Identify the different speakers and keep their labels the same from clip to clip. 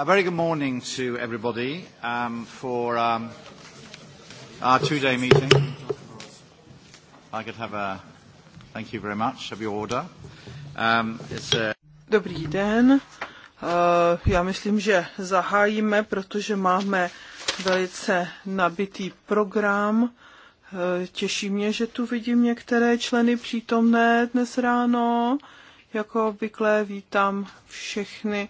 Speaker 1: A very good morning to everybody um, for um, our two-day meeting. I could have a thank you very much of your order. Um, it's
Speaker 2: a... Uh, Dobrý den. Uh, já myslím, že zahájíme, protože máme velice nabitý program. Uh, těší mě, že tu vidím některé členy přítomné dnes ráno. Uh, jako obvykle vítám všechny,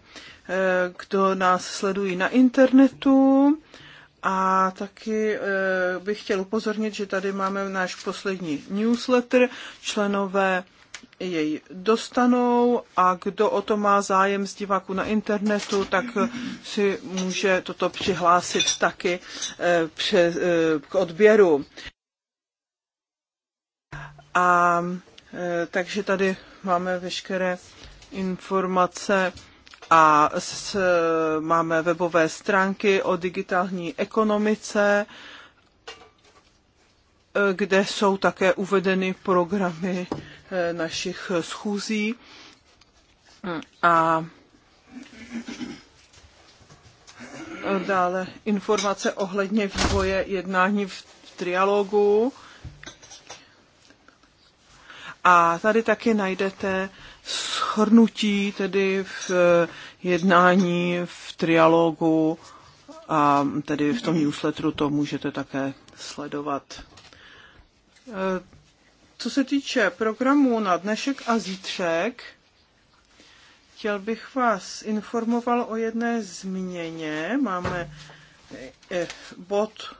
Speaker 2: eh, kdo nás sledují na internetu. A taky eh, bych chtěl upozornit, že tady máme náš poslední newsletter. Členové jej dostanou a kdo o to má zájem z diváku na internetu, tak si může toto přihlásit taky eh, přes, k odběru. A takže tady máme veškeré informace a s, máme webové stránky o digitální ekonomice, kde jsou také uvedeny programy eh, našich schůzí. A dále informace ohledně vývoje jednání v trialogu a tady taky najdete shrnutí tedy v eh, jednání, v trialogu a tedy v tom newsletteru to můžete také sledovat. Eh, co se týče programu na dnešek a zítřek, chtěl bych vás informoval o jedné změně. Máme eh, bod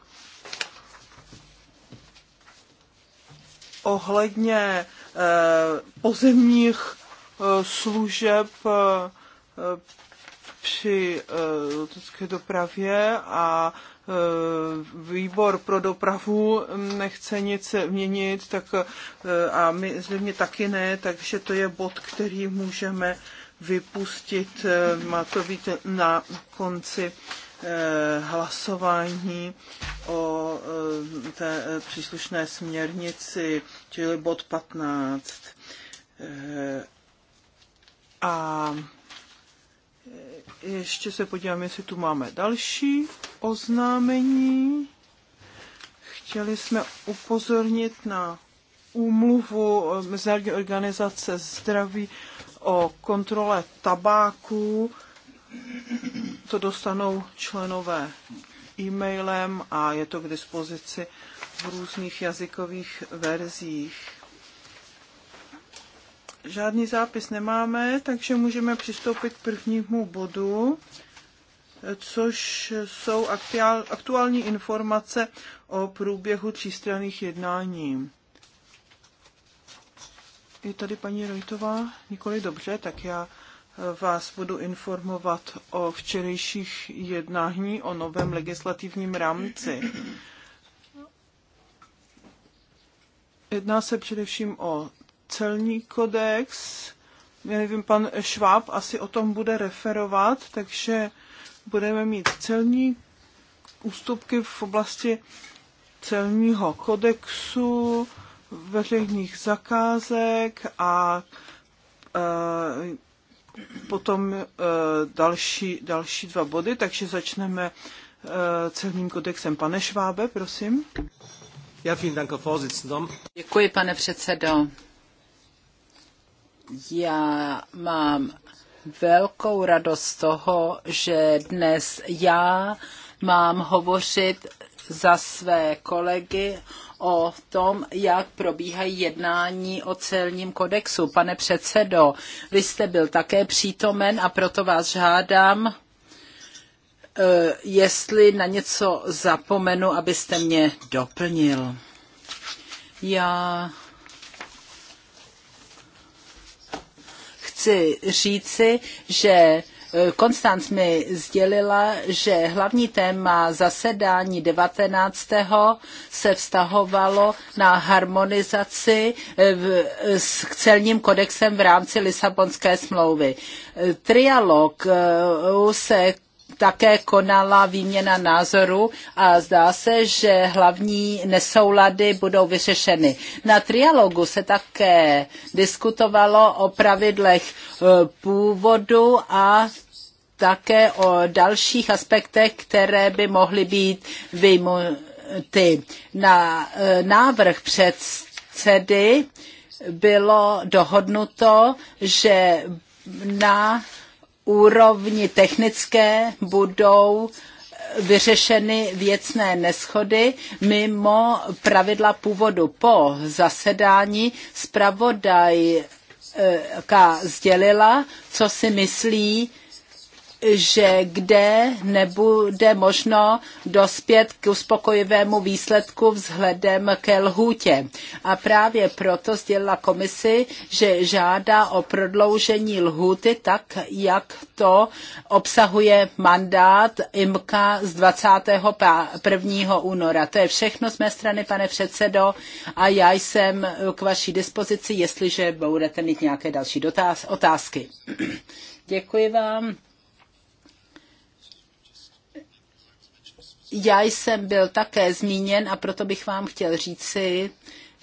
Speaker 2: ohledně Eh, pozemních eh, služeb eh, při letecké dopravě a výbor pro dopravu nechce nic měnit, tak a my zřejmě taky ne, takže to je bod, který můžeme vypustit, má to být na konci Eh, hlasování o eh, té eh, příslušné směrnici, čili bod 15. A ještě se podíváme, jestli tu máme další oznámení. Chtěli jsme upozornit na úmluvu Mezinárodní organizace zdraví o kontrole tabáku to dostanou členové e-mailem a je to k dispozici v různých jazykových verzích. Žádný zápis nemáme, takže můžeme přistoupit k prvnímu bodu, což jsou aktuální informace o průběhu třístranných jednání. Je tady paní Rojtová? Nikoli dobře, tak já vás budu informovat o včerejších jednání o novém legislativním rámci. Jedná se především o celní kodex. Já nevím, pan Šváb asi o tom bude referovat, takže budeme mít celní ústupky v oblasti celního kodexu, veřejných zakázek a e, potom eh, další, další dva body, takže začneme eh, celým kodexem. Pane Švábe, prosím. Ja, vielen Dank,
Speaker 3: Děkuji, pane předsedo. Já mám velkou radost z toho, že dnes já mám hovořit za své kolegy o tom, jak probíhají jednání o celním kodexu. Pane předsedo, vy jste byl také přítomen a proto vás žádám, eh, jestli na něco zapomenu, abyste mě doplnil. Já chci říci, že Konstanc mi sdělila, že hlavní téma zasedání 19. se vztahovalo na harmonizaci s celním kodexem v rámci Lisabonské smlouvy. Trialog eh, se také konala výměna názoru a zdá se, že hlavní nesoulady budou vyřešeny. Na trialogu se také diskutovalo o pravidlech e, původu a také o dalších aspektech, které by mohly být vyjmuty. Na e, návrh předsedy bylo dohodnuto, že na úrovni technické budou vyřešeny věcné neschody mimo pravidla původu. Po zasedání zpravodajka sdělila, co si myslí že kde nebude možno dospět k uspokojivému výsledku vzhledem ke lhůtě. A právě proto sdělila komisi, že žádá o prodloužení lhůty tak, jak to obsahuje mandát IMKA z 21. února. To je všechno z mé strany, pane předsedo, a já jsem k vaší dispozici, jestliže budete mít nějaké další dotaz, otázky. Děkuji vám. já jsem byl také zmíněn a proto bych vám chtěl říci,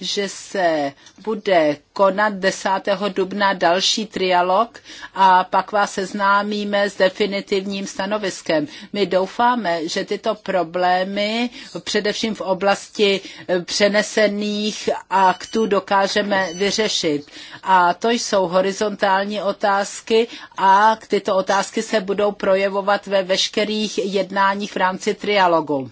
Speaker 3: že se bude konat 10. dubna další trialog a pak vás seznámíme s definitivním stanoviskem. My doufáme, že tyto problémy, především v oblasti eh, přenesených aktů, dokážeme vyřešit. A to jsou horizontální otázky a tyto otázky se budou projevovat ve veškerých jednáních v rámci trialogu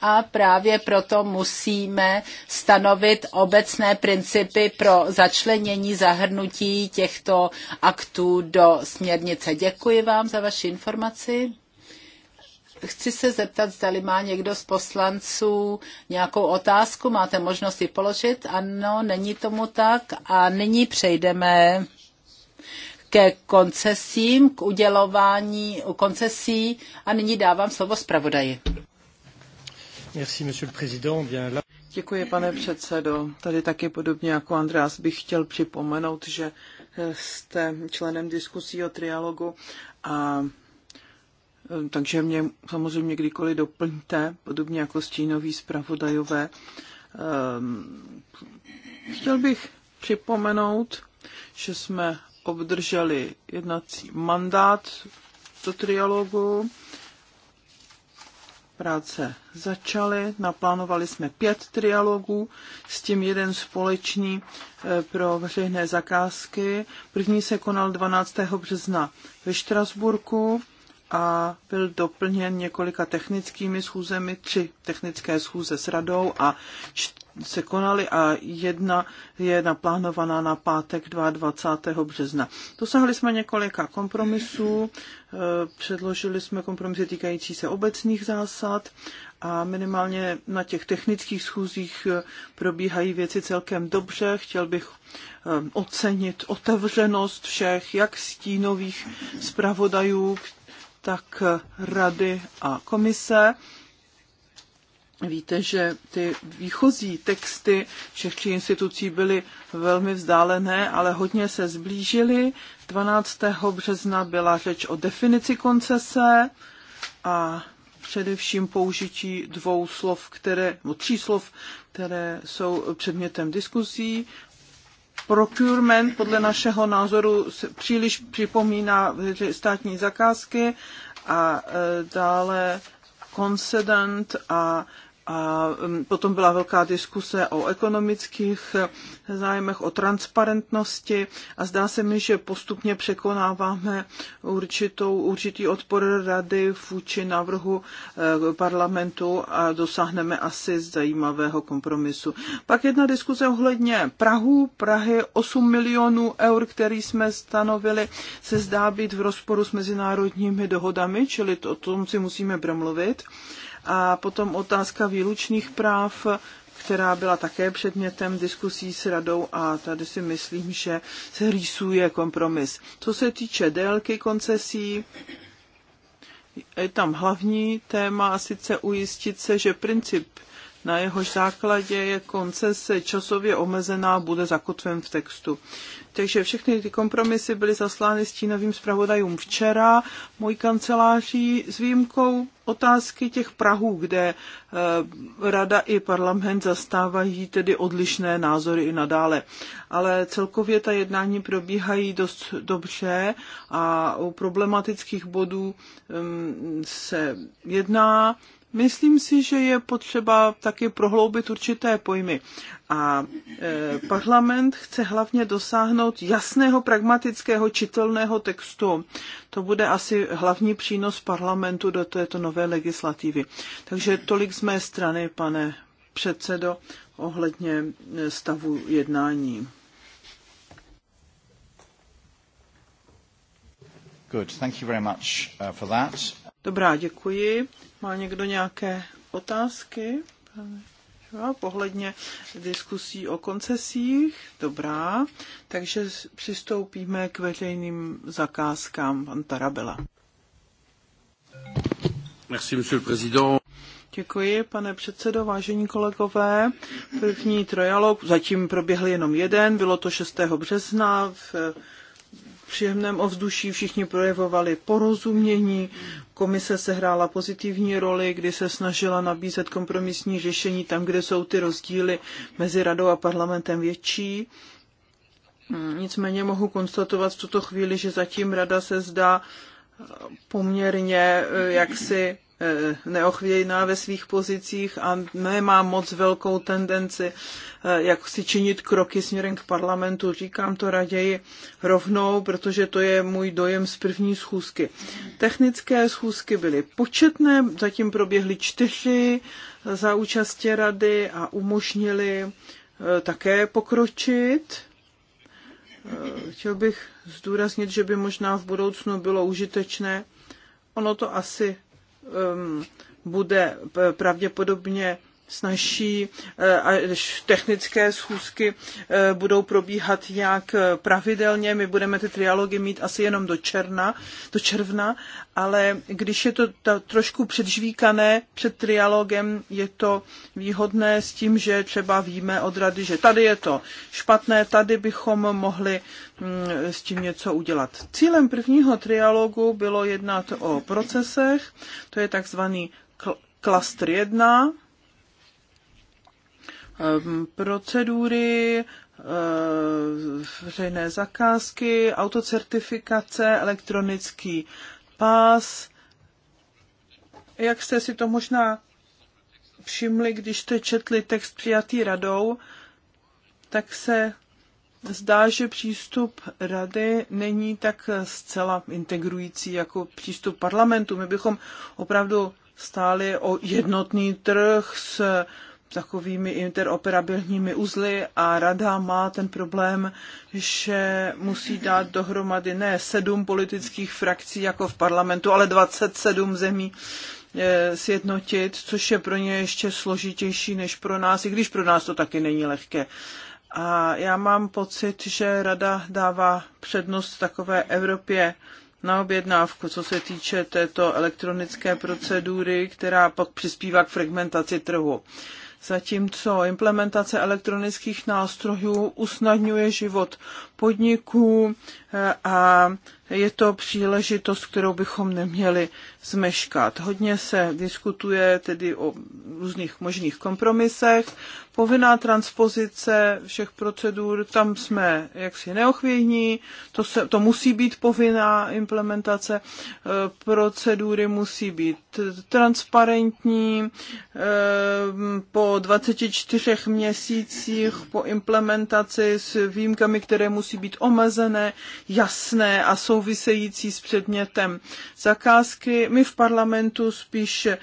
Speaker 3: a právě proto musíme stanovit obecné principy pro začlenění zahrnutí těchto aktů do směrnice. Děkuji vám za vaši informaci. Chci se zeptat, zda-li má někdo z poslanců nějakou otázku, máte možnost ji položit. Ano, není tomu tak. A nyní přejdeme ke koncesím, k udělování koncesí a nyní dávám slovo zpravodaji.
Speaker 2: Eh Děkuji, pane předsedo. Tady taky podobně jako Andreas bych chtěl připomenout, že eh, jste členem diskusí o trialogu a eh, takže mě samozřejmě kdykoliv doplňte, podobně jako stínoví zpravodajové. Chtěl bych připomenout, že jsme obdrželi jednací mandát do trialogu práce začaly. Naplánovali jsme pět trialogů, s tím jeden společný eh, pro veřejné zakázky. První se konal 12. března ve Štrasburku a byl doplněn několika technickými schůzemi, tři technické schůze s radou a se konaly a jedna je naplánovaná na pátek 22. března. Dosáhli jsme několika kompromisů, e, předložili jsme kompromisy týkající se obecných zásad a minimálně na těch technických schůzích e, probíhají věci celkem dobře. Chtěl bych e, ocenit otevřenost všech, jak stínových zpravodajů, tak rady a komise. Víte, že ty výchozí texty všech tří institucí byly velmi vzdálené, ale hodně se zblížily. 12. března byla řeč o definici koncese a především použití dvou slov, které, tří slov, které jsou předmětem diskusí procurement podle našeho názoru příliš připomíná státní zakázky a e, dále concedent a a um, potom byla velká diskuse o ekonomických eh, zájmech, o transparentnosti a zdá se mi, že postupně překonáváme určitou, určitý odpor rady vůči návrhu eh, parlamentu a dosáhneme asi zajímavého kompromisu. Pak jedna diskuse ohledně Prahu. Prahy 8 milionů eur, který jsme stanovili, se zdá být v rozporu s mezinárodními dohodami, čili o tom si musíme promluvit. A potom otázka výlučných práv, která byla také předmětem diskusí s radou a tady si myslím, že se rýsuje kompromis. Co se týče délky koncesí, je tam hlavní téma a sice ujistit se, že princip na jehož základě je koncese časově omezená, bude zakotven v textu. Takže všechny ty kompromisy byly zaslány stínovým zpravodajům včera. Můj kanceláří s výjimkou otázky těch Prahů, kde eh, rada i parlament zastávají tedy odlišné názory i nadále. Ale celkově ta jednání probíhají dost dobře a u problematických bodů mm, se jedná Myslím si, že je potřeba taky prohloubit určité pojmy. A e, parlament chce hlavně dosáhnout jasného, pragmatického, čitelného textu. To bude asi hlavní přínos parlamentu do této nové legislativy. Takže tolik z mé strany, pane předsedo, ohledně e, stavu jednání.
Speaker 1: Good. Thank you very much uh, for that.
Speaker 2: Dobrá, děkuji. Má někdo nějaké otázky? Pohledně diskusí o koncesích. Dobrá. Takže přistoupíme k veřejným zakázkám. Pan Tarabela. Merci, monsieur le président. Děkuji, pane předsedo, vážení kolegové. První trialog, zatím proběhl jenom jeden, bylo to 6. března v příjemném ovzduší všichni projevovali porozumění, komise sehrála pozitivní roli, kdy se snažila nabízet kompromisní řešení tam, kde jsou ty rozdíly mezi radou a parlamentem větší. Nicméně mohu konstatovat v tuto chvíli, že zatím rada se zdá poměrně eh, jaksi Eh, neochvějná ve svých pozicích a nemá moc velkou tendenci, eh, jak si činit kroky směrem k parlamentu. Říkám to raději rovnou, protože to je můj dojem z první schůzky. Technické schůzky byly početné, zatím proběhly čtyři za účastě rady a umožnili eh, také pokročit. Chtěl bych zdůraznit, že by možná v budoucnu bylo užitečné. Ono to asi Um, bude pravděpodobně snaží, eh, až technické schůzky eh, budou probíhat nějak eh, pravidelně. My budeme ty trialogy mít asi jenom do června, do června ale když je to ta, trošku předžvíkané před trialogem, je to výhodné s tím, že třeba víme od rady, že tady je to špatné, tady bychom mohli mm, s tím něco udělat. Cílem prvního trialogu bylo jednat o procesech, to je takzvaný klastr 1, procedury, eh, veřejné zakázky, autocertifikace, elektronický pás. Jak jste si to možná všimli, když jste četli text přijatý radou, tak se zdá, že přístup rady není tak zcela integrující jako přístup parlamentu. My bychom opravdu stáli o jednotný trh s takovými interoperabilními uzly a rada má ten problém, že musí dát dohromady ne sedm politických frakcí jako v parlamentu, ale 27 zemí eh, sjednotit, což je pro ně ještě složitější než pro nás, i když pro nás to taky není lehké. A já mám pocit, že rada dává přednost takové Evropě na objednávku, co se týče této elektronické procedury, která pak přispívá k fragmentaci trhu zatímco implementace elektronických nástrojů usnadňuje život podniků eh, a je to příležitost, kterou bychom neměli zmeškat. Hodně se diskutuje tedy o různých možných kompromisech. Povinná transpozice všech procedur, tam jsme jaksi neochvějní, to, se, to musí být povinná implementace, eh, procedury musí být transparentní, eh, po 24 měsících po implementaci s výjimkami, které musí musí být omezené, jasné a související s předmětem zakázky. My v parlamentu spíš eh,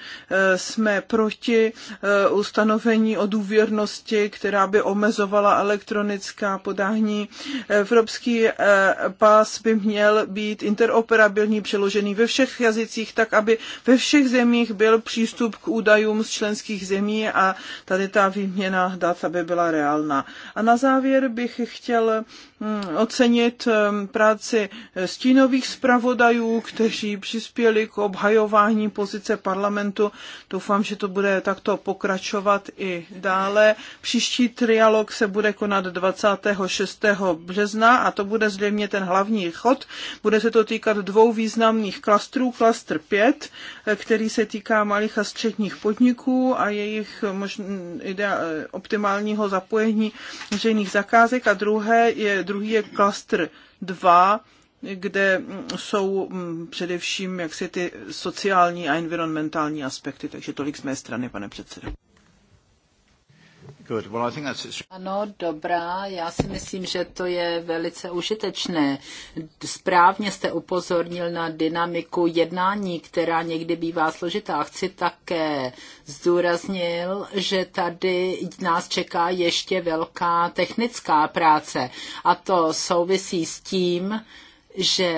Speaker 2: jsme proti eh, ustanovení o důvěrnosti, která by omezovala elektronická podání. Evropský eh, pás by měl být interoperabilní, přeložený ve všech jazycích, tak aby ve všech zemích byl přístup k údajům z členských zemí a tady ta výměna dat, aby byla reálná. A na závěr bych chtěl hm, Eh, ocenit eh, práci stínových zpravodajů, kteří přispěli k obhajování pozice parlamentu. Doufám, že to bude takto pokračovat i dále. Příští trialog se bude konat 26. března a to bude zřejmě ten hlavní chod. Bude se to týkat dvou významných klastrů. Klastr 5, eh, který se týká malých a středních podniků a jejich možn, optimálního zapojení veřejných zakázek a druhé je druhý je klastr 2, kde jsou mm, především jaksi ty sociální a environmentální aspekty. Takže tolik z mé strany, pane předsedo.
Speaker 3: Ano, dobrá, já si myslím, že to je velice užitečné. Správně jste upozornil na dynamiku jednání, která někdy bývá složitá. Chci také zdůraznil, že tady nás čeká ještě velká technická práce a to souvisí s tím, že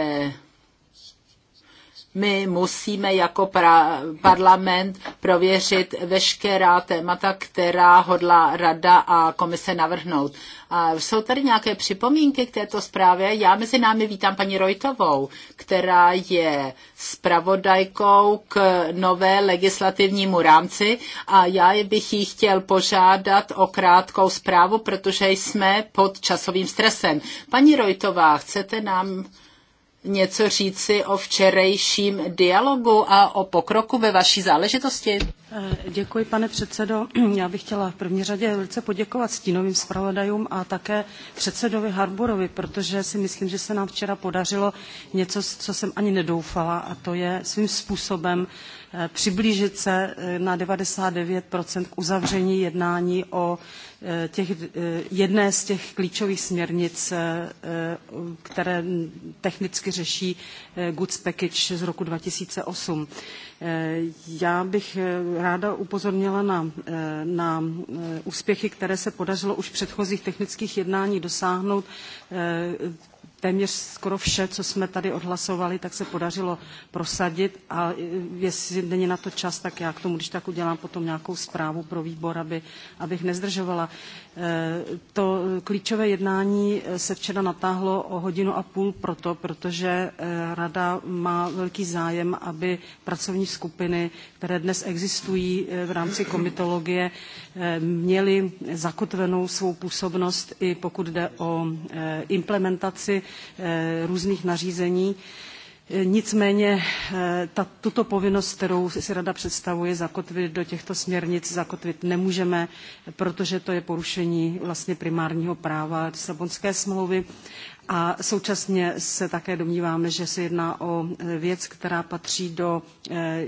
Speaker 3: my musíme jako pra, parlament prověřit veškerá témata, která hodlá rada a komise navrhnout. A jsou tady nějaké připomínky k této zprávě? Já mezi námi vítám paní Rojtovou, která je zpravodajkou k nové legislativnímu rámci a já bych jí chtěl požádat o krátkou zprávu, protože jsme pod časovým stresem. Paní Rojtová, chcete nám něco říci o včerejším dialogu a o pokroku ve vaší záležitosti?
Speaker 4: Eh, děkuji, pane předsedo. Já bych chtěla v první řadě velice poděkovat stínovým zpravodajům a také předsedovi Harborovi, protože si myslím, že se nám včera podařilo něco, co jsem ani nedoufala, a to je svým způsobem eh, přiblížit se eh, na 99 k uzavření jednání o Eh, těch, eh, jedné z těch klíčových směrnic, eh, které technicky řeší Goods Package z roku 2008. Já bych ráda upozornila na, na úspěchy, které se podařilo už v předchozích technických jednání dosáhnout téměř skoro vše, co jsme tady odhlasovali, tak se podařilo prosadit a jestli není na to čas, tak já k tomu, když tak udělám potom nějakou zprávu pro výbor, aby, abych nezdržovala. Eh, to klíčové jednání se včera natáhlo o hodinu a půl proto, protože eh, Rada má velký zájem, aby pracovní skupiny, které dnes existují eh, v rámci komitologie, měly zakotvenou svou působnost i pokud jde o implementaci různých nařízení. Nicméně eh, ta, tuto povinnost, kterou si Rada představuje zakotvit do těchto směrnic, zakotvit nemůžeme, protože to je porušení vlastně primárního práva Lisabonské smlouvy. A současně se také domníváme, že se jedná o eh, věc, která patří do, eh,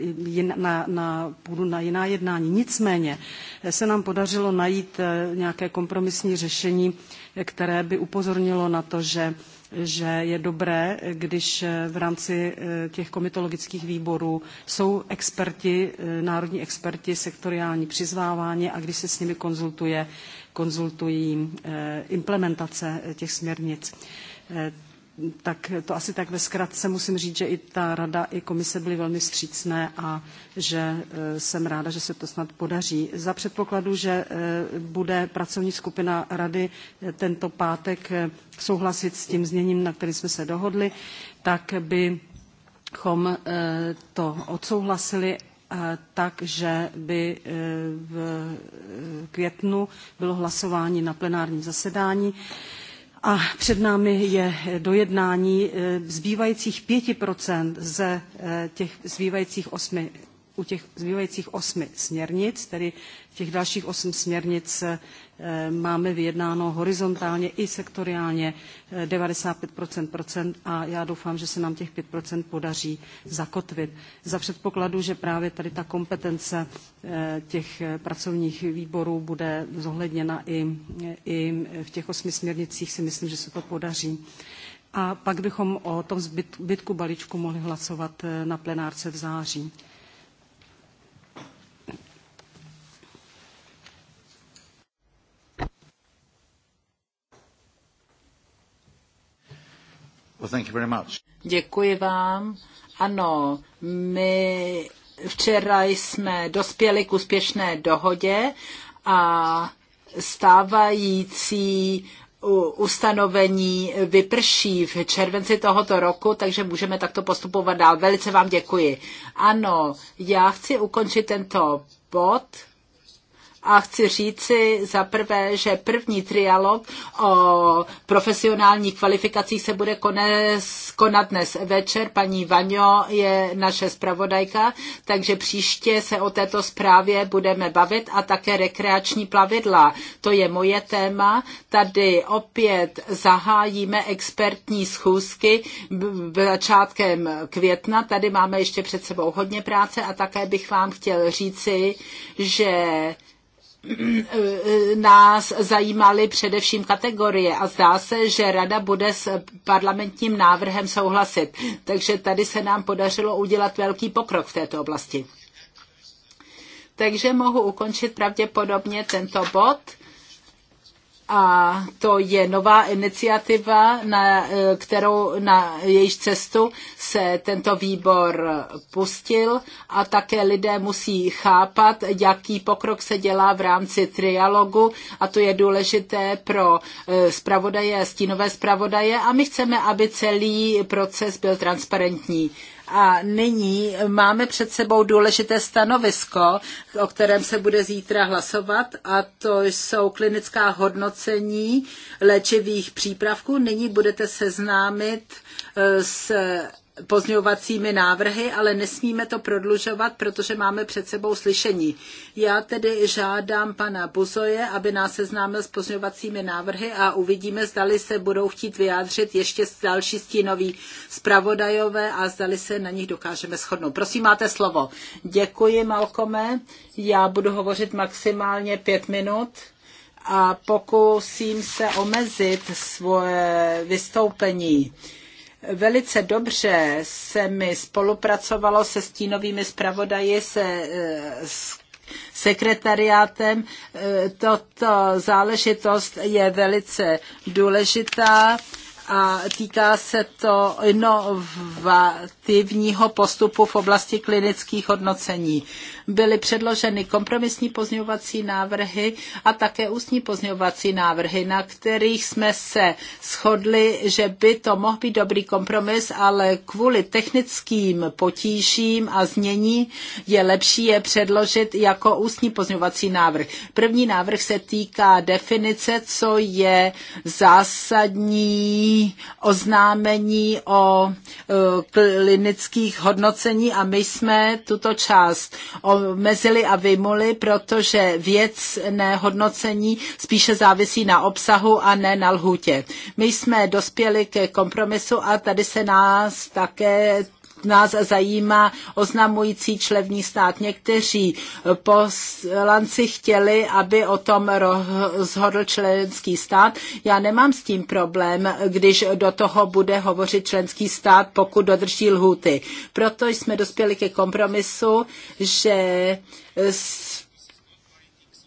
Speaker 4: na, na půdu na jiná jednání. Nicméně se nám podařilo najít nějaké kompromisní řešení, které by upozornilo na to, že že je dobré, když eh, v rámci eh, těch komitologických výborů jsou experti, eh, národní experti sektoriální přizváváni a když se s nimi konzultuje, konzultují implementace těch směrnic tak to asi tak ve zkratce musím říct, že i ta rada, i komise byly velmi střícné a že eh, jsem ráda, že se to snad podaří. Za předpokladu, že eh, bude pracovní skupina rady eh, tento pátek souhlasit s tím zněním, na který jsme se dohodli, tak bychom to odsouhlasili tak, že by v květnu bylo hlasování na plenárním zasedání a před námi je dojednání eh, zbývajících 5 ze eh, těch zbývajících 8 u těch zbývajících osmi směrnic, tedy těch dalších osm směrnic eh, máme vyjednáno horizontálně i sektoriálně 95 eh, procent a já doufám, že se nám těch 5 podaří zakotvit. Za předpokladu, že právě tady ta kompetence eh, těch pracovních výborů bude zohledněna i, i v těch osmi směrnicích, si myslím, že se to podaří. A pak bychom o tom zbytku balíčku mohli hlasovat na plenárce v září.
Speaker 1: thank you very much.
Speaker 3: Děkuji vám. Ano, my včera jsme dospěli k úspěšné dohodě a stávající ustanovení vyprší v červenci tohoto roku, takže můžeme takto postupovat dál. Velice vám děkuji. Ano, já chci ukončit tento bod a chci říci za prvé, že první trialog o profesionálních kvalifikacích se bude konec, konat dnes večer. Paní Vaňo je naše zpravodajka, takže příště se o této zprávě budeme bavit a také rekreační plavidla. To je moje téma. Tady opět zahájíme expertní schůzky začátkem května. Tady máme ještě před sebou hodně práce a také bych vám chtěl říci, že Eh, nás zajímaly především kategorie a zdá se, že rada bude s parlamentním návrhem souhlasit. Takže tady se nám podařilo udělat velký pokrok v této oblasti. Takže mohu ukončit pravděpodobně tento bod a to je nová iniciativa, na, e, kterou na jejíž cestu se tento výbor pustil a také lidé musí chápat, jaký pokrok se dělá v rámci trialogu a to je důležité pro e, zpravodaje, stínové zpravodaje a my chceme, aby celý proces byl transparentní. A nyní máme před sebou důležité stanovisko, o kterém se bude zítra hlasovat, a to jsou klinická hodnocení léčivých přípravků. Nyní budete seznámit eh, s pozňovacími návrhy, ale nesmíme to prodlužovat, protože máme před sebou slyšení. Já tedy žádám pana Buzoje, aby nás seznámil s pozňovacími návrhy a uvidíme, zdali se budou chtít vyjádřit ještě další stínoví zpravodajové a zdali se na nich dokážeme shodnout. Prosím, máte slovo. Děkuji, Malkome. Já budu hovořit maximálně pět minut a pokusím se omezit svoje vystoupení Velice dobře se mi spolupracovalo se stínovými zpravodaji, se eh, sekretariátem. Eh, toto záležitost je velice důležitá a týká se to inovativního postupu v oblasti klinických hodnocení byly předloženy kompromisní pozměňovací návrhy a také ústní pozměňovací návrhy, na kterých jsme se shodli, že by to mohl být dobrý kompromis, ale kvůli technickým potížím a znění je lepší je předložit jako ústní pozměňovací návrh. První návrh se týká definice, co je zásadní oznámení o e, klinických hodnocení a my jsme tuto část o omezili a vymuli, protože věcné hodnocení spíše závisí na obsahu a ne na lhůtě. My jsme dospěli ke kompromisu a tady se nás také nás zajímá oznamující člevní stát. Někteří poslanci chtěli, aby o tom rozhodl členský stát. Já nemám s tím problém, když do toho bude hovořit členský stát, pokud dodrží lhuty. Proto jsme dospěli ke kompromisu, že s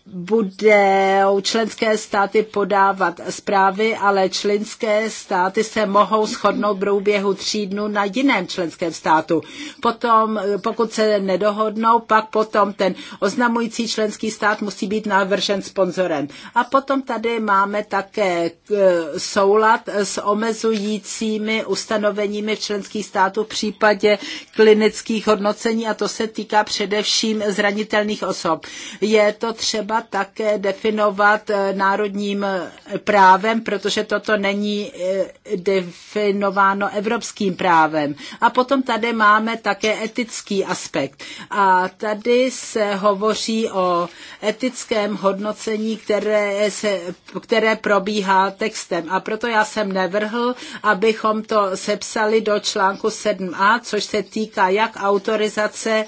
Speaker 3: budou členské státy podávat zprávy, ale členské státy se mohou shodnout v průběhu tří dnů na jiném členském státu. Potom, pokud se nedohodnou, pak potom ten oznamující členský stát musí být navržen sponzorem. A potom tady máme také eh, soulad s omezujícími ustanoveními v členských států v případě klinických hodnocení a to se týká především zranitelných osob. Je to třeba třeba také definovat eh, národním eh, právem, protože toto není eh, definováno evropským právem. A potom tady máme také etický aspekt. A tady se hovoří o etickém hodnocení, které, se, které probíhá textem. A proto já jsem nevrhl, abychom to sepsali do článku 7a, což se týká jak autorizace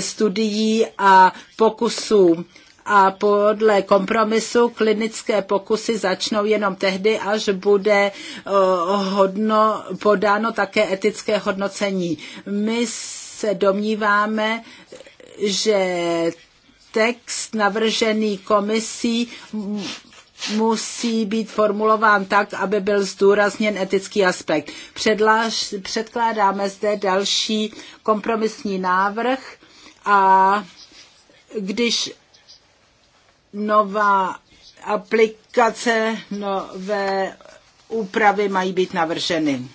Speaker 3: studií a pokusů a podle kompromisu klinické pokusy začnou jenom tehdy, až bude eh, hodno, podáno také etické hodnocení. My se domníváme, že text navržený komisí musí být formulován tak, aby byl zdůrazněn etický aspekt. Předlaž, předkládáme zde další kompromisní návrh a když nová aplikace, nové úpravy mají být navrženy.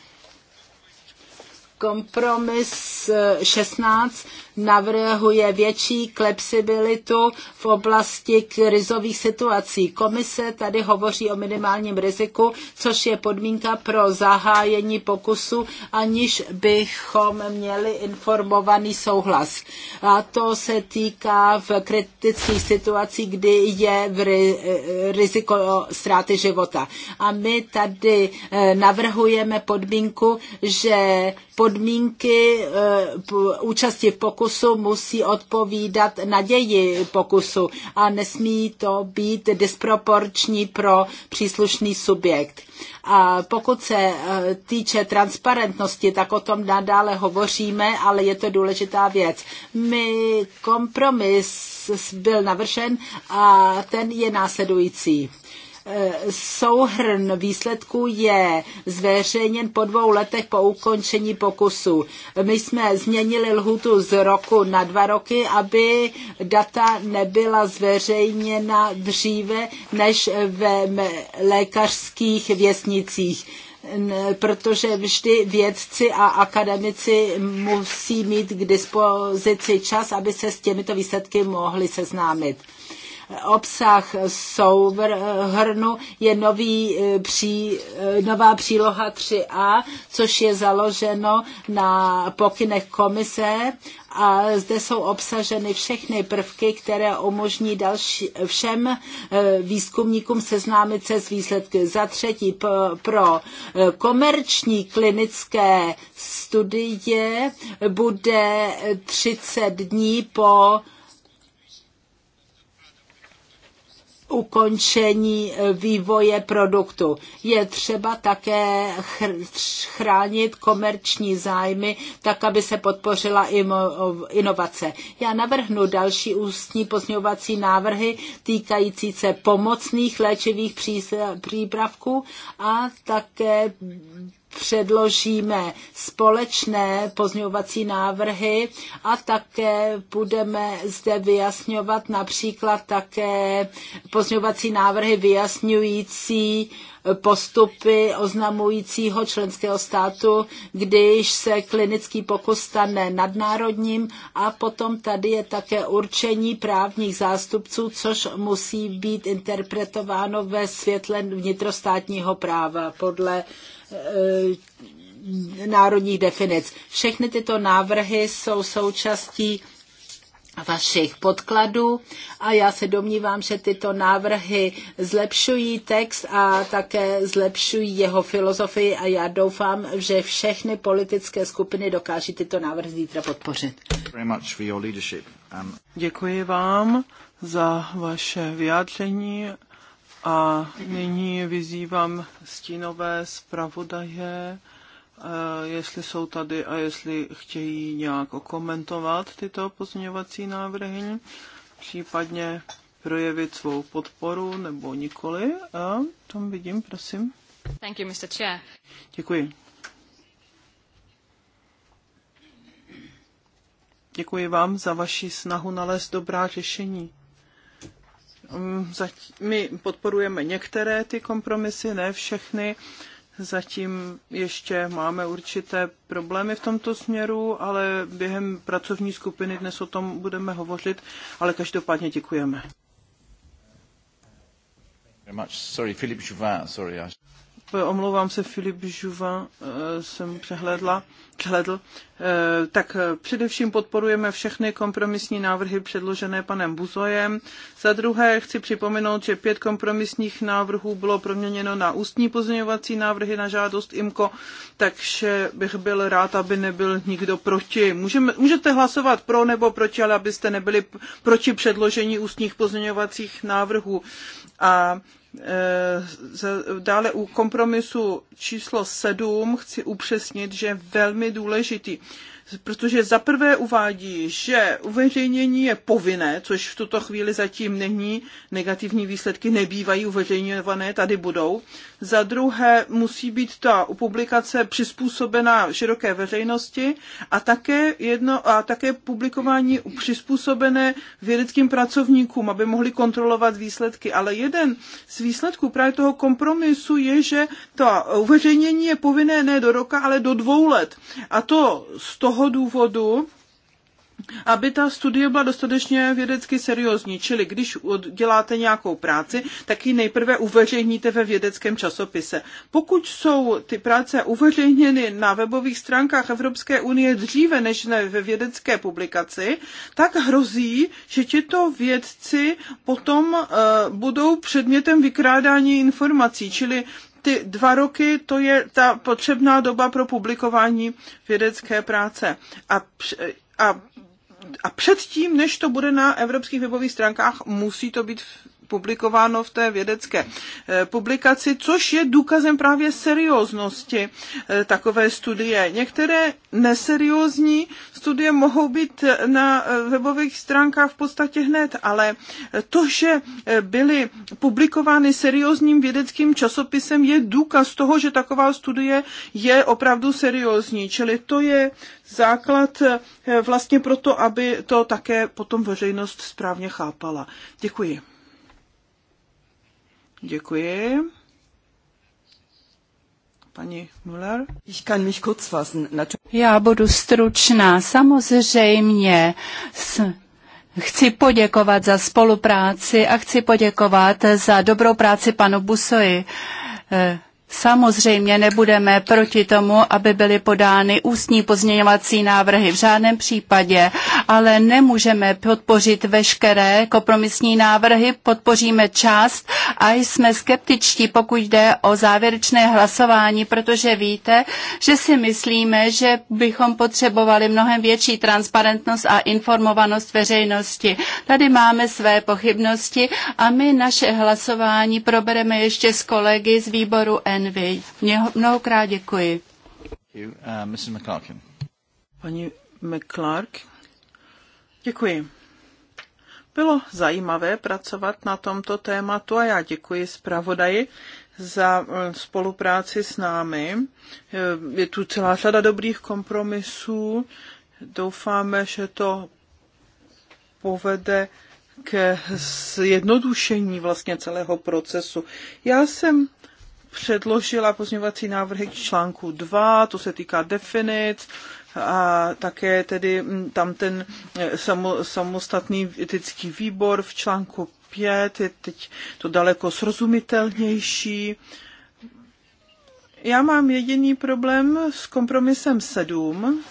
Speaker 3: Kompromis 16 eh, navrhuje větší klepsibilitu v oblasti krizových situací. Komise tady hovoří o minimálním riziku, což je podmínka pro zahájení pokusu, aniž bychom měli informovaný souhlas. A to se týká v kritických situacích, kdy je v riziko ztráty života. A my tady eh, navrhujeme podmínku, že pod podmínky eh, účasti v pokusu musí odpovídat naději pokusu a nesmí to být disproporční pro příslušný subjekt. A pokud se eh, týče transparentnosti, tak o tom nadále hovoříme, ale je to důležitá věc. My kompromis byl navržen a ten je následující Souhrn výsledků je zveřejněn po dvou letech po ukončení pokusu. My jsme změnili lhutu z roku na dva roky, aby data nebyla zveřejněna dříve než ve lékařských věznicích protože vždy vědci a akademici musí mít k dispozici čas, aby se s těmito výsledky mohli seznámit obsah souhrnu je nový, e, pří, e, nová příloha 3a, což je založeno na pokynech komise a zde jsou obsaženy všechny prvky, které umožní další, všem e, výzkumníkům seznámit se s výsledky. Za třetí pro komerční klinické studie bude 30 dní po ukončení eh, vývoje produktu. Je třeba také chránit komerční zájmy, tak aby se podpořila inovace. Já navrhnu další ústní pozměňovací návrhy týkající se pomocných léčivých přípravků a také předložíme společné pozňovací návrhy a také budeme zde vyjasňovat například také pozňovací návrhy vyjasňující postupy oznamujícího členského státu, když se klinický pokus stane nadnárodním a potom tady je také určení právních zástupců, což musí být interpretováno ve světle vnitrostátního práva podle Eh, národních definic. Všechny tyto návrhy jsou součástí vašich podkladů a já se domnívám, že tyto návrhy zlepšují text a také zlepšují jeho filozofii a já doufám, že všechny politické skupiny dokáží tyto návrhy zítra
Speaker 1: podpořit. Um,
Speaker 2: Děkuji vám za vaše vyjádření a nyní vyzývám stínové zpravodaje, eh, jestli jsou tady a jestli chtějí nějak okomentovat tyto pozměňovací návrhy, případně projevit svou podporu nebo nikoli. A tam vidím, prosím.
Speaker 1: Thank you, Mr. Chair.
Speaker 2: Děkuji. Děkuji vám za vaši snahu nalézt dobrá řešení. Mm, my podporujeme některé ty kompromisy, ne všechny. Zatím ještě máme určité problémy v tomto směru, ale během pracovní skupiny dnes o tom budeme hovořit, ale každopádně děkujeme.
Speaker 1: Sorry, Philippe sorry
Speaker 2: omlouvám se, Filip Žuva eh, jsem přehledla, přehledl. Eh, tak eh, především podporujeme všechny kompromisní návrhy předložené panem Buzojem. Za druhé chci připomenout, že pět kompromisních návrhů bylo proměněno na ústní pozměňovací návrhy na žádost IMKO, takže bych byl rád, aby nebyl nikdo proti. Můžeme, můžete hlasovat pro nebo proti, ale abyste nebyli proti předložení ústních pozměňovacích návrhů. A Eh, dále u kompromisu číslo 7 chci upřesnit, že je velmi důležitý protože za prvé uvádí, že uveřejnění je povinné, což v tuto chvíli zatím není, negativní výsledky nebývají uveřejňované, tady budou. Za druhé musí být ta publikace přizpůsobená široké veřejnosti a také, jedno, a také publikování přizpůsobené vědeckým pracovníkům, aby mohli kontrolovat výsledky. Ale jeden z výsledků právě toho kompromisu je, že to uveřejnění je povinné ne do roka, ale do dvou let. A to z toho, toho důvodu, aby ta studie byla dostatečně vědecky seriózní. Čili když děláte nějakou práci, tak ji nejprve uveřejníte ve vědeckém časopise. Pokud jsou ty práce uveřejněny na webových stránkách Evropské unie dříve než ne ve vědecké publikaci, tak hrozí, že tito vědci potom uh, budou předmětem vykrádání informací. Čili ty dva roky, to je ta potřebná doba pro publikování vědecké práce. A, a a předtím, než to bude na evropských webových stránkách, musí to být publikováno v té vědecké eh, publikaci, což je důkazem právě serióznosti eh, takové studie. Některé neseriózní studie mohou být na eh, webových stránkách v podstatě hned, ale to, že byly publikovány seriózním vědeckým časopisem, je důkaz toho, že taková studie je opravdu seriózní. Čili to je základ vlastně proto, aby to také potom veřejnost správně chápala. Děkuji. Děkuji. Pani Müller? Ich
Speaker 4: kann mich kurz fassen.
Speaker 5: Já budu stručná. Samozřejmě s Chci poděkovat za spolupráci a chci poděkovat za dobrou práci panu Busoji. Eh, Samozřejmě nebudeme proti tomu, aby byly podány ústní pozměňovací návrhy v žádném případě, ale nemůžeme podpořit veškeré kompromisní návrhy, podpoříme část a jsme skeptičtí, pokud jde o závěrečné hlasování, protože víte, že si myslíme, že bychom potřebovali mnohem větší transparentnost a informovanost veřejnosti. Tady máme své pochybnosti a my naše hlasování probereme ještě s kolegy z výboru N mě Mnohokrát děkuji.
Speaker 1: Uh, Paní McClark,
Speaker 2: děkuji. Bylo zajímavé pracovat na tomto tématu a já děkuji zpravodaji za uh, spolupráci s námi. Eh, je tu celá řada dobrých kompromisů. Doufáme, že to povede k zjednodušení vlastně celého procesu. Já jsem předložila pozměňovací návrhy k článku 2, to se týká definic, a také tedy mm, tam ten eh, samostatný etický výbor v článku 5 je teď to daleko srozumitelnější. Já mám jediný problém s kompromisem 7,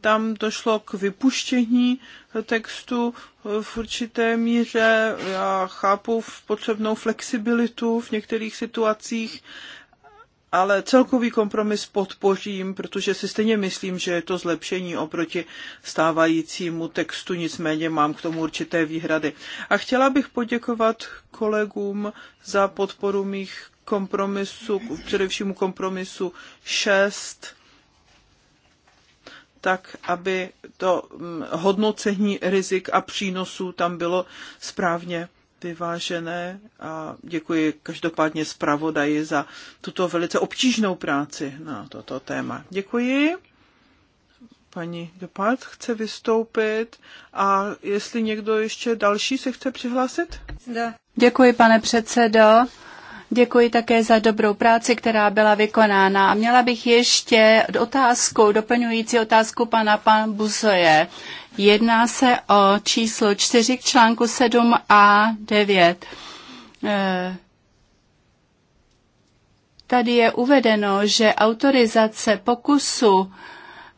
Speaker 2: tam došlo k vypuštění textu v určité míře. Já chápu v potřebnou flexibilitu v některých situacích, ale celkový kompromis podpořím, protože si stejně myslím, že je to zlepšení oproti stávajícímu textu, nicméně mám k tomu určité výhrady. A chtěla bych poděkovat kolegům za podporu mých kompromisů, především kompromisu 6 tak aby to mm, hodnocení rizik a přínosů tam bylo správně vyvážené a děkuji každopádně zpravodaji za tuto velice obtížnou práci na toto téma. Děkuji. Paní dopad, chce vystoupit a jestli někdo ještě další se chce přihlásit? Děkuji,
Speaker 5: pane předsedo. Děkuji také za dobrou práci, která byla vykonána. A měla bych ještě otázku, doplňující otázku pana pan Buzoje. Jedná se o číslo 4 k článku 7 a 9. Eh, tady je uvedeno, že autorizace pokusu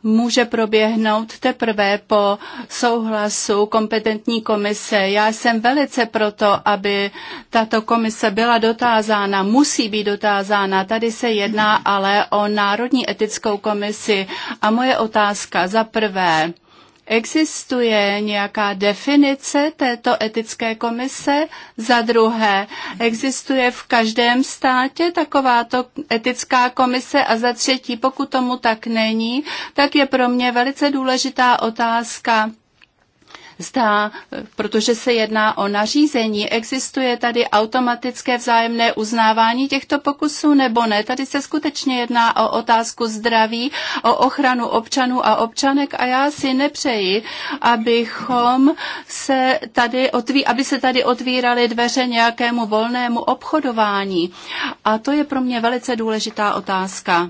Speaker 5: může proběhnout teprve po souhlasu kompetentní komise. Já jsem velice proto, aby tato komise byla dotázána, musí být dotázána. Tady se jedná ale o Národní etickou komisi. A moje otázka za prvé, Existuje nějaká definice této etické komise? Za druhé, existuje v každém státě takováto etická komise? A za třetí, pokud tomu tak není, tak je pro mě velice důležitá otázka zda, protože se jedná o nařízení, existuje tady automatické vzájemné uznávání těchto pokusů nebo ne. Tady se skutečně jedná o otázku zdraví, o ochranu občanů a občanek a já si nepřeji, abychom se tady otví, aby se tady otvíraly dveře nějakému volnému obchodování. A to je pro mě velice důležitá otázka.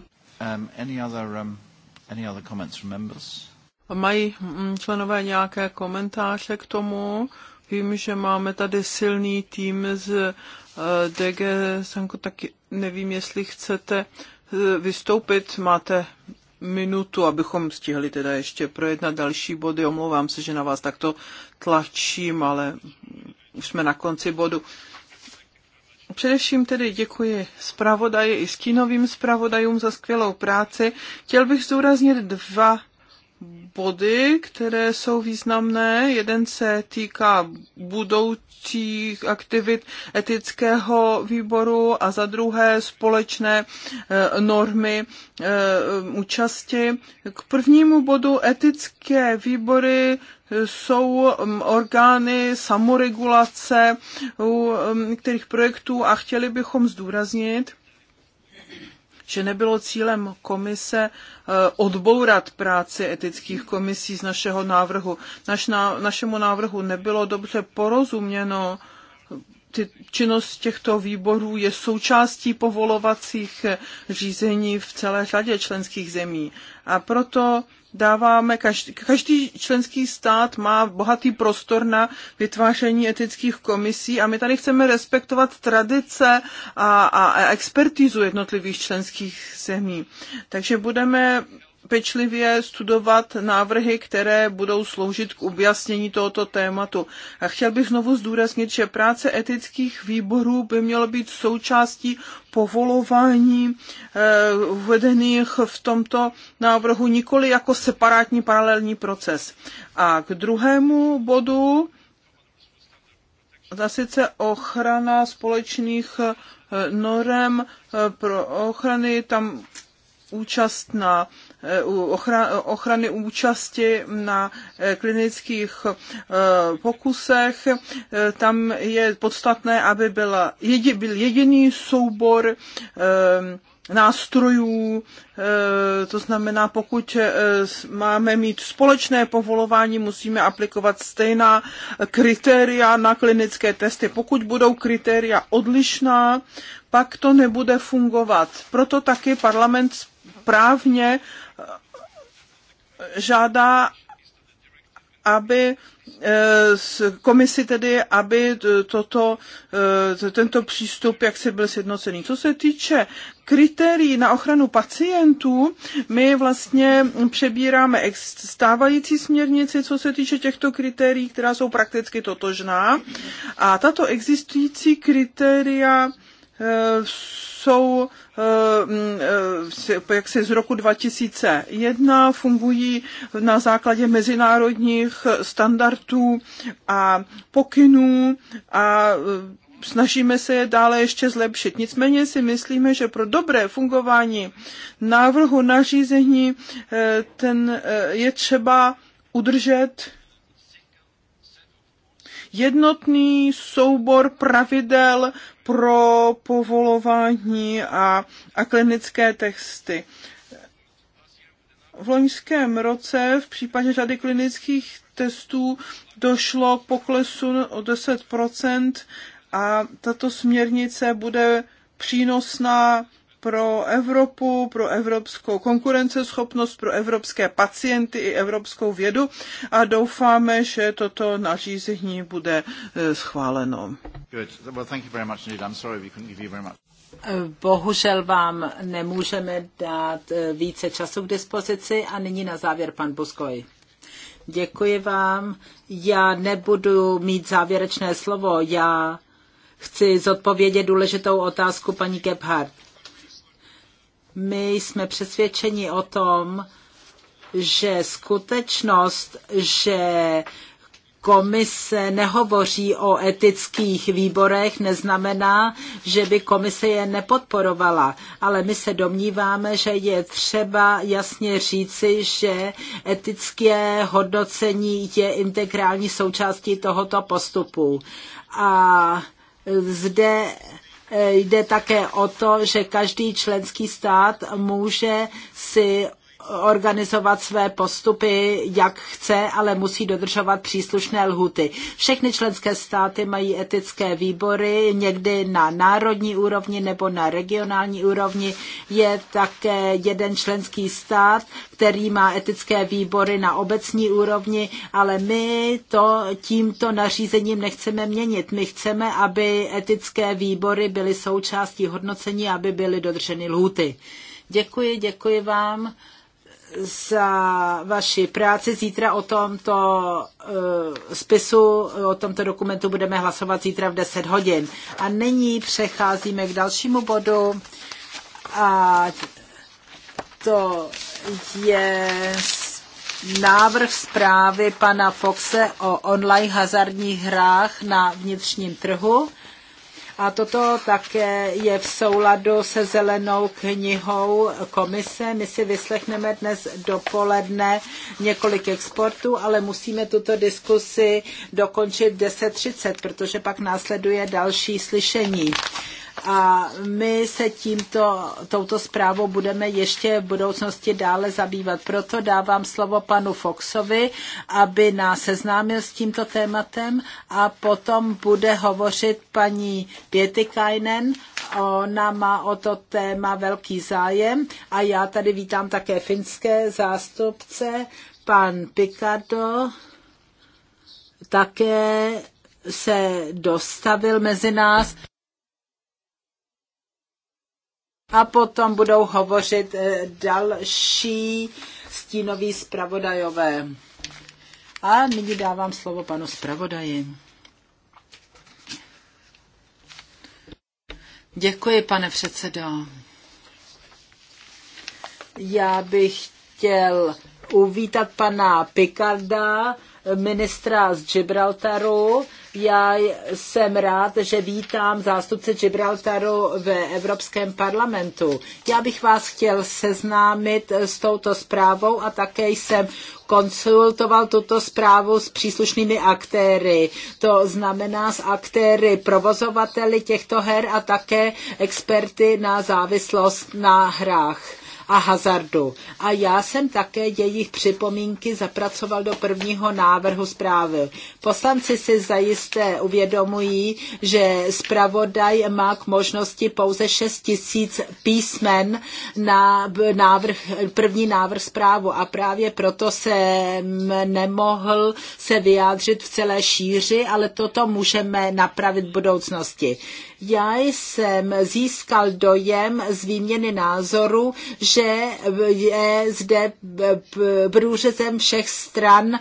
Speaker 1: Um, any other, um, any other comments from members? Mají mm, členové
Speaker 2: nějaké komentáře k tomu? Vím, že máme tady silný tým z eh, DG Sanko, taky nevím, jestli chcete eh, vystoupit. Máte minutu, abychom stihli teda ještě projednat další body. Omlouvám se, že na vás takto tlačím, ale mm, už jsme na konci bodu. Především tedy děkuji zpravodaji i stínovým zpravodajům za skvělou práci. Chtěl bych zdůraznit dva body, které jsou významné. Jeden se týká budoucích aktivit etického výboru a za druhé společné e, normy e, účasti. K prvnímu bodu etické výbory jsou orgány samoregulace u některých projektů a chtěli bychom zdůraznit, že nebylo cílem komise eh, odbourat práci etických komisí z našeho návrhu. Naš, na, našemu návrhu nebylo dobře porozuměno, ty, činnost těchto výborů je součástí povolovacích řízení v celé řadě členských zemí. A proto dáváme, každý, každý členský stát má bohatý prostor na vytváření etických komisí a my tady chceme respektovat tradice a, a, a expertizu jednotlivých členských zemí. Takže budeme pečlivě studovat návrhy, které budou sloužit k objasnění tohoto tématu. A chtěl bych znovu zdůraznit, že práce etických výborů by měla být součástí povolování eh, uvedených v tomto návrhu nikoli jako separátní paralelní proces. A k druhému bodu, zase sice ochrana společných eh, norem eh, pro ochrany, tam účast na Eh, ochrany účasti na eh, klinických eh, pokusech. Tam je podstatné, aby byla, byl jediný soubor nástrojů, to znamená, pokud máme mít společné povolování, musíme aplikovat stejná kritéria na klinické testy. Pokud budou kritéria odlišná, pak to nebude fungovat. Proto taky parlament správně žádá, aby eh, komisi tedy, aby toto, eh, tento přístup jaksi byl sjednocený. Co se týče kritérií na ochranu pacientů, my vlastně přebíráme stávající směrnici, co se týče těchto kritérií, která jsou prakticky totožná. A tato existující kritéria Eh, jsou eh, mm, eh, jaksi z roku 2001, fungují na základě mezinárodních standardů a pokynů a snažíme se je dále ještě zlepšit. Nicméně si myslíme, že pro dobré fungování návrhu nařízení ten je třeba udržet jednotný soubor pravidel pro povolování a, a klinické testy. V loňském roce v případě řady klinických testů došlo k poklesu o 10 a tato směrnice bude přínosná pro Evropu, pro evropskou konkurenceschopnost, pro evropské pacienty i evropskou vědu a doufáme, že toto nařízení bude eh, schváleno.
Speaker 3: Bohužel vám nemůžeme dát eh, více času k dispozici a nyní na závěr pan Buskoj. Děkuji vám. Já nebudu mít závěrečné slovo. Já chci zodpovědět důležitou otázku paní Gebhardt. My jsme přesvědčeni o tom, že skutečnost, že komise nehovoří o etických výborech, neznamená, že by komise je nepodporovala. Ale my se domníváme, že je třeba jasně říci, že etické hodnocení je integrální součástí tohoto postupu. A zde Eh, jde také o to, že každý členský stát může si organizovat své postupy, jak chce, ale musí dodržovat příslušné lhuty. Všechny členské státy mají etické výbory, někdy na národní úrovni nebo na regionální úrovni. Je také jeden členský stát, který má etické výbory na obecní úrovni, ale my to tímto nařízením nechceme měnit. My chceme, aby etické výbory byly součástí hodnocení, aby byly dodrženy lhuty. Děkuji, děkuji vám za vaši práci. Zítra o tomto eh, spisu, o tomto dokumentu budeme hlasovat zítra v 10 hodin. A nyní přecházíme k dalšímu bodu a to je návrh zprávy pana Foxe o online hazardních hrách na vnitřním trhu. A toto také je v souladu se zelenou knihou komise. My si vyslechneme dnes dopoledne několik exportů, ale musíme tuto diskusi dokončit 10.30, protože pak následuje další slyšení a my se tímto, touto zprávou budeme ještě v budoucnosti dále zabývat. Proto dávám slovo panu Foxovi, aby nás seznámil s tímto tématem a potom bude hovořit paní Pietikainen. Ona má o to téma velký zájem a já tady vítám také finské zástupce, pan Picardo, také se dostavil mezi nás a potom budou hovořit eh, další stínoví zpravodajové. A nyní dávám slovo panu zpravodaji. Děkuji, pane předsedo. Já bych chtěl uvítat pana Picarda, ministra z Gibraltaru, já jsem rád, že vítám zástupce Gibraltaru v Evropském parlamentu. Já bych vás chtěl seznámit s touto zprávou a také jsem konsultoval tuto zprávu s příslušnými aktéry. To znamená s aktéry provozovateli těchto her a také experty na závislost na hrách a hazardu. A já jsem také jejich připomínky zapracoval do prvního návrhu zprávy. Poslanci si zajisté uvědomují, že zpravodaj má k možnosti pouze 6 tisíc písmen na návrh, první návrh zprávu a právě proto jsem nemohl se vyjádřit v celé šíři, ale toto můžeme napravit v budoucnosti. Já jsem získal dojem z výměny názoru, že je zde průřezem všech stran eh,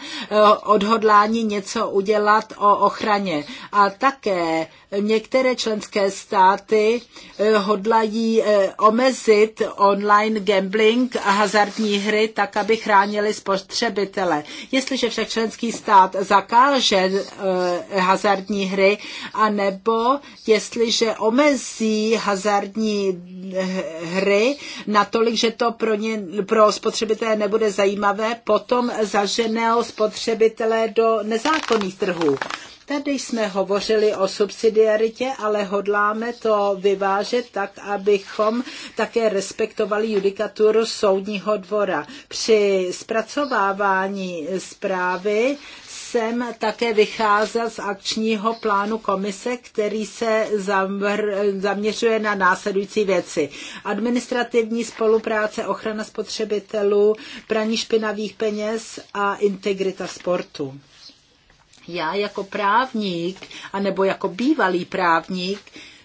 Speaker 3: odhodlání něco udělat o ochraně. A také Některé členské státy eh, hodlají eh, omezit online gambling a hazardní hry tak, aby chránili spotřebitele. Jestliže však členský stát zakáže eh, hazardní hry, anebo jestliže omezí hazardní hry natolik, že to pro, ně, pro spotřebitele nebude zajímavé, potom zaženého spotřebitele do nezákonných trhů. Tady jsme hovořili o subsidiaritě, ale hodláme to vyvážet tak, abychom také respektovali judikaturu soudního dvora. Při zpracovávání zprávy jsem také vycházel z akčního plánu komise, který se zaměřuje na následující věci. Administrativní spolupráce, ochrana spotřebitelů, praní špinavých peněz a integrita sportu. Já jako právník, anebo jako bývalý právník,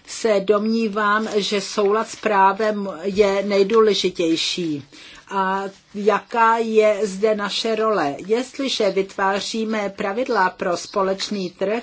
Speaker 3: se domnívám, že soulad s právem je nejdůležitější. A jaká je zde naše role? Jestliže vytváříme pravidla pro společný trh,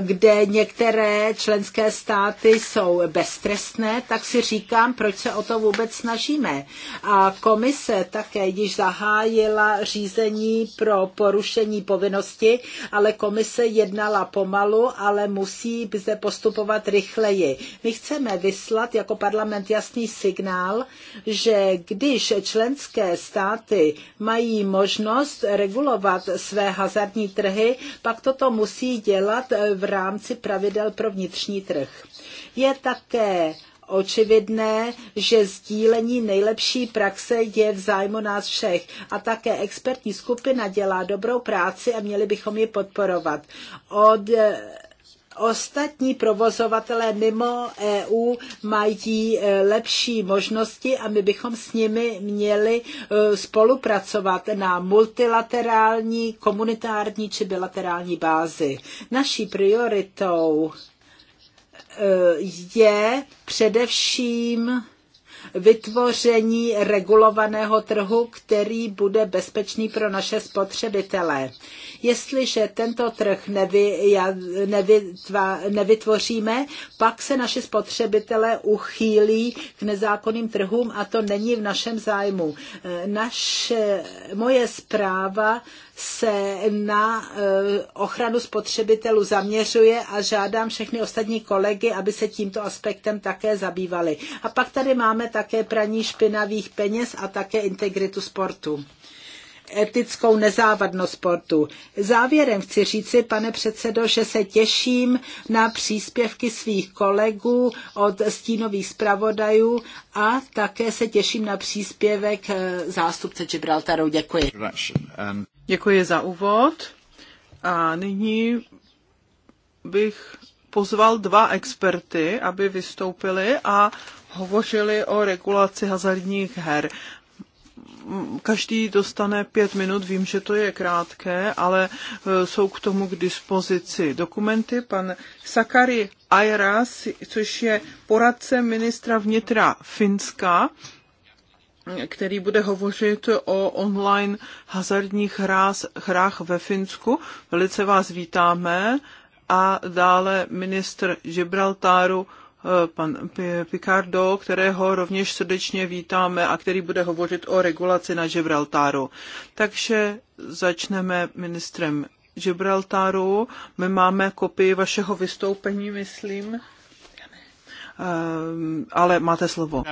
Speaker 3: kde některé členské státy jsou beztrestné, tak si říkám, proč se o to vůbec snažíme. A komise také již zahájila řízení pro porušení povinnosti, ale komise jednala pomalu, ale musí se postupovat rychleji. My chceme vyslat jako parlament jasný signál, že když členské státy mají možnost regulovat své hazardní trhy, pak toto musí dělat eh, v rámci pravidel pro vnitřní trh. Je také očividné, že sdílení nejlepší praxe je v zájmu nás všech a také expertní skupina dělá dobrou práci a měli bychom ji podporovat. Od ostatní provozovatelé mimo EU mají e, lepší možnosti a my bychom s nimi měli e, spolupracovat na multilaterální, komunitární či bilaterální bázi. Naší prioritou e, je především vytvoření regulovaného trhu, který bude bezpečný pro naše spotřebitele. Jestliže tento trh nevy, nevytva, nevytvoříme, pak se naše spotřebitelé uchýlí k nezákonným trhům a to není v našem zájmu. E, naše, moje zpráva se na e, ochranu spotřebitelů zaměřuje a žádám všechny ostatní kolegy, aby se tímto aspektem také zabývali. A pak tady máme také praní špinavých peněz a také integritu sportu etickou nezávadnost sportu. Závěrem chci říci, pane předsedo, že se těším na příspěvky svých kolegů od stínových zpravodajů a také se těším na příspěvek eh, zástupce Gibraltaru. Děkuji. Děkuji za
Speaker 2: úvod. A nyní bych pozval dva experty, aby vystoupili a hovořili o regulaci hazardních her každý dostane pět minut, vím, že to je krátké, ale e, jsou k tomu k dispozici dokumenty. Pan Sakari Ayras, což je poradce ministra vnitra Finska, který bude hovořit o online hazardních hrách, hrách ve Finsku. Velice vás vítáme. A dále ministr Gibraltáru pan Picardo, kterého rovněž srdečně vítáme a který bude hovořit o regulaci na Gibraltaru. Takže začneme ministrem Gibraltaru. My máme kopii vašeho vystoupení, myslím, ehm, ale máte slovo.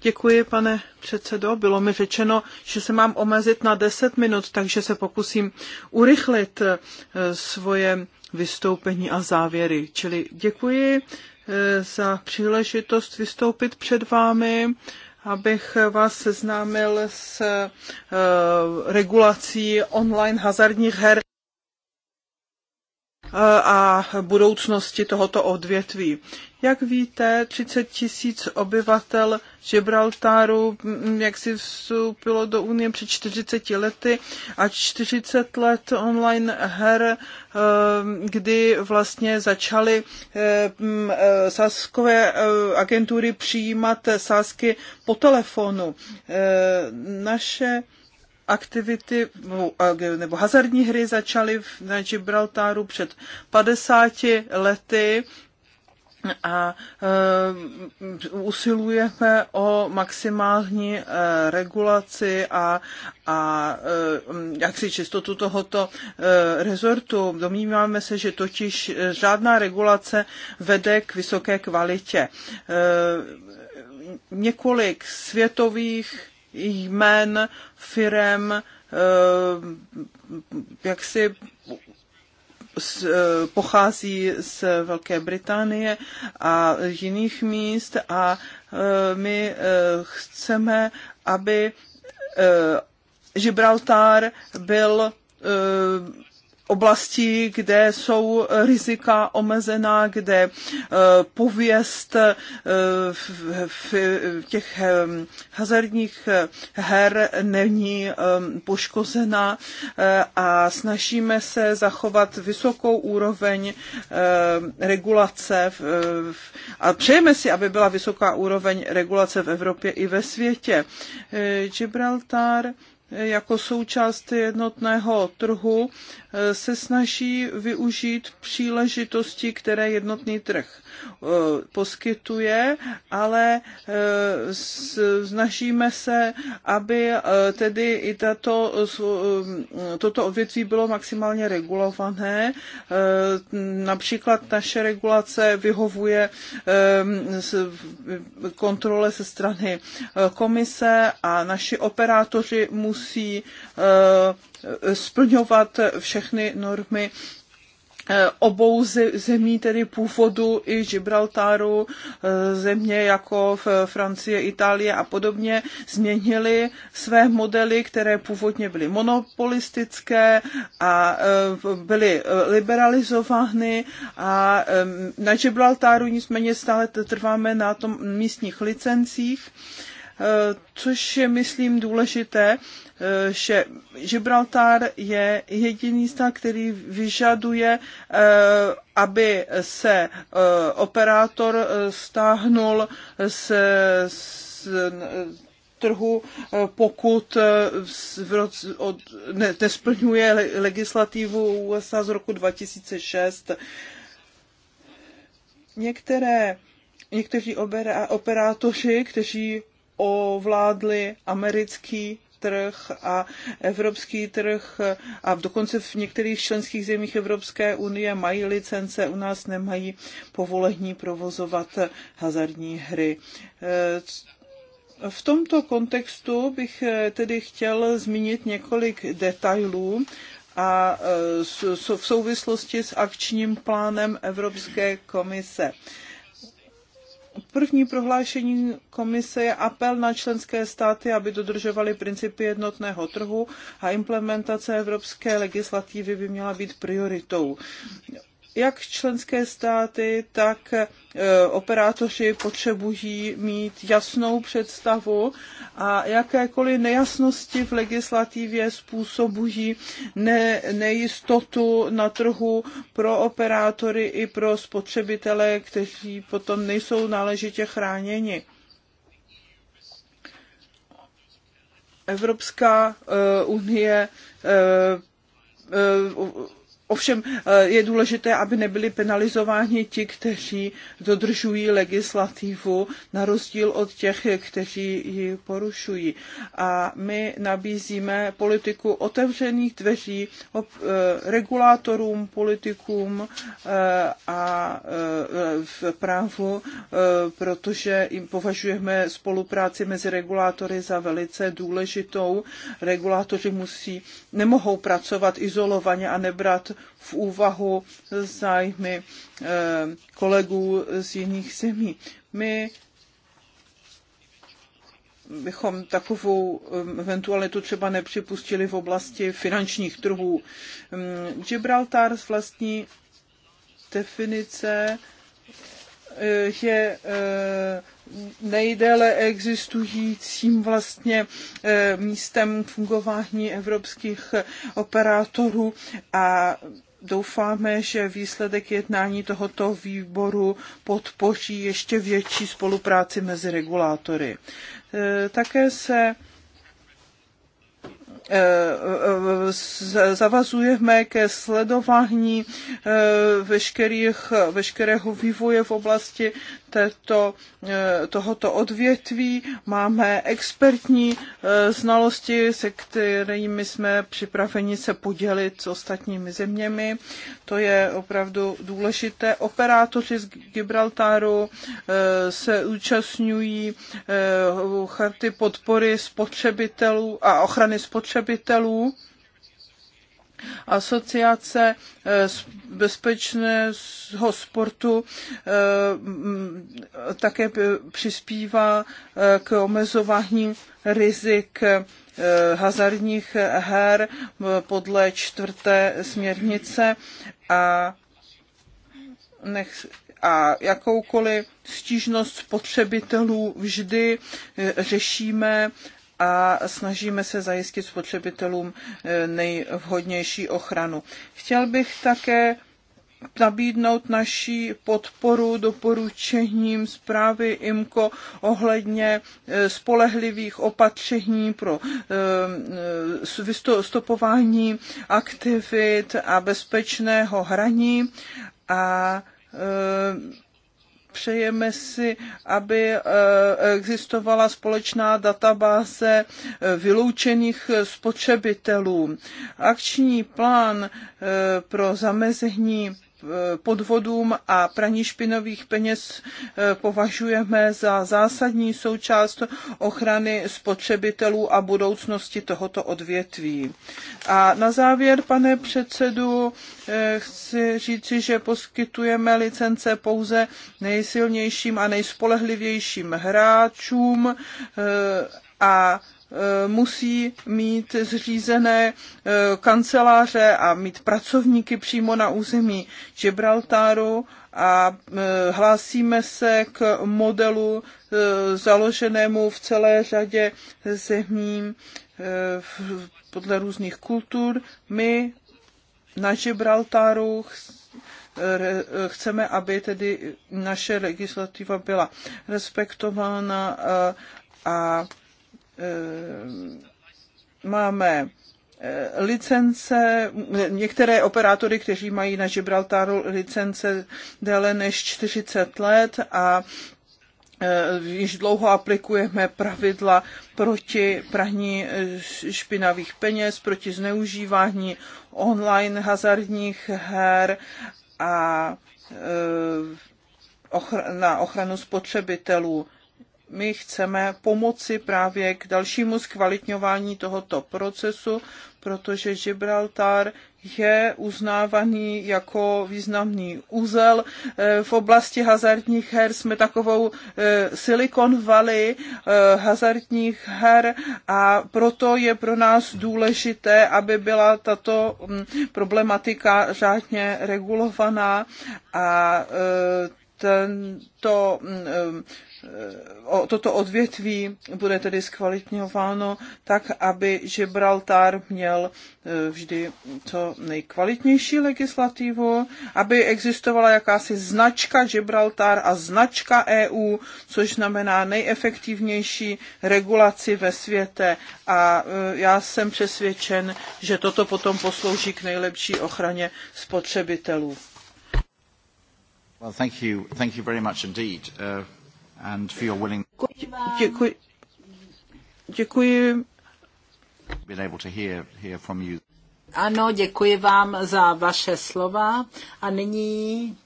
Speaker 2: Děkuji, pane předsedo. Bylo mi řečeno, že se mám omezit na 10 minut, takže se pokusím urychlit eh, svoje vystoupení a závěry. Čili děkuji eh, za příležitost vystoupit před vámi, abych vás seznámil s eh, regulací online hazardních her a budoucnosti tohoto odvětví. Jak víte, 30 tisíc obyvatel Gibraltaru mm, jak si vstoupilo do Unie před 40 lety a 40 let online her, eh, kdy vlastně začaly eh, mm, eh, sáskové agentury přijímat sásky po telefonu. Naše aktivity nebo hazardní hry začaly na Gibraltaru před 50 lety a uh, usilujeme o maximální uh, regulaci a, a e, jak si čistotu tohoto uh, rezortu. Domníváme se, že totiž žádná regulace vede k vysoké kvalitě. Uh, několik světových jmen, firem, eh, jak si eh, pochází z Velké Británie a jiných míst a eh, my chceme, aby Gibraltar byl oblasti, kde jsou rizika omezená, kde eh, pověst eh, v těch eh, hazardních her není poškozená a snažíme se zachovat vysokou úroveň regulace a přejeme si, aby byla vysoká úroveň regulace v Evropě i ve světě. Gibraltar jako součást jednotného trhu eh, se snaží využít příležitosti, které jednotný trh eh, poskytuje, ale eh, snažíme se, aby tedy i tato, toto odvětví bylo maximálně regulované. Například naše regulace vyhovuje kontrole ze strany komise a naši operátoři musí musí eh, splňovat všechny normy eh, obou zemí, tedy původu i Gibraltaru, eh, země jako v Francie, Itálie a podobně, změnili své modely, které původně byly monopolistické a byly liberalizovány a na Gibraltaru nicméně stále trváme na tom místních licencích Eh, což je, myslím, důležité, eh, že Gibraltar je jediný stát, který vyžaduje, eh, aby se operátor stáhnul z, z trhu, pokud nesplňuje legislativu USA z roku 2006. Některé, někteří operátoři, kteří ovládli americký trh a evropský trh a dokonce v některých členských zemích Evropské unie mají licence, u nás nemají povolení provozovat hazardní hry. V tomto kontextu bych tedy chtěl zmínit několik detailů a e, v souvislosti s akčním plánem Evropské komise. První prohlášení komise je apel na členské státy, aby dodržovaly principy jednotného trhu a implementace evropské legislativy by měla být prioritou. Jak členské státy, tak e, operátoři potřebují mít jasnou představu a jakékoliv nejasnosti v legislativě způsobují ne, nejistotu na trhu pro operátory i pro spotřebitele, kteří potom nejsou náležitě chráněni. Evropská e, unie e, Ovšem eh, je důležité, aby nebyli penalizováni ti, kteří dodržují legislativu, na rozdíl od těch, kteří ji porušují. A my nabízíme politiku otevřených dveří eh, regulátorům, politikům eh, a v právu, protože jim považujeme spolupráci mezi regulátory za velice důležitou. Regulátoři musí, nemohou pracovat izolovaně a nebrat v úvahu zájmy eh, kolegů z jiných zemí. My bychom takovou eh, eventualitu třeba nepřipustili v oblasti finančních trhů. Mm, Gibraltar z vlastní definice eh, je nejdéle existujícím vlastně eh, místem fungování evropských eh, operátorů a doufáme, že výsledek jednání tohoto výboru podpoří ještě větší spolupráci mezi regulátory. Eh, také se zavazujeme ke sledování veškerých, veškerého vývoje v oblasti této, eh, tohoto odvětví, máme expertní eh, znalosti, se kterými jsme připraveni se podělit s ostatními zeměmi. To je opravdu důležité. Operátoři z Gibraltaru eh, se účastňují charty podpory spotřebitelů a ochrany spotřebitelů asociace eh, bezpečného sportu eh, také přispívá eh, k omezování rizik hazardních her podle čtvrté směrnice a nech, a jakoukoliv stížnost spotřebitelů vždy řešíme a snažíme se zajistit spotřebitelům eh, nejvhodnější ochranu. Chtěl bych také nabídnout naší podporu doporučením zprávy IMCO ohledně eh, spolehlivých opatření pro eh, stopování aktivit a bezpečného hraní a přejeme si, aby eh, existovala společná databáze eh, vyloučených eh, spotřebitelů. Akční plán pro zamezení podvodům a praní špinových peněz eh, považujeme za zásadní součást ochrany spotřebitelů a budoucnosti tohoto odvětví. A na závěr, pane předsedu, eh, chci říci, že poskytujeme licence pouze nejsilnějším a nejspolehlivějším hráčům eh, a Eh, musí mít zřízené eh, kanceláře a mít pracovníky přímo na území Gibraltaru a eh, hlásíme se k modelu založenému v celé řadě zemí podle různých kultur. My na Gibraltaru chceme, aby tedy naše legislativa byla respektována a Eh, máme eh, licence, některé operátory, kteří mají na Gibraltaru licence déle než 40 let a eh, již dlouho aplikujeme pravidla proti praní špinavých peněz, proti zneužívání online hazardních her a na ochranu spotřebitelů my chceme pomoci právě k dalšímu zkvalitňování tohoto procesu, protože Gibraltar je uznávaný jako významný úzel. Eh, v oblasti hazardních her jsme takovou eh, Silicon Valley eh, hazardních her a proto je pro nás důležité, aby byla tato mm, problematika řádně regulovaná a tento mm, Eh, o toto odvětví bude tedy zkvalitňováno tak, aby Gibraltar měl eh, vždy co nejkvalitnější legislativu, aby existovala jakási značka Gibraltar a značka EU, což znamená nejefektivnější regulaci ve světě. A eh, já jsem přesvědčen, že toto potom poslouží k nejlepší ochraně spotřebitelů.
Speaker 1: Well, thank you. Thank you very much indeed. Uh and for your willing...
Speaker 2: Děkuji. Děkuji.
Speaker 1: Been able to hear, hear from you.
Speaker 3: Ano, děkuji vám za vaše slova. A nyní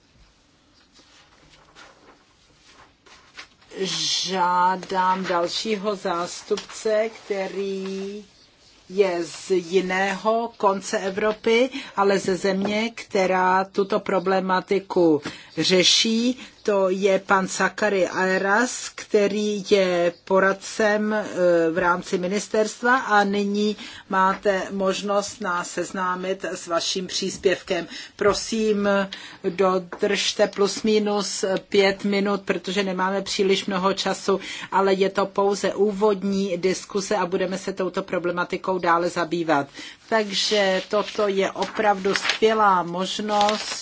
Speaker 3: žádám dalšího zástupce, který je z jiného konce Evropy, ale ze země, která tuto problematiku řeší to je pan Sakary Aeras, který je poradcem e, v rámci ministerstva a nyní máte možnost nás seznámit s vaším příspěvkem. Prosím, dodržte plus minus pět minut, protože nemáme příliš mnoho času, ale je to pouze úvodní diskuse a budeme se touto problematikou dále zabývat. Takže toto je opravdu skvělá možnost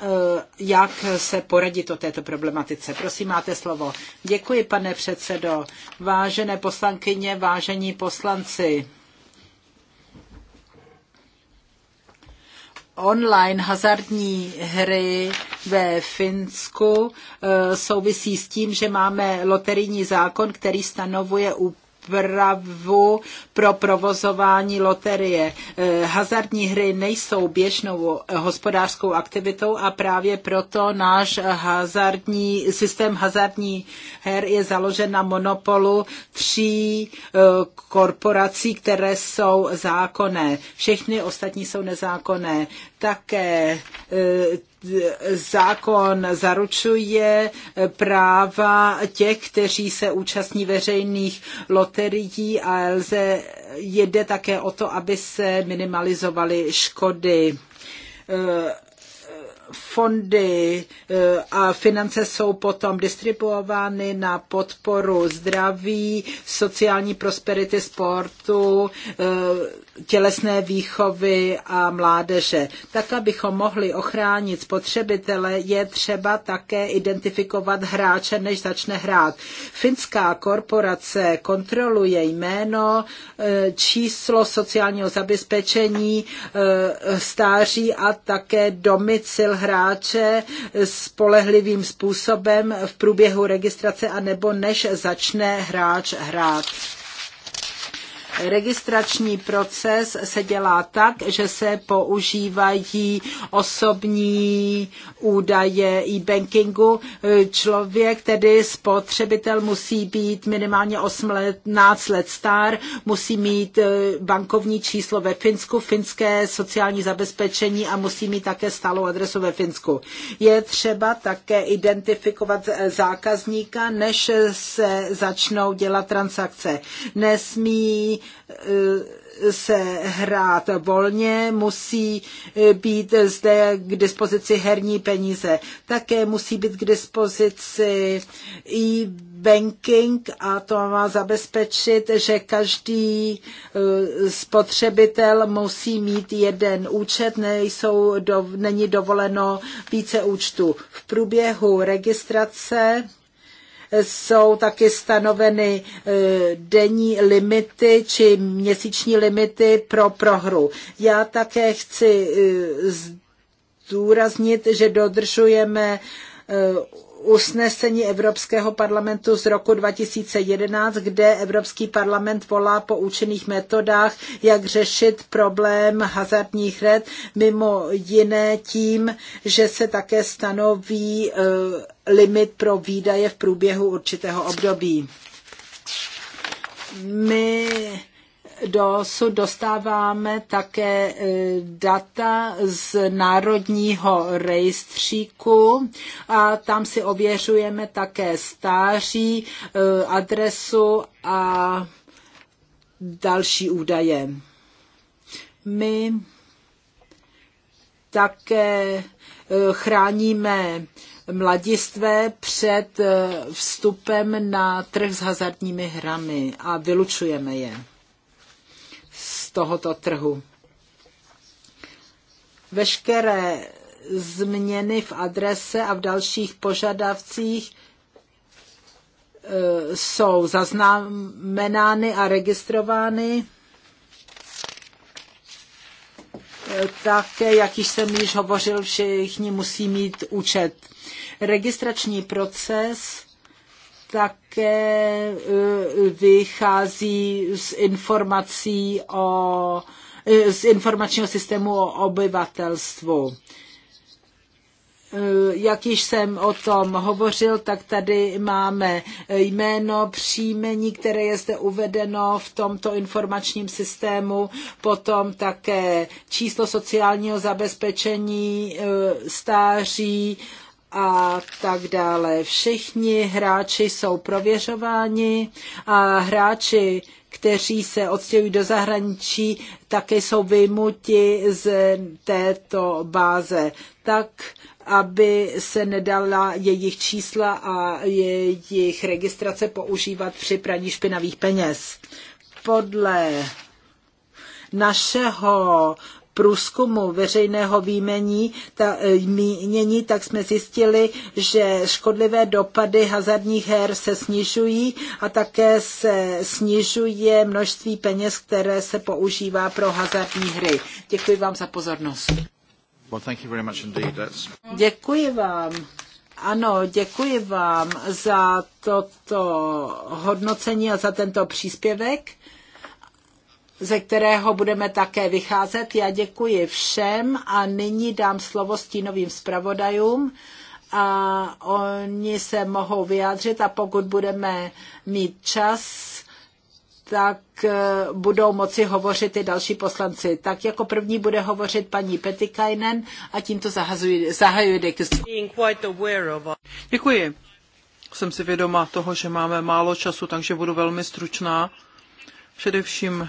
Speaker 3: Eh, jak se poradit o této problematice. Prosím, máte slovo. Děkuji, pane předsedo. Vážené poslankyně, vážení poslanci. online hazardní hry ve Finsku eh, souvisí s tím, že máme loterijní zákon, který stanovuje úplně úpravu pro provozování loterie. Eh, hazardní hry nejsou běžnou hospodářskou aktivitou a právě proto náš hazardní, systém hazardní her je založen na monopolu tří eh, korporací, které jsou zákonné. Všechny ostatní jsou nezákonné také eh, zákon zaručuje eh, práva těch, kteří se účastní veřejných loterií a lze, jede také o to, aby se minimalizovaly škody eh, fondy eh, a finance jsou potom distribuovány na podporu zdraví, sociální prosperity, sportu, eh, tělesné výchovy a mládeže. Tak, abychom mohli ochránit spotřebitele, je třeba také identifikovat hráče, než začne hrát. Finská korporace kontroluje jméno, eh, číslo sociálního zabezpečení, stáří a také domicil hráče hráče spolehlivým způsobem v průběhu registrace a nebo než začne hráč hrát. Registrační proces se dělá tak, že se používají osobní údaje e-bankingu. Člověk, tedy spotřebitel, musí být minimálně 18 let star, musí mít e, bankovní číslo ve Finsku, finské sociální zabezpečení a musí mít také stálou adresu ve Finsku. Je třeba také identifikovat e, zákazníka, než se začnou dělat transakce. Nesmí Eh, se hrát volně, musí eh, být zde k dispozici herní peníze. Také musí být k dispozici i banking a to má zabezpečit, že každý eh, spotřebitel musí mít jeden účet, nejsou, do, není dovoleno více účtů. V průběhu registrace jsou taky stanoveny eh, denní limity či měsíční limity pro prohru. Já také chci eh, zdůraznit, že dodržujeme eh, usnesení Evropského parlamentu z roku 2011, kde Evropský parlament volá po účinných metodách, jak řešit problém hazardních red, mimo jiné tím, že se také stanoví eh, limit pro výdaje v průběhu určitého období. My dosud dostáváme také e, data z Národního rejstříku a tam si ověřujeme také stáří, e, adresu a další údaje. My také e, chráníme mladistvé před vstupem na trh s hazardními hrami a vylučujeme je z tohoto trhu. Veškeré změny v adrese a v dalších požadavcích e, jsou zaznamenány a registrovány. E, také, jak již jsem již hovořil, všichni musí mít účet. Registrační proces také eh, vychází z informací o, eh, z informačního systému o obyvatelstvu. Eh, jak již jsem o tom hovořil, tak tady máme jméno, příjmení, které je zde uvedeno v tomto informačním systému, potom také číslo sociálního zabezpečení, stáří, a tak dále. Všichni hráči jsou prověřováni a hráči, kteří se odstěhují do zahraničí, také jsou vyjmuti z této báze, tak aby se nedala jejich čísla a jejich registrace používat při praní špinavých peněz. Podle našeho průzkumu veřejného výmění, ta, e, mínění, tak jsme zjistili, že škodlivé dopady hazardních her se snižují a také se snižuje množství peněz, které se používá pro hazardní hry. Děkuji vám za pozornost.
Speaker 1: Well, thank you very much indeed. That's...
Speaker 3: Děkuji vám. Ano, děkuji vám za toto hodnocení a za tento příspěvek ze kterého budeme také vycházet. Já děkuji všem a nyní dám slovo stínovým zpravodajům a oni se mohou vyjádřit a pokud budeme mít čas, tak eh, budou moci hovořit i další poslanci. Tak jako první bude hovořit paní Petikainen a tímto zahajuji diskusi.
Speaker 2: Děkuji. Jsem si vědoma toho, že máme málo času, takže budu velmi stručná. Především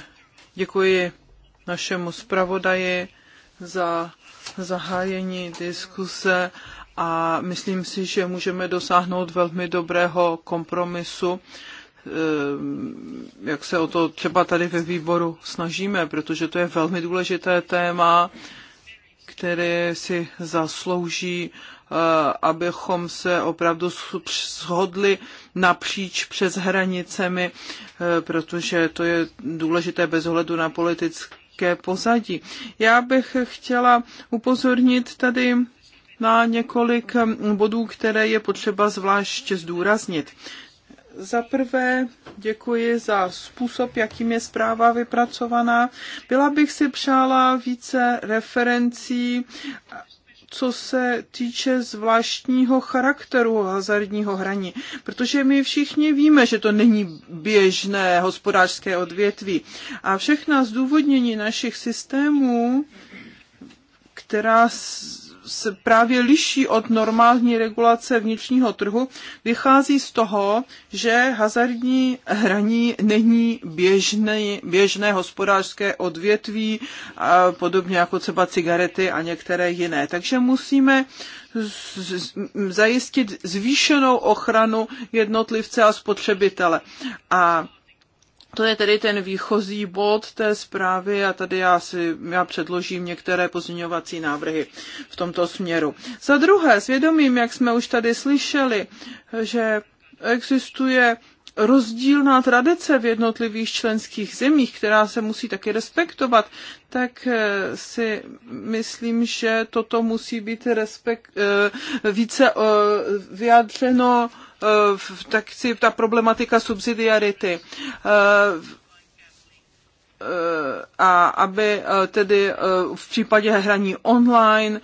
Speaker 2: Děkuji našemu zpravodaji za zahájení diskuse a myslím si, že můžeme dosáhnout velmi dobrého kompromisu, eh, jak se o to třeba tady ve výboru snažíme, protože to je velmi důležité téma, které si zaslouží Eh, abychom se opravdu shodli napříč přes hranicemi, eh, protože to je důležité bez ohledu na politické pozadí. Já bych chtěla upozornit tady na několik mm, bodů, které je potřeba zvlášť zdůraznit. Za prvé děkuji za způsob, jakým je zpráva vypracovaná. Byla bych si přála více referencí co se týče zvláštního charakteru hazardního hraní, protože my všichni víme, že to není běžné hospodářské odvětví. A všechna zdůvodnění našich systémů, která se právě liší od normální regulace vnitřního trhu, vychází z toho, že hazardní hraní není běžné, běžné hospodářské odvětví, podobně jako třeba cigarety a některé jiné. Takže musíme zajistit zvýšenou ochranu jednotlivce a spotřebitele. A to je tedy ten výchozí bod té zprávy a tady já, si, já předložím některé pozměňovací návrhy v tomto směru. Za druhé, svědomím, jak jsme už tady slyšeli, že existuje rozdílná tradice v jednotlivých členských zemích, která se musí taky respektovat, tak eh, si myslím, že toto musí být respekt, eh, více eh, vyjádřeno v tak si ta problematika subsidiarity a aby tedy v případě hraní online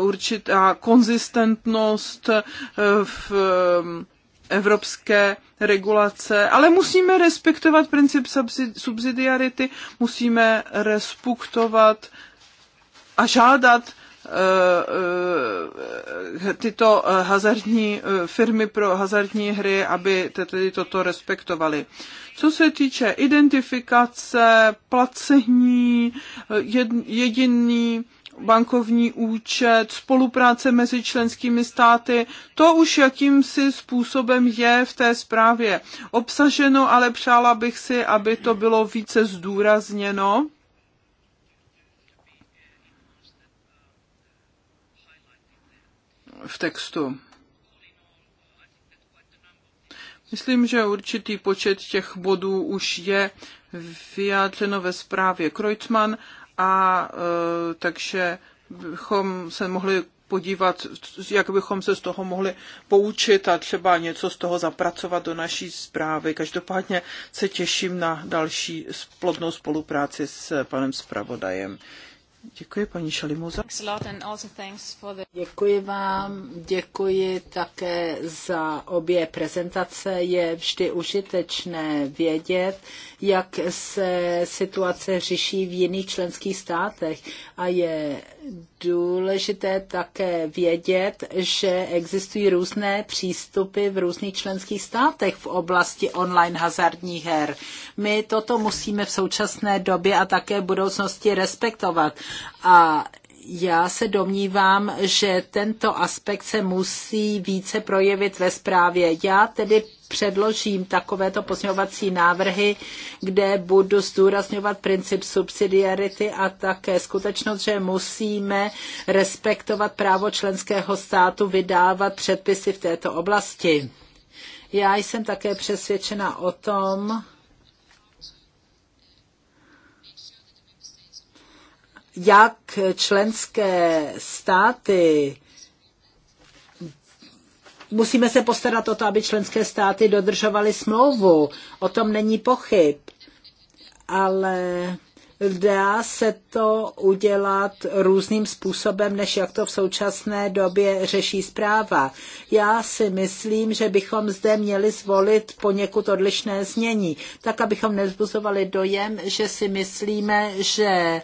Speaker 2: určitá konzistentnost v evropské regulace, ale musíme respektovat princip subsidiarity, musíme respektovat a žádat eh, eh, tyto eh, hazardní firmy pro hazardní hry, aby tedy toto respektovali. Co se týče identifikace, placení, jediný bankovní účet, spolupráce mezi členskými státy, to už jakýmsi způsobem je v té zprávě obsaženo, ale přála bych si, aby to bylo více zdůrazněno. v textu. Myslím, že určitý počet těch bodů už je vyjádřeno ve zprávě Kreutzmann a e, takže bychom se mohli podívat, jak bychom se z toho mohli poučit a třeba něco z toho zapracovat do naší zprávy. Každopádně se těším na další plodnou spolupráci s panem zpravodajem. Děkuji, paní Šalimoza.
Speaker 3: Děkuji vám, děkuji také za obě prezentace. Je vždy užitečné vědět, jak se situace řeší v jiných členských státech a je důležité také vědět, že existují různé přístupy v různých členských státech v oblasti online hazardních her. My toto musíme v současné době a také v budoucnosti respektovat. A já se domnívám, že tento aspekt se musí více projevit ve zprávě. Já tedy předložím takovéto pozměňovací návrhy, kde budu zdůrazňovat princip subsidiarity a také skutečnost, že musíme respektovat právo členského státu vydávat předpisy v této oblasti. Já jsem také přesvědčena o tom, jak členské státy musíme se postarat o to, aby členské státy dodržovaly smlouvu. O tom není pochyb. Ale dá se to udělat různým způsobem, než jak to v současné době řeší zpráva. Já si myslím, že bychom zde měli zvolit poněkud odlišné znění, tak abychom nezbuzovali dojem, že si myslíme, že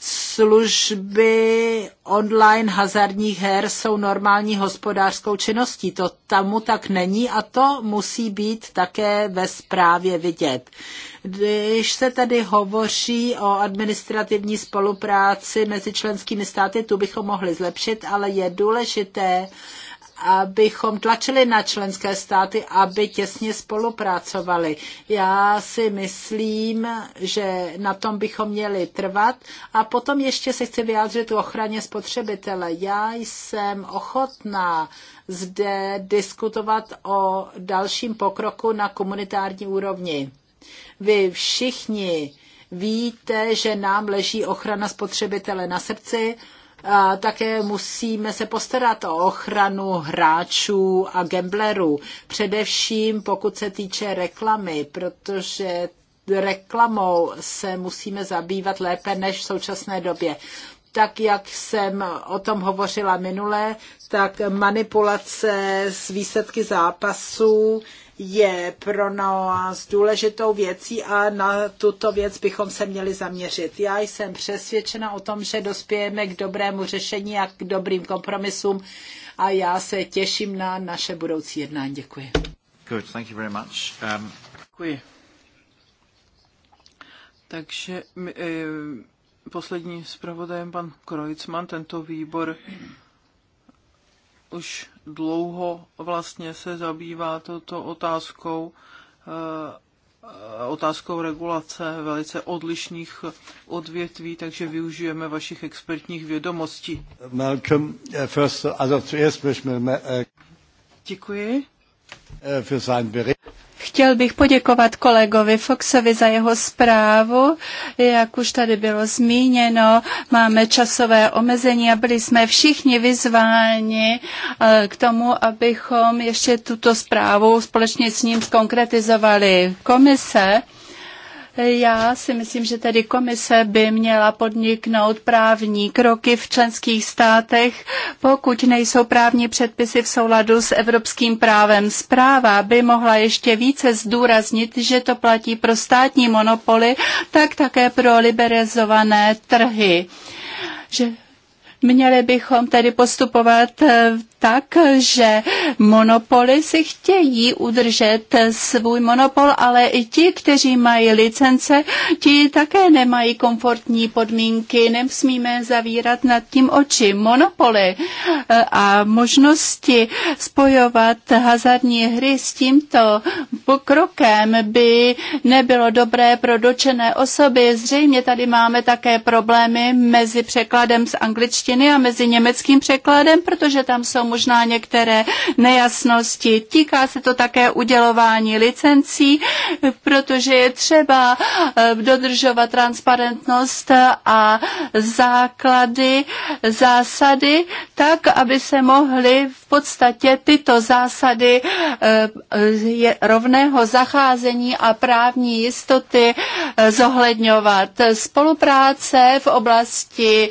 Speaker 3: služby online hazardních her jsou normální hospodářskou činností. To tamu tak není a to musí být také ve zprávě vidět. Když se tady hovoří o administrativní spolupráci mezi členskými státy, tu bychom mohli zlepšit, ale je důležité, abychom tlačili na členské státy, aby těsně spolupracovali. Já si myslím, že na tom bychom měli trvat. A potom ještě se chci vyjádřit o ochraně spotřebitele. Já jsem ochotná zde diskutovat o dalším pokroku na komunitární úrovni. Vy všichni víte, že nám leží ochrana spotřebitele na srdci a také musíme se postarat o ochranu hráčů a gamblerů, především pokud se týče reklamy, protože reklamou se musíme zabývat lépe než v současné době. Tak jak jsem o tom hovořila minule, tak manipulace s výsledky zápasů je pro nás důležitou věcí a na tuto věc bychom se měli zaměřit. Já jsem přesvědčena o tom, že dospějeme k dobrému řešení a k dobrým kompromisům a já se těším na naše budoucí jednání. Děkuji.
Speaker 1: Good, thank you very much. Um...
Speaker 2: Děkuji. Takže my, e, poslední zpravodajem pan Krojcman, tento výbor už dlouho vlastně se zabývá toto otázkou, eh, otázkou regulace velice odlišných odvětví, takže využijeme vašich expertních vědomostí.
Speaker 5: Malcolm, eh, first, eh, also zuerst
Speaker 1: möchte Děkuji. Für seinen Bericht.
Speaker 5: Chtěl bych poděkovat kolegovi Foxovi za jeho zprávu. Jak už tady bylo zmíněno, máme časové omezení a byli jsme všichni vyzváni eh, k tomu, abychom ještě tuto zprávu společně s ním zkonkretizovali. Komise já si myslím, že tedy komise by měla podniknout právní kroky v členských státech, pokud nejsou právní předpisy v souladu s evropským právem. Zpráva by mohla ještě více zdůraznit, že to platí pro státní monopoly, tak také pro liberalizované trhy. Že Měli bychom tedy postupovat tak, že monopoly si chtějí udržet svůj monopol, ale i ti, kteří mají licence, ti také nemají komfortní podmínky. Nemusíme zavírat nad tím oči. Monopoly eh, a možnosti spojovat hazardní hry s tímto pokrokem by nebylo dobré pro dočené osoby. Zřejmě tady máme také problémy mezi překladem z angličtiny a mezi německým překladem, protože tam jsou možná některé nejasnosti. Týká se to také udělování licencí, protože je třeba eh, dodržovat transparentnost a základy, zásady, tak, aby se mohly v podstatě tyto zásady eh, rovného zacházení a právní jistoty eh, zohledňovat. Spolupráce v oblasti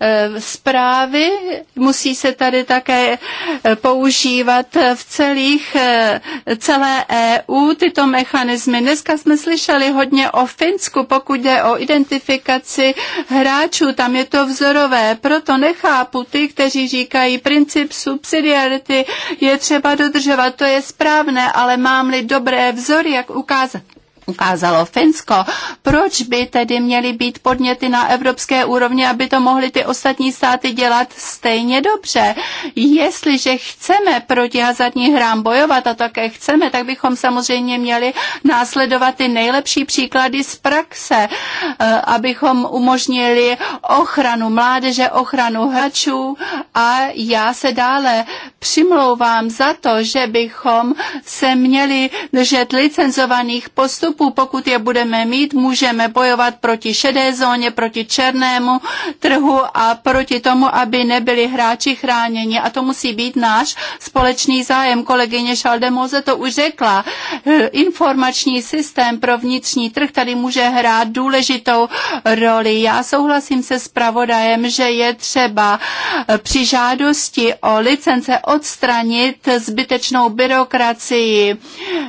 Speaker 5: Eh, zprávy. Musí se tady také eh, používat v celých, eh, celé EU tyto mechanismy. Dneska jsme slyšeli hodně o Finsku, pokud jde o identifikaci hráčů, tam je to vzorové. Proto nechápu ty, kteří říkají princip subsidiarity je třeba dodržovat, to je správné, ale mám-li dobré vzory, jak ukázat ukázalo Finsko. Proč by tedy měly být podněty na evropské úrovni, aby to mohly ty ostatní státy dělat stejně dobře? Jestliže chceme proti hazardní hrám bojovat a také chceme, tak bychom samozřejmě měli následovat ty nejlepší příklady z praxe, eh, abychom umožnili ochranu mládeže, ochranu hráčů a já se dále přimlouvám za to, že bychom se měli držet licenzovaných postupů postupů. Pokud je budeme mít, můžeme bojovat proti šedé zóně, proti černému trhu a proti tomu, aby nebyli hráči chráněni. A to musí být náš společný zájem. Kolegyně Šaldemoze to už řekla. Eh, informační systém pro vnitřní trh tady může hrát důležitou roli. Já souhlasím se s pravodajem, že je třeba eh, při žádosti o licence odstranit zbytečnou byrokracii.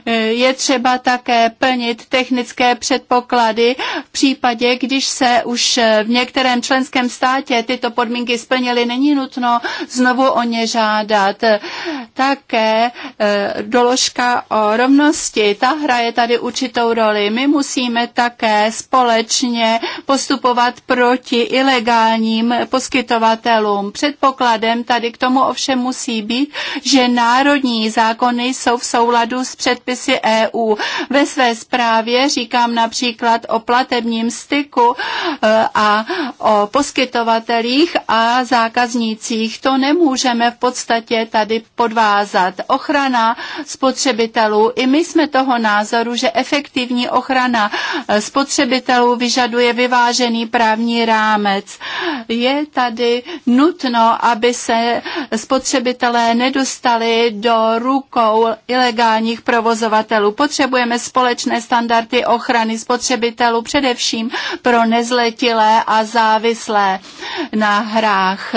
Speaker 5: Eh, je třeba také plnit splnit technické předpoklady v případě, když se už v některém členském státě tyto podmínky splnily, není nutno znovu o ně žádat. Také eh, doložka o rovnosti, ta hraje tady určitou roli. My musíme také společně postupovat proti ilegálním poskytovatelům. Předpokladem tady k tomu ovšem musí být, že národní zákony jsou v souladu s předpisy EU. Ve své zprávě právě, říkám například o platebním styku eh, a o poskytovatelích a zákaznících. To nemůžeme v podstatě tady podvázat. Ochrana spotřebitelů. I my jsme toho názoru, že efektivní ochrana eh, spotřebitelů vyžaduje vyvážený právní rámec. Je tady nutno, aby se spotřebitelé nedostali do rukou ilegálních provozovatelů. Potřebujeme společné stanovisko standardy ochrany spotřebitelů především pro nezletilé a závislé na hrách.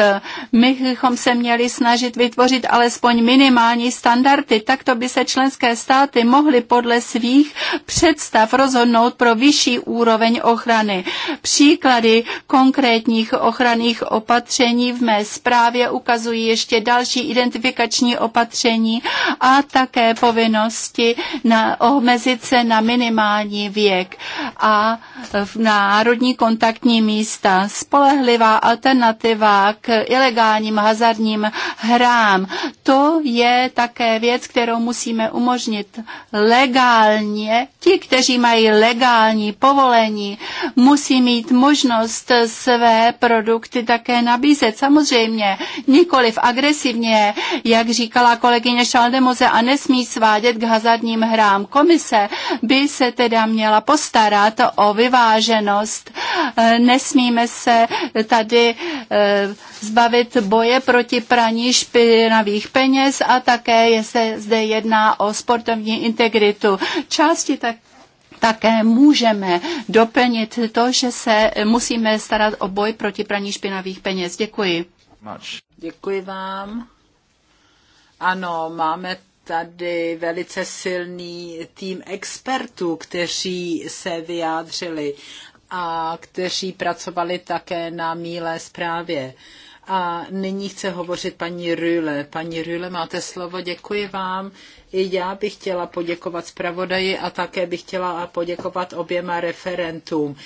Speaker 5: My bychom se měli snažit vytvořit alespoň minimální standardy, takto by se členské státy mohly podle svých představ rozhodnout pro vyšší úroveň ochrany. Příklady konkrétních ochranných opatření v mé zprávě ukazují ještě další identifikační opatření a také povinnosti na, omezit se na minimální minimální věk a v národní kontaktní místa, spolehlivá alternativa k ilegálním hazardním hrám. To je také věc, kterou musíme umožnit legálně ti, kteří mají legální povolení, musí mít možnost své produkty také nabízet. Samozřejmě nikoliv agresivně, jak říkala kolegyně Šaldemoze, a nesmí svádět k hazardním hrám. Komise by se teda měla postarat o vyváženost. Nesmíme se tady eh, zbavit boje proti praní špinavých peněz a také se zde jedná o sportovní integritu. Části tak také můžeme doplnit to, že se musíme starat o boj proti praní špinavých peněz. Děkuji.
Speaker 3: Děkuji vám. Ano, máme tady velice silný tým expertů, kteří se vyjádřili a kteří pracovali také na mílé zprávě. A nyní chce hovořit paní Rüle. Paní Rüle, máte slovo, děkuji vám. I já bych chtěla poděkovat zpravodaji a také bych chtěla poděkovat oběma referentům.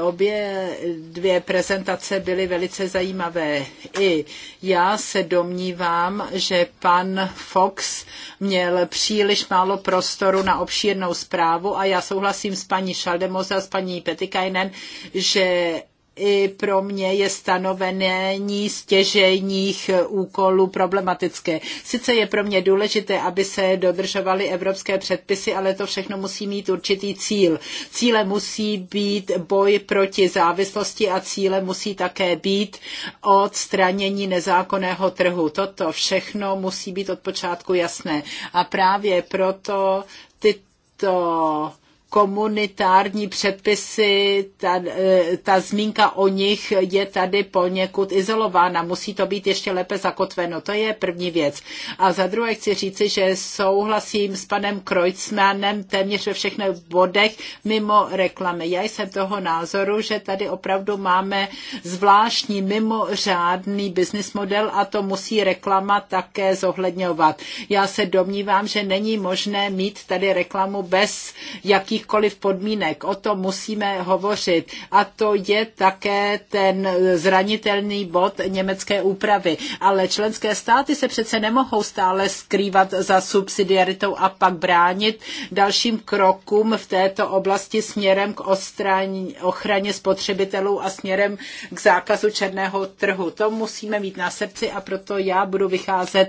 Speaker 3: Obě dvě prezentace byly velice zajímavé. I já se domnívám, že pan Fox měl příliš málo prostoru na obšírnou zprávu a já souhlasím s paní Šaldemoza a s paní Petikainen, že i pro mě je stanovení stěžejních úkolů problematické. Sice je pro mě důležité, aby se dodržovaly evropské předpisy, ale to všechno musí mít určitý cíl. Cíle musí být boj proti závislosti a cíle musí také být odstranění nezákonného trhu. Toto všechno musí být od počátku jasné. A právě proto tyto komunitární předpisy, ta, e, ta zmínka o nich je tady poněkud izolována. Musí to být ještě lépe zakotveno. To je první věc. A za druhé chci říci, že souhlasím s panem Kreutzmannem téměř ve všech bodech mimo reklamy. Já jsem toho názoru, že tady opravdu máme zvláštní mimořádný business model a to musí reklama také zohledňovat. Já se domnívám, že není možné mít tady reklamu bez jakých jakýchkoliv podmínek. O tom musíme hovořit. A to je také ten zranitelný bod německé úpravy. Ale členské státy se přece nemohou stále skrývat za subsidiaritou a pak bránit dalším krokům v této oblasti směrem k ostraní, ochraně spotřebitelů a směrem k zákazu černého trhu. To musíme mít na srdci a proto já budu vycházet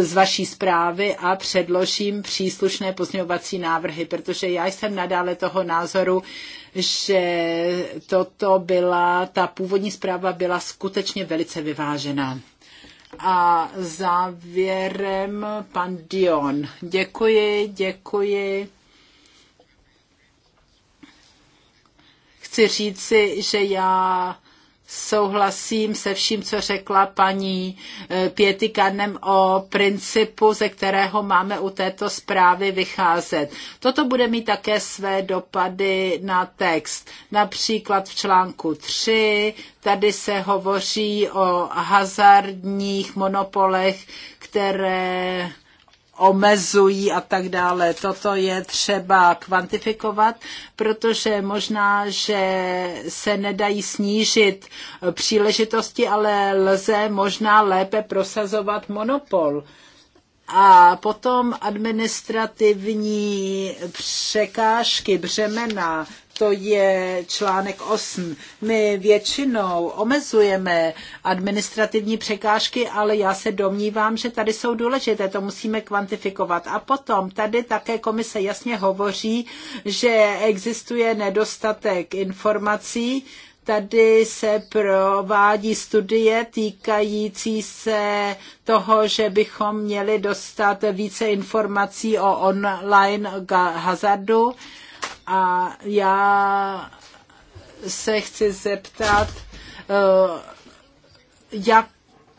Speaker 3: z vaší zprávy a předložím příslušné pozměňovací návrhy, protože já jsem nadále nadále toho názoru, že toto byla, ta původní zpráva byla skutečně velice vyvážená. A závěrem pan Dion. Děkuji, děkuji. Chci říci, že já souhlasím se vším, co řekla paní eh, Pětikanem o principu, ze kterého máme u této zprávy vycházet. Toto bude mít také své dopady na text. Například v článku 3, tady se hovoří o hazardních monopolech, které omezují a tak dále. Toto je třeba kvantifikovat, protože možná, že se nedají snížit příležitosti, ale lze možná lépe prosazovat monopol. A potom administrativní překážky, břemena, to je článek 8. My většinou omezujeme administrativní překážky, ale já se domnívám, že tady jsou důležité, to musíme kvantifikovat. A potom tady také komise jasně hovoří, že existuje nedostatek informací, Tady se provádí studie týkající se toho, že bychom měli dostat více informací o online hazardu a já se chci zeptat, eh, jak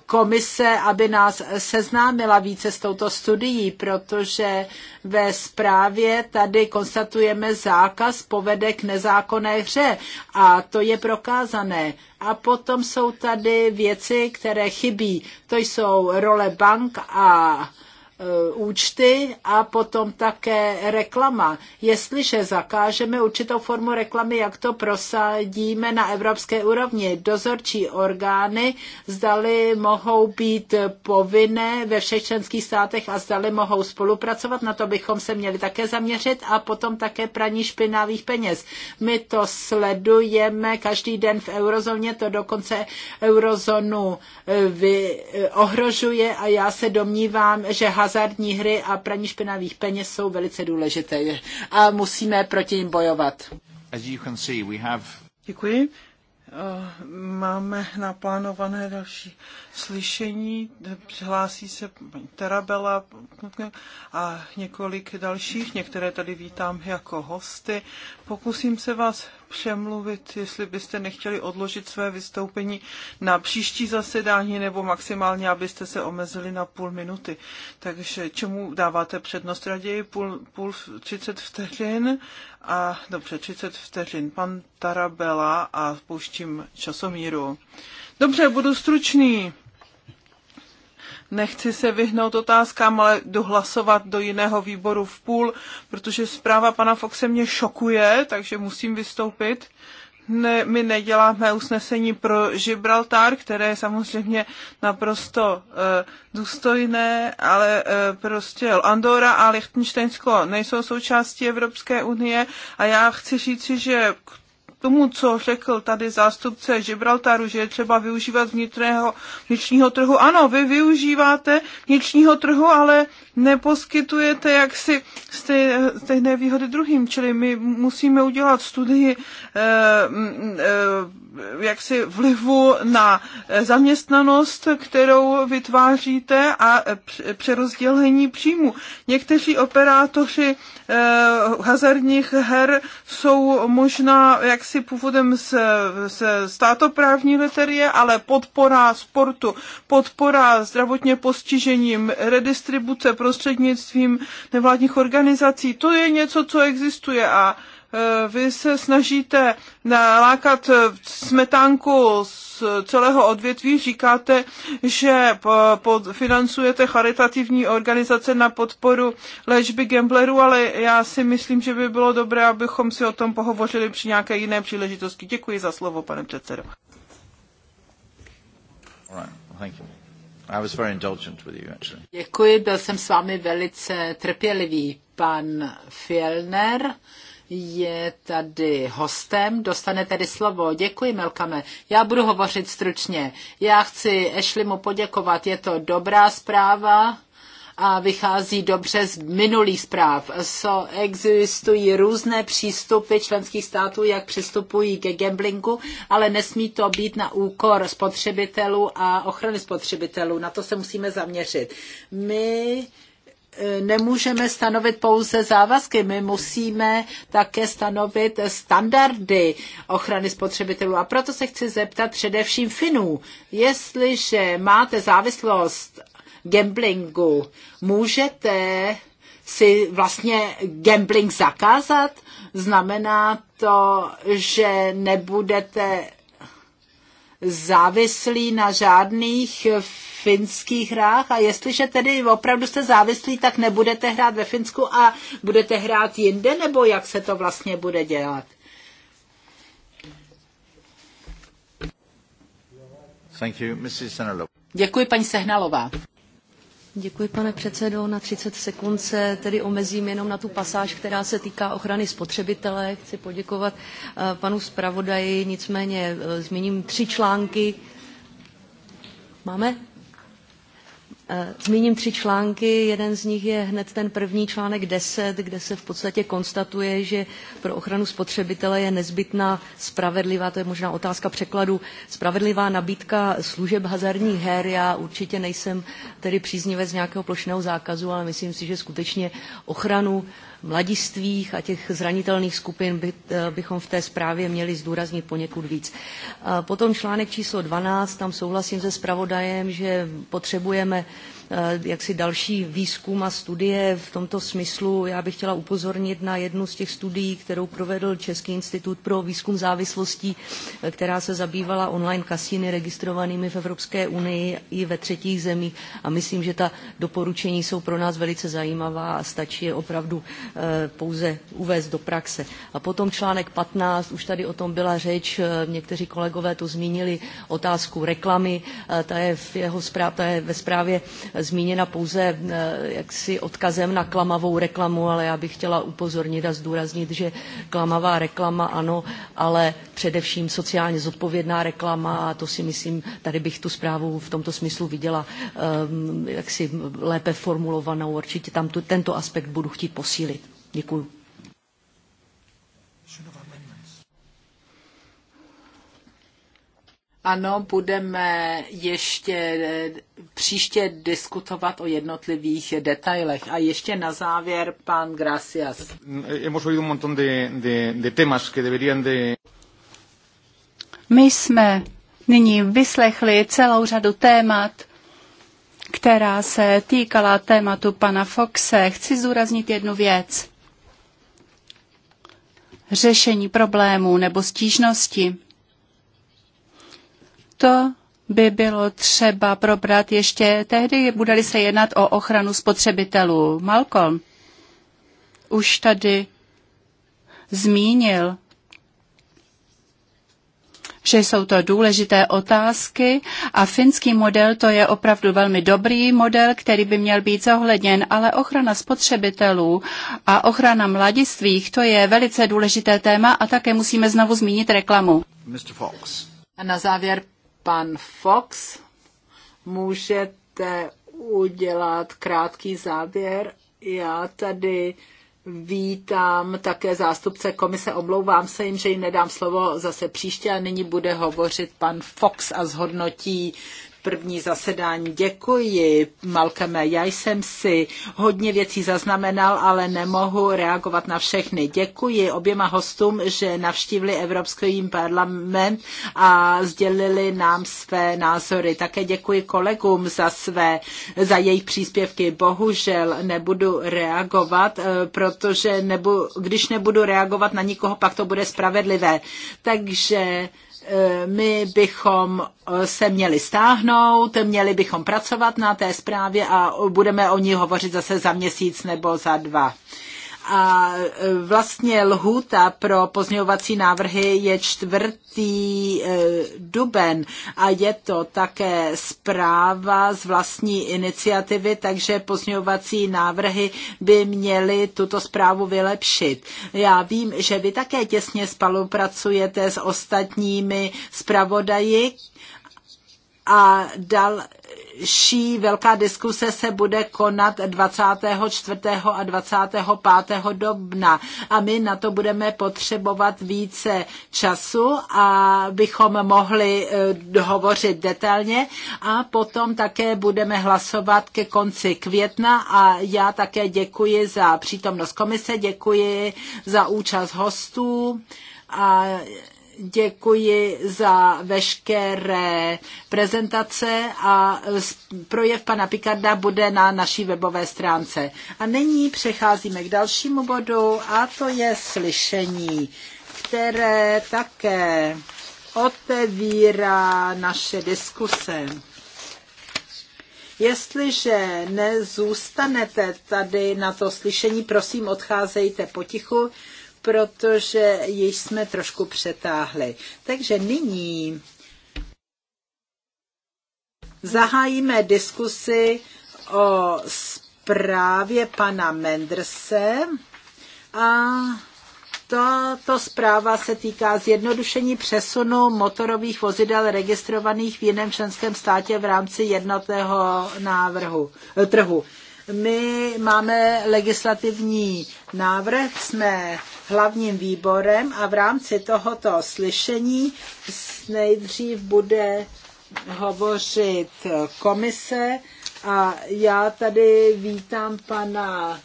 Speaker 3: komise, aby nás seznámila více s touto studií, protože ve zprávě tady konstatujeme zákaz povede k nezákonné hře a to je prokázané. A potom jsou tady věci, které chybí. To jsou role bank a Eh, účty a potom také reklama. Jestliže zakážeme určitou formu reklamy, jak to prosadíme na evropské úrovni, dozorčí orgány zdali mohou být povinné ve všech členských státech a zdali mohou spolupracovat, na to bychom se měli také zaměřit a potom také praní špinavých peněz. My to sledujeme každý den v eurozóně, to dokonce eurozónu eh, eh, ohrožuje a já se domnívám, že hazardní hry a praní špinavých peněz jsou velice důležité a musíme proti nim
Speaker 1: bojovat. Děkuji. Eh,
Speaker 2: máme naplánované další slyšení. Přihlásí se paní Terabela eh, a několik dalších. Některé tady vítám jako hosty. Pokusím se vás přemluvit, jestli byste nechtěli odložit své vystoupení na příští zasedání nebo maximálně, abyste se omezili na půl minuty. Takže čemu dáváte přednost raději? Půl, půl 30 vteřin a dobře, 30 vteřin. Pan Tarabela a pouštím časomíru. Dobře, budu stručný nechci se vyhnout otázkám, ale dohlasovat do jiného výboru v půl, protože zpráva pana Foxe mě šokuje, takže musím vystoupit. Ne, my neděláme usnesení pro Gibraltar, které je samozřejmě naprosto e, důstojné, ale e, prostě Andora a Lichtensteinsko nejsou součástí Evropské unie a já chci říci, že k tomu, co řekl tady zástupce Gibraltaru, že je třeba využívat vnitřního, vnitřního trhu. Ano, vy využíváte vnitřního trhu, ale neposkytujete jaksi stejné výhody druhým, čili my musíme udělat studii eh, eh, jaksi vlivu na zaměstnanost, kterou vytváříte a přerozdělení příjmu. Někteří operátoři eh, hazardních her jsou možná jak jaksi původem z, z státoprávní loterie, ale podpora sportu, podpora zdravotně postižením, redistribuce prostřednictvím nevládních organizací, to je něco, co existuje a Eh, vy se snažíte nalákat eh, smetánku z celého odvětví, říkáte, že financujete charitativní organizace na podporu léčby gamblerů, ale já si myslím, že by bylo dobré, abychom si o tom pohovořili při nějaké jiné příležitosti. Děkuji za slovo, pane předsedo. Děkuji, byl jsem
Speaker 3: s vámi velice trpělivý, pan Fielner je tady hostem, dostane tedy slovo. Děkuji, Melkame. Já budu hovořit stručně. Já chci mu poděkovat, je to dobrá zpráva a vychází dobře z minulých zpráv. So, existují různé přístupy členských států, jak přistupují ke gamblingu, ale nesmí to být na úkor spotřebitelů a ochrany spotřebitelů. Na to se musíme zaměřit. My nemůžeme stanovit pouze závazky, my musíme také stanovit standardy ochrany spotřebitelů. A proto se chci zeptat především Finů, jestliže máte závislost gamblingu, můžete si vlastně gambling zakázat? Znamená to, že nebudete závislí na žádných finských hrách a jestliže tedy opravdu jste závislí, tak nebudete hrát ve Finsku a budete hrát jinde, nebo jak se to vlastně bude dělat?
Speaker 1: Thank you, Mrs.
Speaker 6: Děkuji, paní Sehnalová. Děkuji, pane předsedo. Na 30 sekund se tedy omezím jenom na tu pasáž, která se týká ochrany spotřebitele. Chci poděkovat eh, panu zpravodaji, nicméně eh, zmíním tři články. Máme? Eh, zmíním tři články. Jeden z nich je hned ten první článek 10, kde se v podstatě konstatuje, že pro ochranu spotřebitele je nezbytná spravedlivá, to je možná otázka překladu, spravedlivá nabídka služeb hazardních her. Já určitě nejsem tedy příznivec nějakého plošného zákazu, ale myslím si, že skutečně ochranu mladistvých a těch zranitelných skupin by, eh, bychom v té zprávě měli zdůraznit poněkud víc. Potom článek číslo 12, tam souhlasím se zpravodajem, že potřebujeme Eh, jaksi další výzkum a studie v tomto smyslu. Já bych chtěla upozornit na jednu z těch studií, kterou provedl Český institut pro výzkum závislostí, eh, která se zabývala online kasíny registrovanými v Evropské unii i ve třetích zemích. A myslím, že ta doporučení jsou pro nás velice zajímavá a stačí je opravdu eh, pouze uvést do praxe. A potom článek 15, už tady o tom byla řeč, někteří kolegové to zmínili, otázku reklamy, ta je, v jeho zpráv, ta je ve zprávě zmíněna pouze eh, jaksi odkazem na klamavou reklamu, ale já bych chtěla upozornit a zdůraznit, že klamavá reklama ano, ale především sociálně zodpovědná reklama a to si myslím, tady bych tu zprávu v tomto smyslu viděla eh, jaksi lépe formulovanou. Určitě tam tu, tento aspekt budu chtít posílit. Děkuju. Ano,
Speaker 3: budeme ještě eh, příště diskutovat o jednotlivých detailech. A ještě na závěr, pan Gracias.
Speaker 5: My jsme nyní vyslechli celou řadu témat, která se týkala tématu pana Foxe. Chci zúraznit jednu věc. Řešení problémů nebo stížnosti to by bylo třeba probrat ještě tehdy, bude-li se jednat o ochranu spotřebitelů. Malcolm už tady zmínil, že jsou to důležité otázky a finský model to je opravdu velmi dobrý model, který by měl být zohledněn, ale ochrana spotřebitelů a ochrana mladistvých to je velice důležité téma a také musíme znovu zmínit reklamu.
Speaker 1: Mr. Fox.
Speaker 3: A na závěr pan Fox. Můžete udělat krátký závěr. Já tady vítám také zástupce komise. Omlouvám se jim, že jim nedám slovo zase příště a nyní bude hovořit pan Fox a zhodnotí první zasedání. Děkuji, Malkeme. Já jsem si hodně věcí zaznamenal, ale nemohu reagovat na všechny. Děkuji oběma hostům, že navštívili Evropský parlament a sdělili nám své názory. Také děkuji kolegům za, své, za jejich příspěvky. Bohužel nebudu reagovat, eh, protože nebu, když nebudu reagovat na nikoho, pak to bude spravedlivé. Takže my bychom eh, se měli stáhnout, měli bychom pracovat na té zprávě a budeme o ní hovořit zase za měsíc nebo za dva. A e, vlastně lhůta pro pozměňovací návrhy je čtvrtý e, duben a je to také zpráva z vlastní iniciativy, takže pozměňovací návrhy by měly tuto zprávu vylepšit. Já vím, že vy také těsně spolupracujete s ostatními zpravodaji, a dal, Další velká diskuse se bude konat 24. a 25. dobna a my na to budeme potřebovat více času, abychom mohli eh, hovořit detailně a potom také budeme hlasovat ke konci května a já také děkuji za přítomnost komise, děkuji za účast hostů a děkuji za veškeré prezentace a projev pana Picarda bude na naší webové stránce. A nyní přecházíme k dalšímu bodu a to je slyšení, které také otevírá naše diskuse. Jestliže nezůstanete tady na to slyšení, prosím, odcházejte potichu, protože ji jsme trošku přetáhli. Takže nyní zahájíme diskusi o zprávě pana Mendrse a tato zpráva se týká zjednodušení přesunu motorových vozidel registrovaných v jiném členském státě v rámci jednotného návrhu, eh, trhu. My máme legislativní návrh, jsme hlavním výborem a v rámci tohoto slyšení nejdřív bude hovořit komise a já tady vítám pana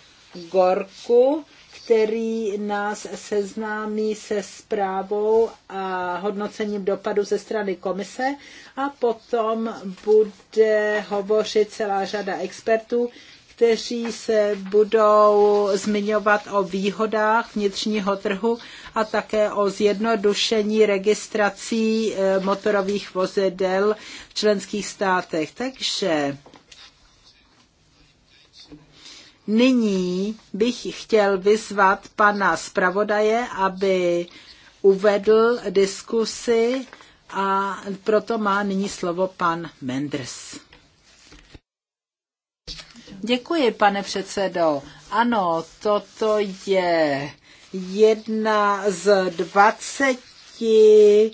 Speaker 3: Gorku, který nás seznámí se zprávou a hodnocením dopadu ze strany komise a potom bude hovořit celá řada expertů, kteří se budou zmiňovat o výhodách vnitřního trhu a také o zjednodušení registrací eh, motorových vozidel v členských státech. Takže nyní bych chtěl vyzvat pana zpravodaje, aby uvedl diskusi a proto má nyní slovo pan Menders. Děkuji, pane předsedo. Ano, toto je jedna z dvaceti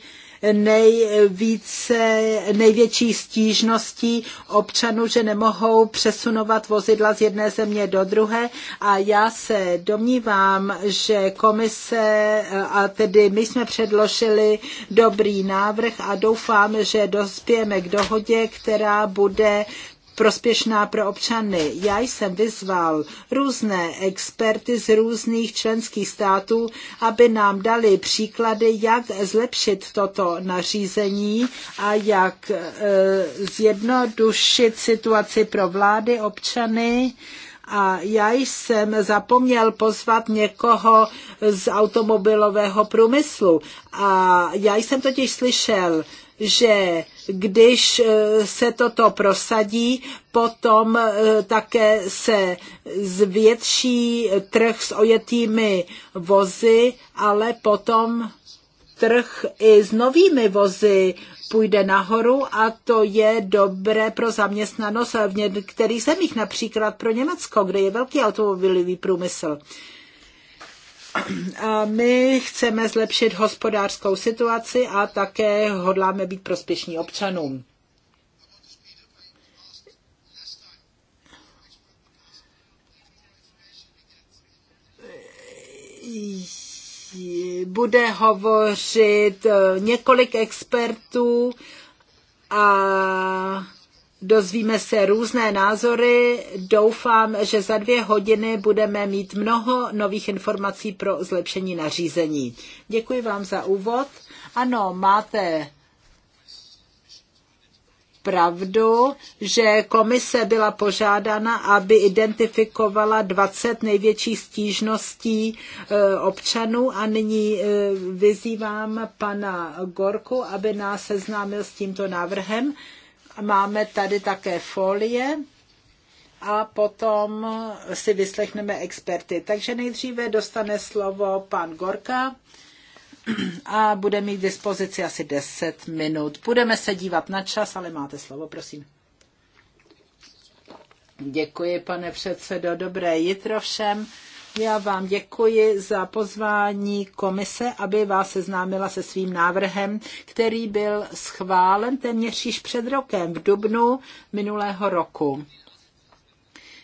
Speaker 3: nejvíce, největší stížností občanů, že nemohou přesunovat vozidla z jedné země do druhé a já se domnívám, že komise a tedy my jsme předložili dobrý návrh a doufám, že dospějeme k dohodě, která bude prospěšná pro občany. Já jsem vyzval různé experty z různých členských států, aby nám dali příklady, jak zlepšit toto nařízení a jak e, zjednodušit situaci pro vlády, občany a já jsem zapomněl pozvat někoho z automobilového průmyslu. A já jsem totiž slyšel, že když eh, se toto prosadí, potom eh, také se zvětší trh s ojetými vozy, ale potom trh i s novými vozy půjde nahoru a to je dobré pro zaměstnanost v některých zemích, například pro Německo, kde je velký automobilový průmysl. A my chceme zlepšit hospodářskou situaci a také hodláme být prospěšní občanům. Bude hovořit eh, několik expertů a dozvíme se různé názory. Doufám, že za dvě hodiny budeme mít mnoho nových informací pro zlepšení nařízení. Děkuji vám za úvod. Ano, máte pravdu, že komise byla požádána, aby identifikovala 20 největších stížností e, občanů a nyní e, vyzývám pana Gorku, aby nás seznámil s tímto návrhem. Máme tady také folie a potom si vyslechneme experty. Takže nejdříve dostane slovo pan Gorka a bude mít k dispozici asi 10 minut. Budeme se dívat na čas, ale máte slovo, prosím. Děkuji, pane předsedo. Dobré jitro všem. Já vám děkuji za pozvání komise, aby vás seznámila se svým návrhem, který byl schválen téměř již před rokem, v dubnu minulého roku.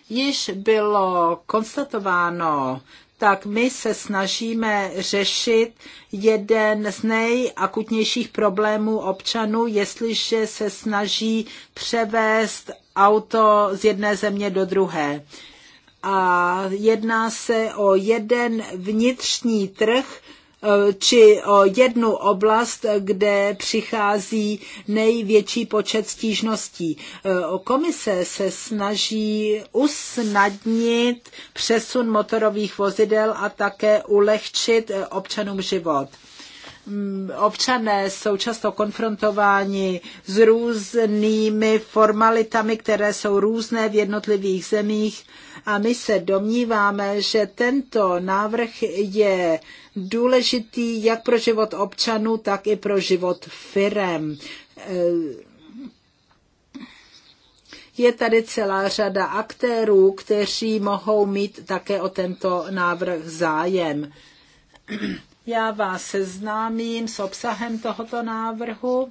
Speaker 3: Již bylo konstatováno, tak my se snažíme řešit jeden z nejakutnějších problémů občanů, jestliže se snaží převést auto z jedné země do druhé a jedná se o jeden vnitřní trh, eh, či o jednu oblast, kde přichází největší počet stížností. Eh, komise se snaží usnadnit přesun motorových vozidel a také ulehčit eh, občanům život mm, občané jsou často konfrontováni s různými formalitami, které jsou různé v jednotlivých zemích a my se domníváme, že tento návrh je důležitý jak pro život občanů, tak i pro život firem. Je tady celá řada aktérů, kteří mohou mít také o tento návrh zájem. Já vás seznámím s obsahem tohoto návrhu.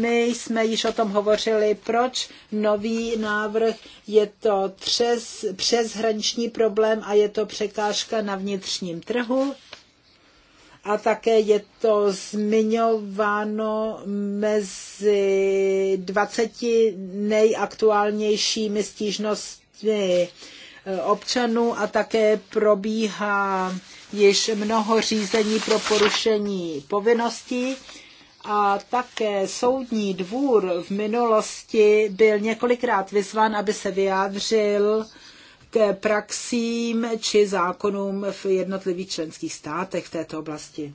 Speaker 3: My jsme již o tom hovořili, proč nový návrh je to přes, přeshraniční problém a je to překážka na vnitřním trhu. A také je to zmiňováno mezi 20 nejaktuálnějšími stížnostmi eh, občanů a také probíhá již mnoho řízení pro porušení povinností a také soudní dvůr v minulosti byl několikrát vyzvan, aby se vyjádřil k praxím či zákonům v jednotlivých členských státech v této oblasti.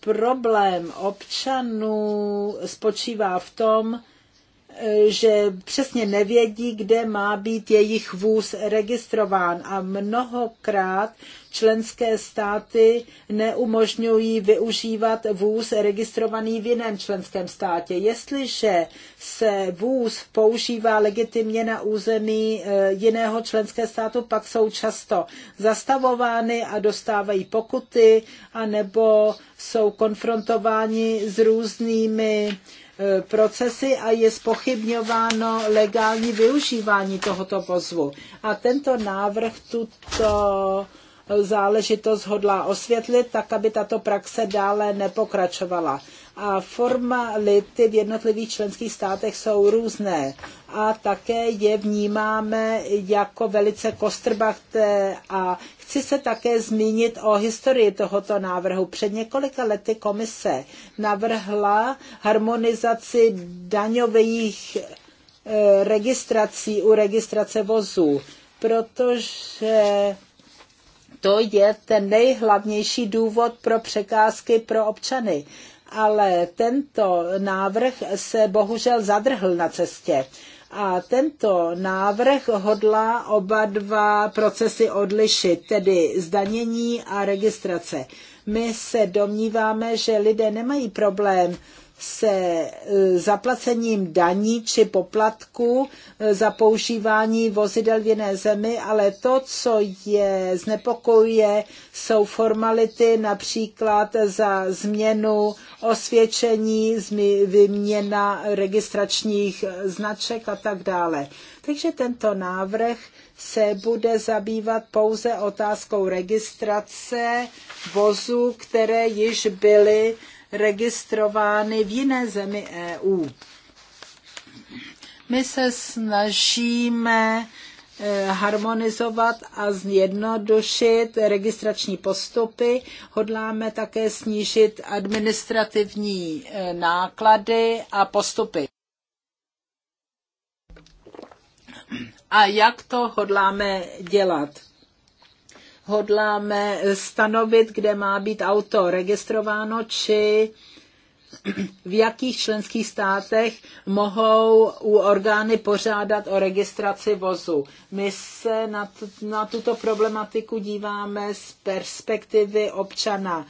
Speaker 3: Problém občanů spočívá v tom, že přesně nevědí, kde má být jejich vůz registrován a mnohokrát členské státy neumožňují využívat vůz registrovaný v jiném členském státě. Jestliže se vůz používá legitimně na území e, jiného členského státu, pak jsou často zastavovány a dostávají pokuty, anebo jsou konfrontováni s různými e, procesy a je spochybňováno legální využívání tohoto pozvu. A tento návrh tuto záležitost hodlá osvětlit, tak aby tato praxe dále nepokračovala. A formality v jednotlivých členských státech jsou různé a také je vnímáme jako velice kostrbaté a chci se také zmínit o historii tohoto návrhu. Před několika lety komise navrhla harmonizaci daňových eh, registrací u registrace vozů, protože to je ten nejhlavnější důvod pro překázky pro občany. Ale tento návrh se bohužel zadrhl na cestě. A tento návrh hodlá oba dva procesy odlišit, tedy zdanění a registrace. My se domníváme, že lidé nemají problém se e, zaplacením daní či poplatku e, za používání vozidel v jiné zemi, ale to, co je znepokojuje, jsou formality například za změnu osvědčení, vyměna registračních značek a tak dále. Takže tento návrh se bude zabývat pouze otázkou registrace vozů, které již byly registrovány v jiné zemi EU. My se snažíme eh, harmonizovat a zjednodušit registrační postupy. Hodláme také snížit administrativní eh, náklady a postupy. A jak to hodláme dělat? hodláme stanovit, kde má být auto registrováno, či v jakých členských státech mohou u orgány pořádat o registraci vozu. My se na, na tuto problematiku díváme z perspektivy občana.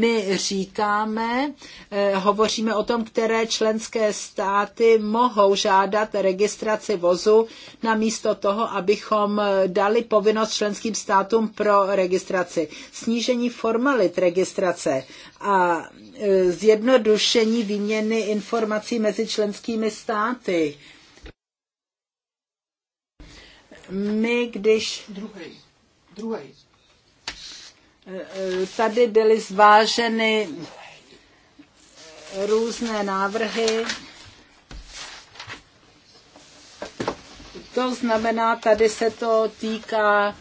Speaker 3: My říkáme, eh, hovoříme o tom, které členské státy mohou žádat registraci vozu, místo toho, abychom eh, dali povinnost členským státům pro registraci. Snížení formalit registrace a eh, zjednodušení výměny informací mezi členskými státy. My, když... Druhý. Druhý Tady byly zváženy různé návrhy. To znamená, tady se to týká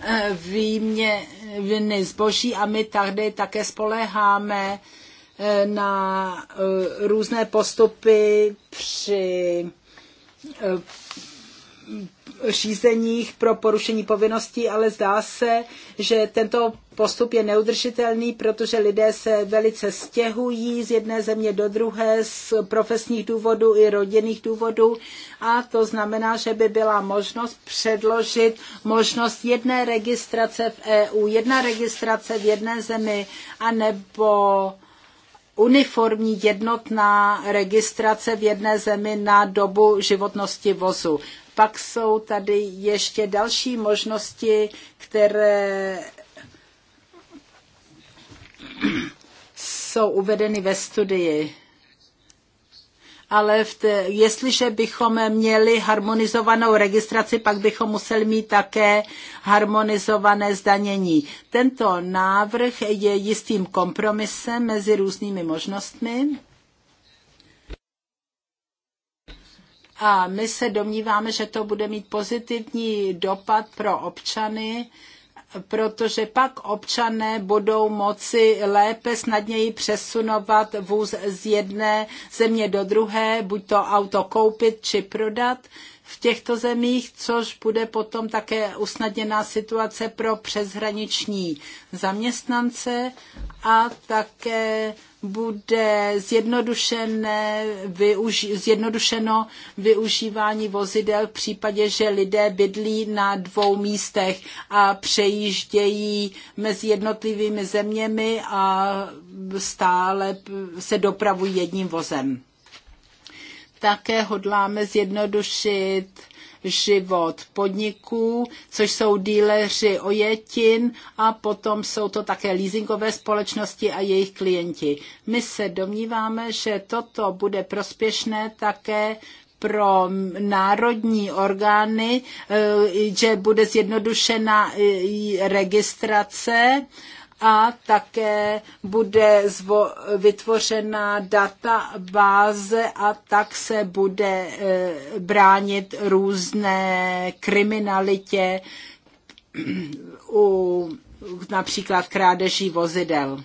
Speaker 3: eh, výměny zboží a my tady také spoléháme eh, na eh, různé postupy při řízeních pro porušení povinností, ale zdá se, že tento postup je neudržitelný, protože lidé se velice stěhují z jedné země do druhé z profesních důvodů i rodinných důvodů a to znamená, že by byla možnost předložit možnost jedné registrace v EU, jedna registrace v jedné zemi anebo uniformní jednotná registrace v jedné zemi na dobu životnosti vozu. Pak jsou tady ještě další možnosti, které jsou uvedeny ve studii ale v te, jestliže bychom měli harmonizovanou registraci, pak bychom museli mít také harmonizované zdanění. Tento návrh je jistým kompromisem mezi různými možnostmi. a my se domníváme, že to bude mít pozitivní dopad pro občany, protože pak občané budou moci lépe, snadněji přesunovat vůz z jedné země do druhé, buď to auto koupit či prodat v těchto zemích, což bude potom také usnadněná situace pro přeshraniční zaměstnance a také bude zjednodušené, využi, zjednodušeno využívání vozidel v případě, že lidé bydlí na dvou místech a přejíždějí mezi jednotlivými zeměmi a stále se dopravují jedním vozem. Také hodláme zjednodušit život podniků, což jsou díleři ojetin a potom jsou to také leasingové společnosti a jejich klienti. My se domníváme, že toto bude prospěšné také pro národní orgány, eh, že bude zjednodušena eh, registrace a také bude zvo- vytvořena databáze a tak se bude e, bránit různé kriminalitě u například krádeží vozidel.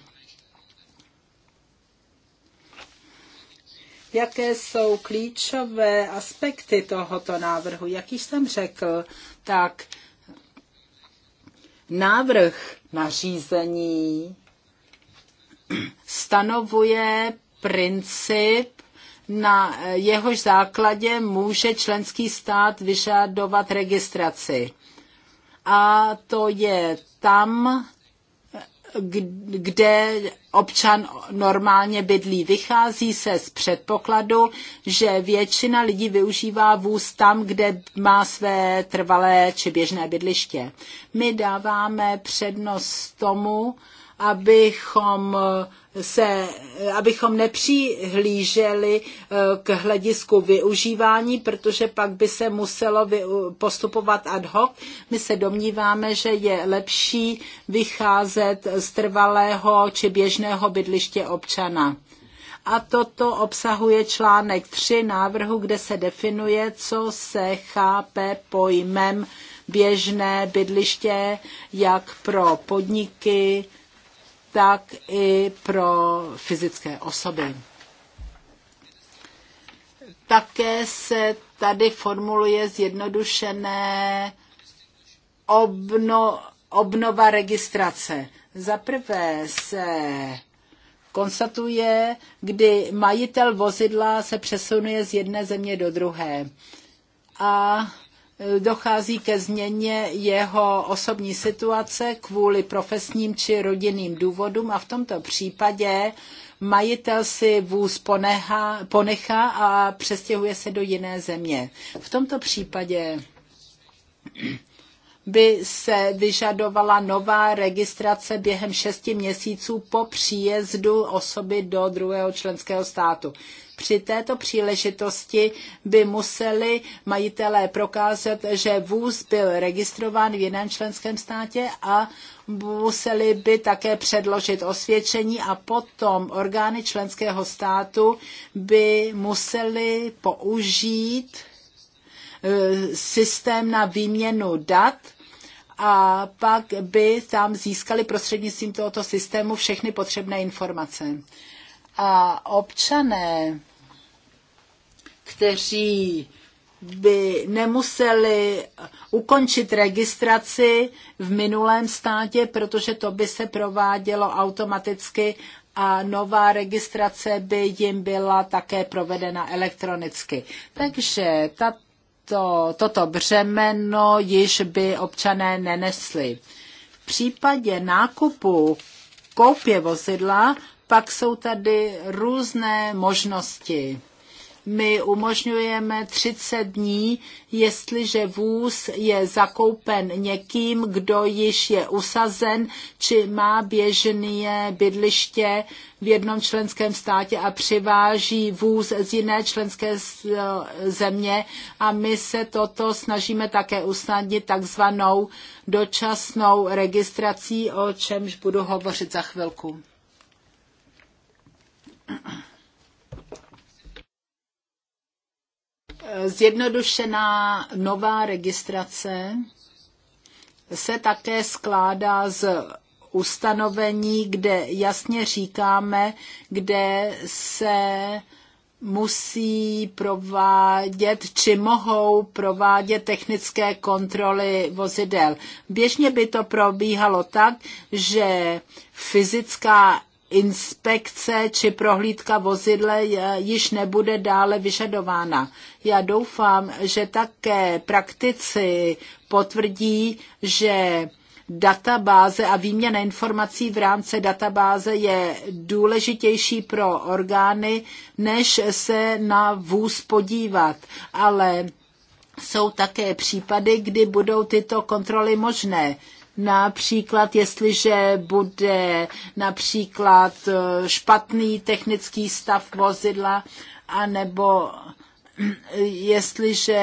Speaker 3: Jaké jsou klíčové aspekty tohoto návrhu? Jak již jsem řekl, tak Návrh nařízení stanovuje princip, na jehož základě může členský stát vyžadovat registraci. A to je tam, kde občan normálně bydlí. Vychází se z předpokladu, že většina lidí využívá vůz tam, kde má své trvalé či běžné bydliště. My dáváme přednost tomu, abychom uh, se, abychom nepřihlíželi eh, k hledisku využívání, protože pak by se muselo postupovat ad hoc. My se domníváme, že je lepší vycházet z trvalého či běžného bydliště občana. A toto obsahuje článek 3 návrhu, kde se definuje, co se chápe pojmem běžné bydliště, jak pro podniky, tak i pro fyzické osoby. Také se tady formuluje zjednodušené obno, obnova registrace. Za prvé se konstatuje, kdy majitel vozidla se přesunuje z jedné země do druhé. A dochází ke změně jeho osobní situace kvůli profesním či rodinným důvodům a v tomto případě majitel si vůz ponechá, ponechá a přestěhuje se do jiné země. V tomto případě by se vyžadovala nová registrace během šesti měsíců po příjezdu osoby do druhého členského státu. Při této příležitosti by museli majitelé prokázat, že vůz byl registrován v jiném členském státě a museli by také předložit osvědčení a potom orgány členského státu by museli použít eh, systém na výměnu dat, a pak by tam získali prostřednictvím tohoto systému všechny potřebné informace. A občané, kteří by nemuseli ukončit registraci v minulém státě, protože to by se provádělo automaticky a nová registrace by jim byla také provedena elektronicky. Takže tato to, toto břemeno již by občané nenesli. V případě nákupu koupě vozidla pak jsou tady různé možnosti my umožňujeme 30 dní, jestliže vůz je zakoupen někým, kdo již je usazen, či má běžné bydliště v jednom členském státě a přiváží vůz z jiné členské e, země a my se toto snažíme také usnadnit takzvanou dočasnou registrací, o čemž budu hovořit za chvilku. Uh-uh. zjednodušená nová registrace se také skládá z ustanovení, kde jasně říkáme, kde se musí provádět či mohou provádět technické kontroly vozidel. Běžně by to probíhalo tak, že fyzická inspekce či prohlídka vozidle eh, již nebude dále vyžadována. Já doufám, že také praktici potvrdí, že databáze a výměna informací v rámci databáze je důležitější pro orgány, než se na vůz podívat. Ale jsou také případy, kdy budou tyto kontroly možné Například, jestliže bude například eh, špatný technický stav vozidla, anebo eh, jestliže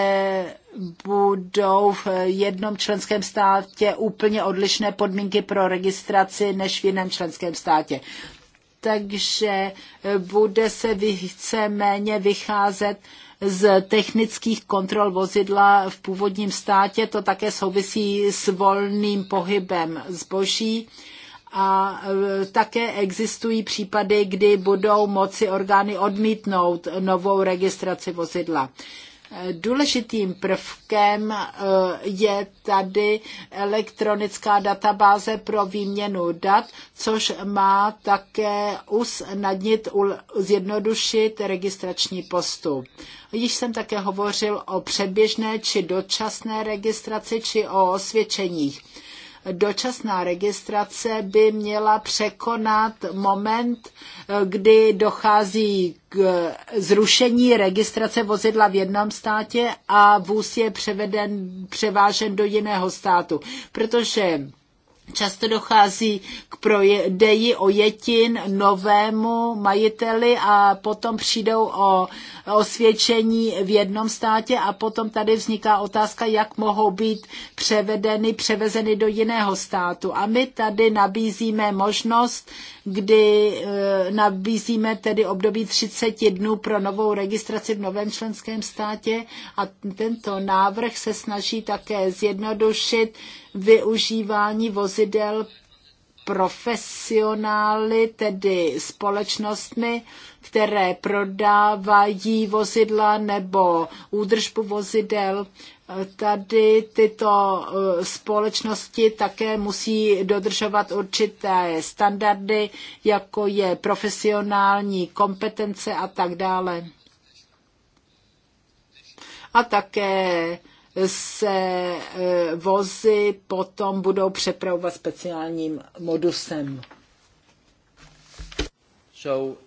Speaker 3: budou v jednom členském státě úplně odlišné podmínky pro registraci než v jiném členském státě. Takže eh, bude se více méně vycházet z technických kontrol vozidla v původním státě. To také souvisí s volným pohybem zboží. A e, také existují případy, kdy budou moci orgány odmítnout novou registraci vozidla. Důležitým prvkem eh, je tady elektronická databáze pro výměnu dat, což má také usnadnit, zjednodušit registrační postup. Již jsem také hovořil o předběžné či dočasné registraci či o osvědčeních dočasná registrace by měla překonat moment, eh, kdy dochází k eh, zrušení registrace vozidla v jednom státě a vůz je převeden, převážen do jiného státu. Protože Často dochází k prodeji ojetin novému majiteli a potom přijdou o osvědčení v jednom státě a potom tady vzniká otázka, jak mohou být převedeny, převezeny do jiného státu. A my tady nabízíme možnost, kdy eh, nabízíme tedy období 30 dnů pro novou registraci v novém členském státě a tento návrh se snaží také zjednodušit využívání vozidel profesionály, tedy společnostmi, které prodávají vozidla nebo údržbu vozidel. Tady tyto eh, společnosti také musí dodržovat určité standardy, jako je profesionální kompetence a tak dále. A také se eh, vozy potom budou přepravovat
Speaker 2: speciálním modusem. So.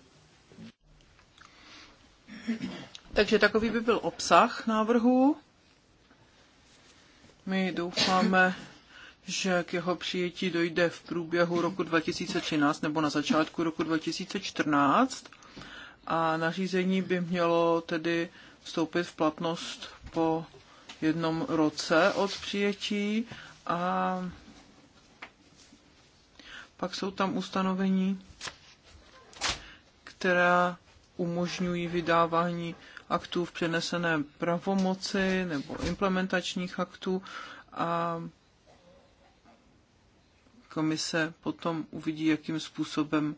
Speaker 2: Takže takový by byl obsah návrhu. My doufáme, že k jeho přijetí dojde v průběhu roku 2013 nebo na začátku roku 2014 a nařízení by mělo tedy vstoupit v platnost po jednom roce od přijetí a pak jsou tam ustanovení, která umožňují vydávání aktů v přenesené pravomoci nebo implementačních aktů a komise potom uvidí, jakým způsobem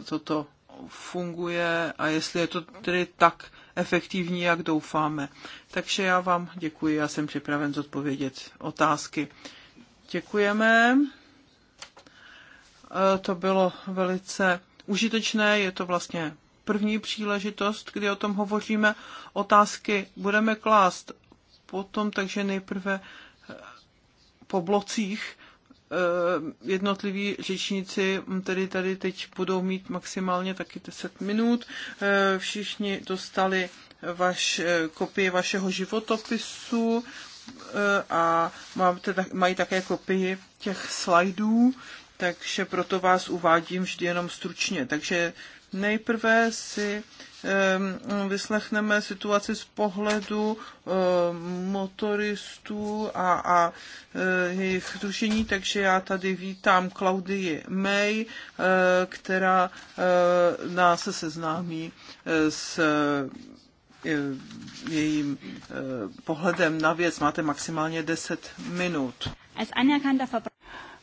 Speaker 2: e, toto funguje a jestli je to tedy tak efektivní, jak doufáme. Takže já vám děkuji, já jsem připraven zodpovědět otázky. Děkujeme. E, to bylo velice užitečné, je to vlastně první příležitost, kdy o tom hovoříme. Otázky budeme klást potom, takže nejprve po blocích Eh, jednotliví řečníci hm, tedy tady teď budou mít maximálně taky 10 minut. Eh, všichni dostali vaš, eh, kopii vašeho životopisu a máte, mají také kopii těch slajdů, takže proto vás uvádím vždy jenom stručně. Takže nejprve si Ehm, vyslechneme situaci z pohledu ehm, motoristů a, a eh, jejich zrušení. takže já tady vítám Klaudii May, eh, která eh, nás seznámí s jejím pohledem na věc. Máte maximálně 10 minut.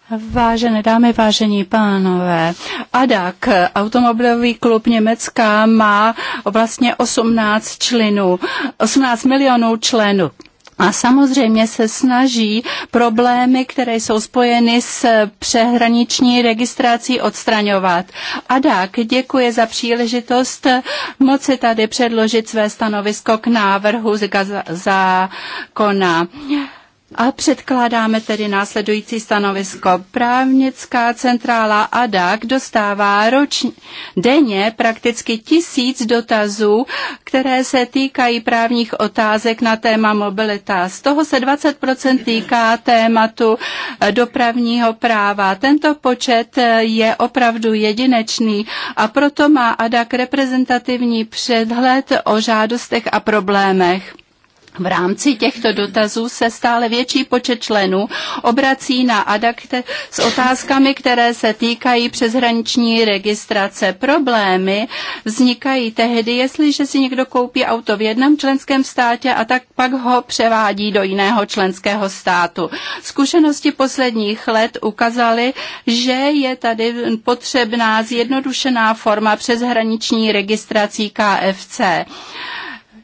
Speaker 5: Vážené dámy, vážení pánové, ADAC, automobilový klub Německa, má vlastně 18 členů, 18 milionů členů. A samozřejmě se snaží problémy, které jsou spojeny s přehraniční registrací odstraňovat. tak děkuje za příležitost moci tady předložit své stanovisko k návrhu zákona. Za a předkládáme tedy následující stanovisko. Právnická centrála ADAC dostává ročně, denně prakticky tisíc dotazů, které se týkají právních otázek na téma mobilita. Z toho se 20% týká tématu eh, dopravního práva. Tento počet eh, je opravdu jedinečný a proto má ADAC reprezentativní předhled o žádostech a problémech. V rámci těchto dotazů se stále větší počet členů obrací na adakte s otázkami, které se týkají přeshraniční registrace. Problémy vznikají tehdy, jestliže si někdo koupí auto v jednom členském státě a tak pak ho převádí do jiného členského státu. Zkušenosti posledních let ukazaly, že je tady potřebná zjednodušená forma přeshraniční registrací KFC.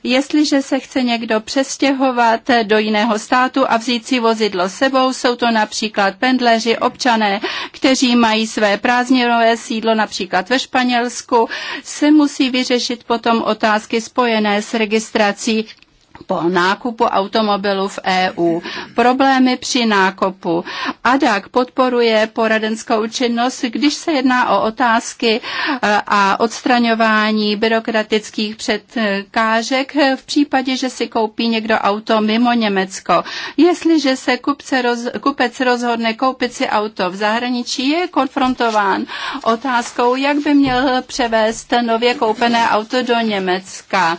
Speaker 5: Jestliže se chce někdo přestěhovat do jiného státu a vzít si vozidlo sebou, jsou to například pendleři, občané, kteří mají své prázdninové sídlo například ve Španělsku, se musí vyřešit potom otázky spojené s registrací po nákupu automobilů v EU. Problémy při nákupu. ADAC podporuje poradenskou činnost, když se jedná o otázky e, a odstraňování byrokratických předkážek v případě, že si koupí někdo auto mimo Německo. Jestliže se kupce roz, kupec rozhodne koupit si auto v zahraničí, je konfrontován otázkou, jak by měl převést nově koupené auto do Německa.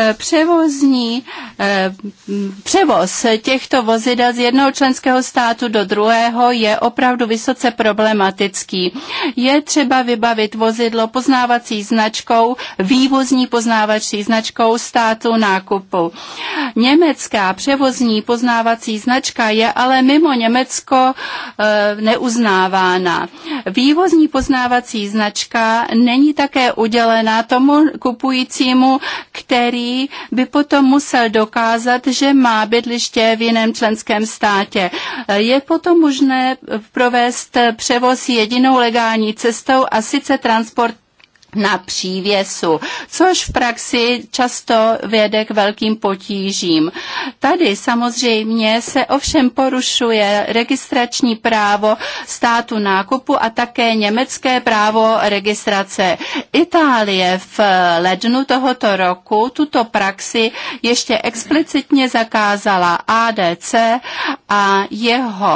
Speaker 5: Eh, převozní eh, převoz těchto vozidel z jednoho členského státu do druhého je opravdu vysoce problematický. Je třeba vybavit vozidlo poznávací značkou, vývozní poznávací značkou státu nákupu. Německá převozní poznávací značka je ale mimo Německo eh, neuznávána. Vývozní poznávací značka není také udělená tomu kupujícímu, který by potom musel dokázat, že má bydliště v jiném členském státě. Je potom možné provést převoz jedinou legální cestou a sice transport na přívěsu, což v praxi často vede k velkým potížím. Tady samozřejmě se ovšem porušuje registrační právo státu nákupu a také německé právo registrace. Itálie v lednu tohoto roku tuto praxi ještě explicitně zakázala ADC a jeho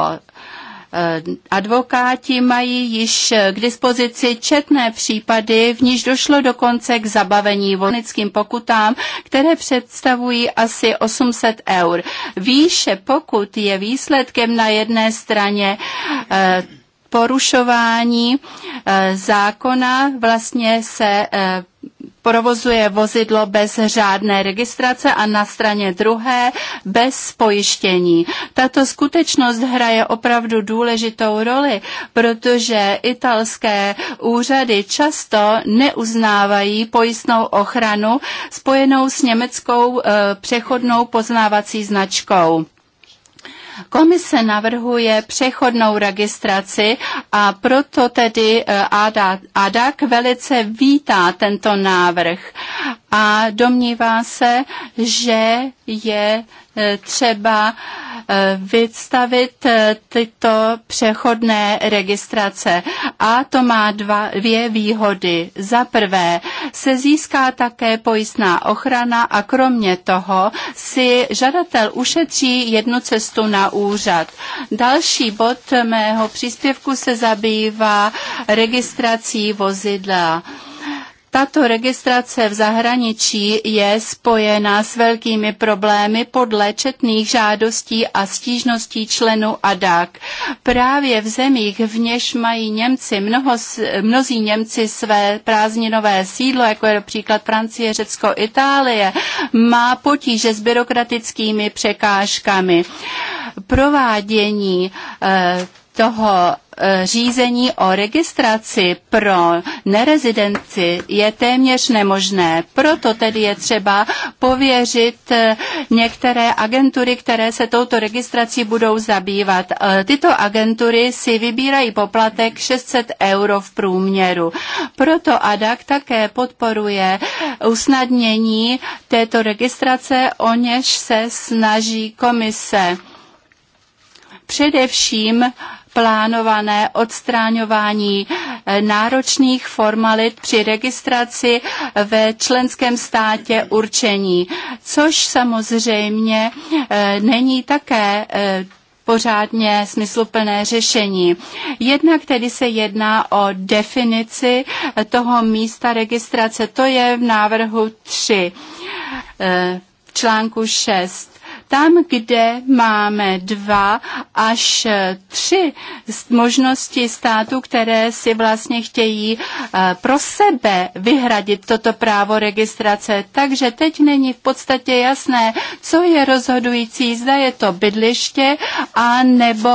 Speaker 5: Eh, advokáti mají již eh, k dispozici četné případy, v níž došlo dokonce k zabavení volnickým pokutám, které představují asi 800 eur. Výše pokut je výsledkem na jedné straně eh, porušování zákona vlastně se provozuje vozidlo bez řádné registrace a na straně druhé bez pojištění. Tato skutečnost hraje opravdu důležitou roli, protože italské úřady často neuznávají pojistnou ochranu spojenou s německou e, přechodnou poznávací značkou. Komise navrhuje přechodnou registraci a proto tedy eh, ADAC velice vítá tento návrh a domnívá se, že je třeba eh, vystavit eh, tyto přechodné registrace. A to má dva, dvě výhody. Za prvé se získá také pojistná ochrana a kromě toho si žadatel ušetří jednu cestu na úřad. Další bod mého příspěvku se zabývá registrací vozidla. Tato registrace v zahraničí je spojena s velkými problémy podle četných žádostí a stížností členů ADAC. Právě v zemích, v něž mají Němci, mnoho, mnozí Němci své prázdninové sídlo, jako je například Francie, Řecko, Itálie, má potíže s byrokratickými překážkami. Provádění eh, toho Eh, řízení o registraci pro nerezidenci je téměř nemožné. Proto tedy je třeba pověřit eh, některé agentury, které se touto registrací budou zabývat. Eh, tyto agentury si vybírají poplatek 600 euro v průměru. Proto ADAC také podporuje usnadnění této registrace, o něž se snaží komise. Především plánované odstráňování eh, náročných formalit při registraci ve členském státě určení, což samozřejmě eh, není také eh, pořádně smysluplné řešení. Jednak tedy se jedná o definici toho místa registrace, to je v návrhu 3 v článku 6. Tam, kde máme dva až tři možnosti států, které si vlastně chtějí eh, pro sebe vyhradit toto právo registrace. Takže teď není v podstatě jasné, co je rozhodující, zda je to bydliště a nebo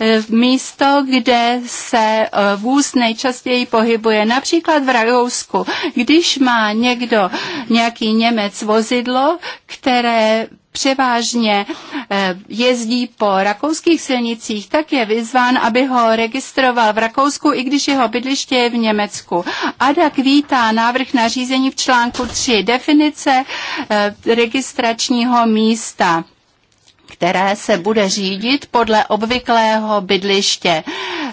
Speaker 5: eh, místo, kde se eh, vůz nejčastěji pohybuje. Například v Rakousku, když má někdo, nějaký Němec vozidlo, které převážně eh, jezdí po rakouských silnicích, tak je vyzván, aby ho registroval v Rakousku, i když jeho bydliště je v Německu. Ada kvítá návrh na řízení v článku 3 definice eh, registračního místa které se bude řídit podle obvyklého bydliště.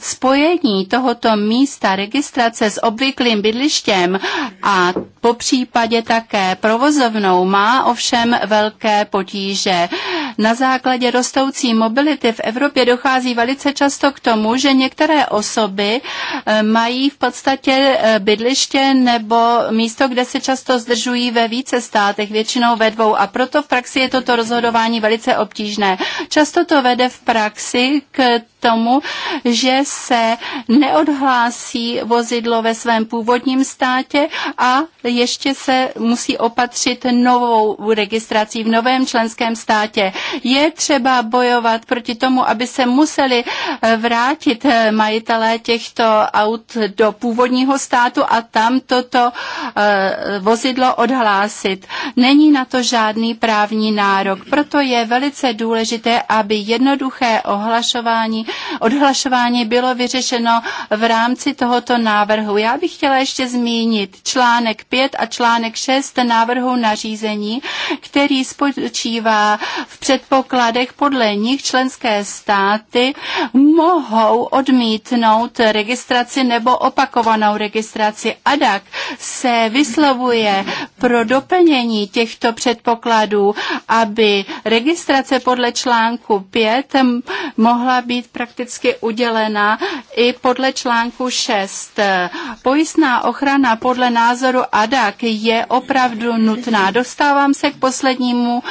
Speaker 5: Spojení tohoto místa registrace s obvyklým bydlištěm a po případě také provozovnou má ovšem velké potíže. Na základě rostoucí mobility v Evropě dochází velice často k tomu, že některé osoby eh, mají v podstatě eh, bydliště nebo místo, kde se často zdržují ve více státech, většinou ve dvou a proto v praxi je toto rozhodování velice obtížné. Často to vede v praxi k tomu, že se neodhlásí vozidlo ve svém původním státě a ještě se musí opatřit novou registrací v novém členském státě. Je třeba bojovat proti tomu, aby se museli eh, vrátit eh, majitelé těchto aut do původního státu a tam toto eh, vozidlo odhlásit. Není na to žádný právní nárok. Proto je velice důležité, aby jednoduché ohlašování, odhlašování bylo bylo vyřešeno v rámci tohoto návrhu. Já bych chtěla ještě zmínit článek 5 a článek 6 návrhu nařízení, který spočívá v předpokladech, podle nich členské státy mohou odmítnout registraci nebo opakovanou registraci. ADAC se vyslovuje pro doplnění těchto předpokladů, aby registrace podle článku 5 mohla být prakticky udělena ochrana i podle článku 6. Pojistná ochrana podle názoru ADAK je opravdu nutná. Dostávám se k poslednímu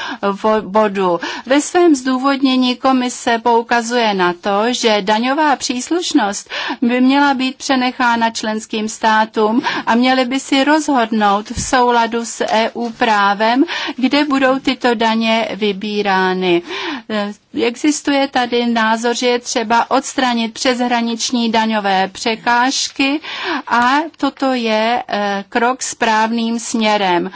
Speaker 5: bodu. Ve svém zdůvodnění komise poukazuje na to, že daňová příslušnost by měla být přenechána členským státům a měly by si rozhodnout v souladu s EU právem, kde budou tyto daně vybírány. Existuje tady názor, že je třeba odstranit přes přeshraniční daňové překážky a toto je eh, krok správným směrem.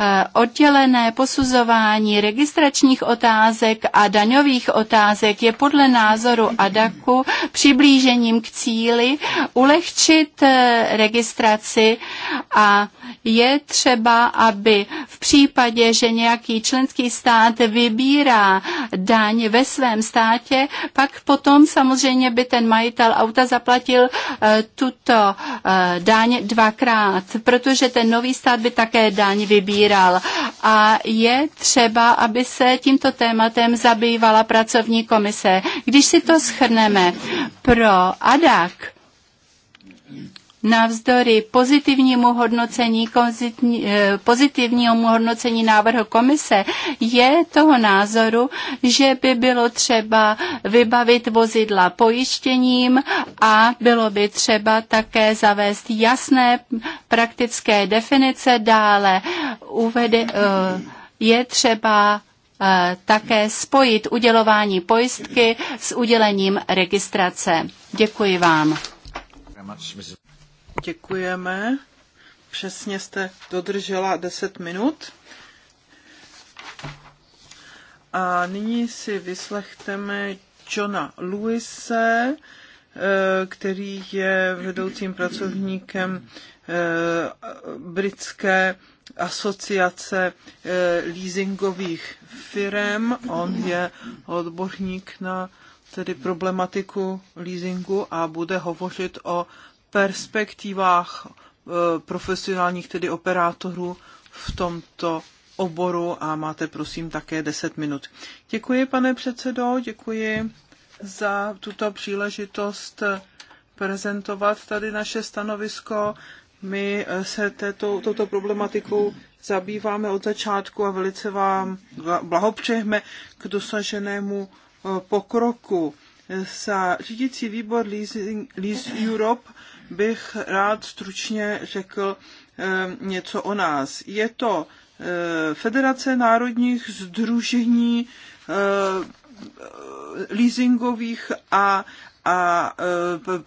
Speaker 5: Eh, oddělené posuzování registračních otázek a daňových otázek je podle názoru ADAKu přiblížením k cíli ulehčit eh, registraci a je třeba, aby v případě, že nějaký členský stát vybírá daň ve svém státě, pak potom samozřejmě by ten majitel auta zaplatil eh, tuto daň dvakrát, protože ten nový stát by také daň vybíral probíral. A je třeba, aby se tímto tématem zabývala pracovní komise. Když si to schrneme, pro ADAK Navzdory pozitivnímu hodnocení, eh, pozitivnímu hodnocení návrhu komise je toho názoru, že by bylo třeba vybavit vozidla pojištěním a bylo by třeba také zavést jasné praktické definice dále. Uvede, eh, je třeba eh, také spojit udělování pojistky s udělením registrace.
Speaker 2: Děkuji vám. Děkujeme. Přesně jste dodržela 10 minut. A nyní si vyslechteme Johna Lewise, eh, který je vedoucím pracovníkem eh, britské asociace eh, leasingových firm. On je odborník na tedy problematiku leasingu a bude hovořit o perspektivách eh, profesionálních, tedy operátorů v tomto oboru a máte prosím také 10 minut. Děkuji, pane předsedo, děkuji za tuto příležitost eh, prezentovat tady naše stanovisko. My eh, se této, touto problematikou zabýváme od začátku a velice vám blahopřejeme k dosaženému pokroku. Za řídící výbor Lease Europe bych rád stručně řekl eh, něco o nás. Je to eh, Federace národních združení eh, leasingových a a,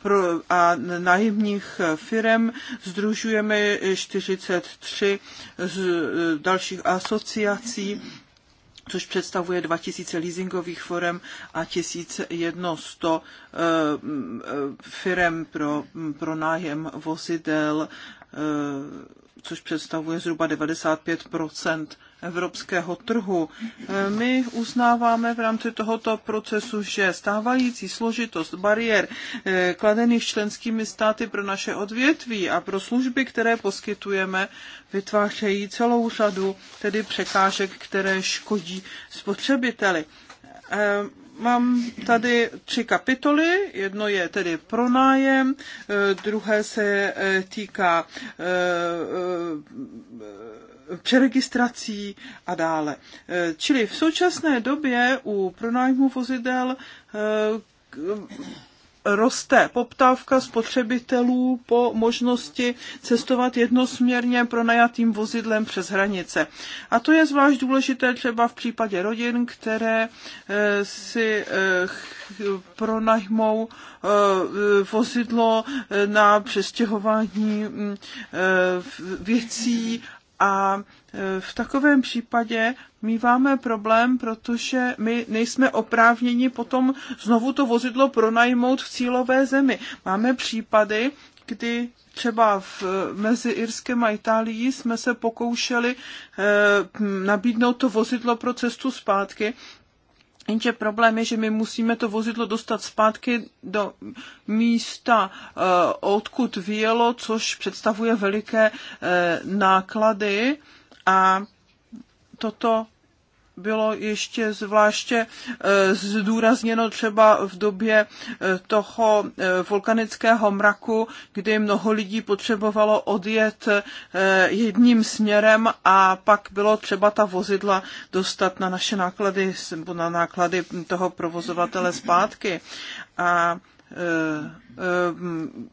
Speaker 2: pro, a nájemních firm združujeme 43 z dalších asociací což představuje 2000 leasingových forem a 1100 eh, firem pro, pro nájem vozidel, eh, což představuje zhruba 95 evropského trhu. E, my uznáváme v rámci tohoto procesu, že stávající složitost bariér e, kladených členskými státy pro naše odvětví a pro služby, které poskytujeme, vytvářejí celou řadu tedy překážek, které škodí spotřebiteli. E, mám tady tři kapitoly. Jedno je tedy pronájem, druhé se týká přeregistrací a dále. Eh, čili v současné době u pronájmu vozidel eh, roste poptávka spotřebitelů po možnosti cestovat jednosměrně pronajatým vozidlem přes hranice. A to je zvlášť důležité třeba v případě rodin, které eh, si pronajmou vozidlo na přestěhování mm, věcí a e, v takovém případě míváme problém, protože my nejsme oprávněni potom znovu to vozidlo pronajmout v cílové zemi. Máme případy, kdy třeba v, mezi Irskem a Itálií jsme se pokoušeli e, nabídnout to vozidlo pro cestu zpátky Jenže problém je, že my musíme to vozidlo dostat zpátky do místa, eh, odkud vyjelo, což představuje veliké eh, náklady a toto bylo ještě zvláště eh, zdůrazněno třeba v době eh, toho eh, vulkanického mraku, kdy mnoho lidí potřebovalo odjet jedním směrem a pak bylo třeba ta vozidla dostat na naše náklady, na náklady toho provozovatele zpátky. A Eh, eh,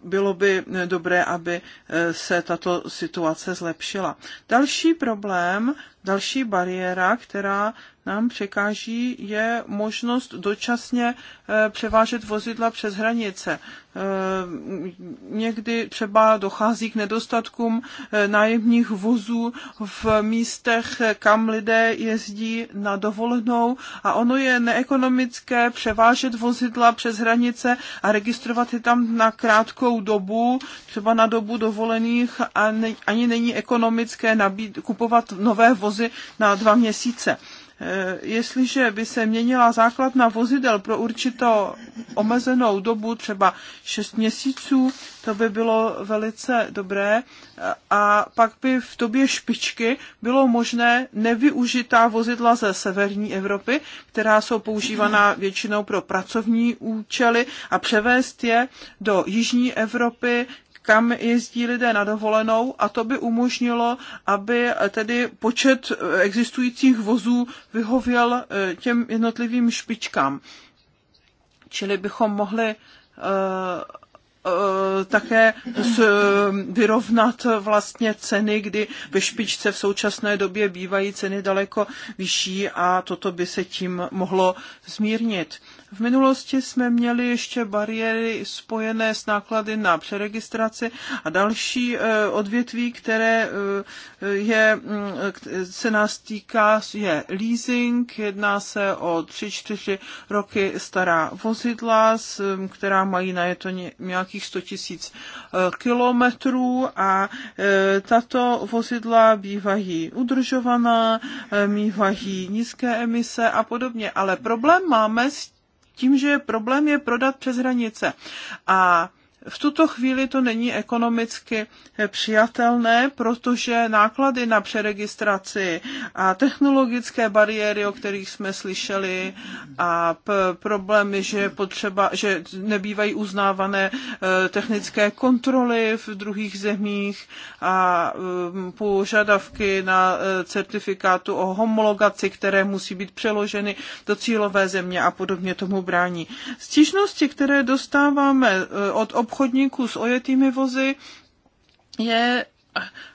Speaker 2: bylo by dobré, aby eh, se tato situace zlepšila. Další problém, další bariéra, která nám překáží, je možnost dočasně eh, převážet vozidla přes hranice. Eh, někdy třeba dochází k nedostatkům eh, nájemních vozů v místech, kam lidé jezdí na dovolenou a ono je neekonomické převážet vozidla přes hranice a registrovat je tam na krátkou dobu, třeba na dobu dovolených a ani není ekonomické nabít, kupovat nové vozy na dva měsíce. Eh, jestliže by se měnila základna vozidel pro určitou omezenou dobu, třeba 6 měsíců, to by bylo velice dobré. A pak by v době špičky bylo možné nevyužitá vozidla ze severní Evropy, která jsou používaná většinou pro pracovní účely, a převést je do jižní Evropy, kam jezdí lidé na dovolenou a to by umožnilo, aby tedy počet eh, existujících vozů vyhověl eh, těm jednotlivým špičkám. Čili bychom mohli eh, také vyrovnat vlastně ceny, kdy ve špičce v současné době bývají ceny daleko vyšší a toto by se tím mohlo zmírnit. V minulosti jsme měli ještě bariéry spojené s náklady na přeregistraci a další eh, odvětví, které eh, je, mm, se nás týká, je leasing. Jedná se o 3-4 roky stará vozidla, mm, která mají na je to nějakých 100 tisíc eh, kilometrů a tato vozidla bývají udržovaná, mývají nízké emise a podobně. Ale problém máme s tím, že problém je prodat přes hranice. A v tuto chvíli to není ekonomicky přijatelné, protože náklady na přeregistraci a technologické bariéry, o kterých jsme slyšeli, a problémy, že, potřeba, že nebývají uznávané e, technické kontroly v druhých zemích a požadavky na e, certifikátu o homologaci, které musí být přeloženy do cílové země a podobně tomu brání. Stížnosti, které dostáváme e, od obchodů, obchodníků s ojetými vozy je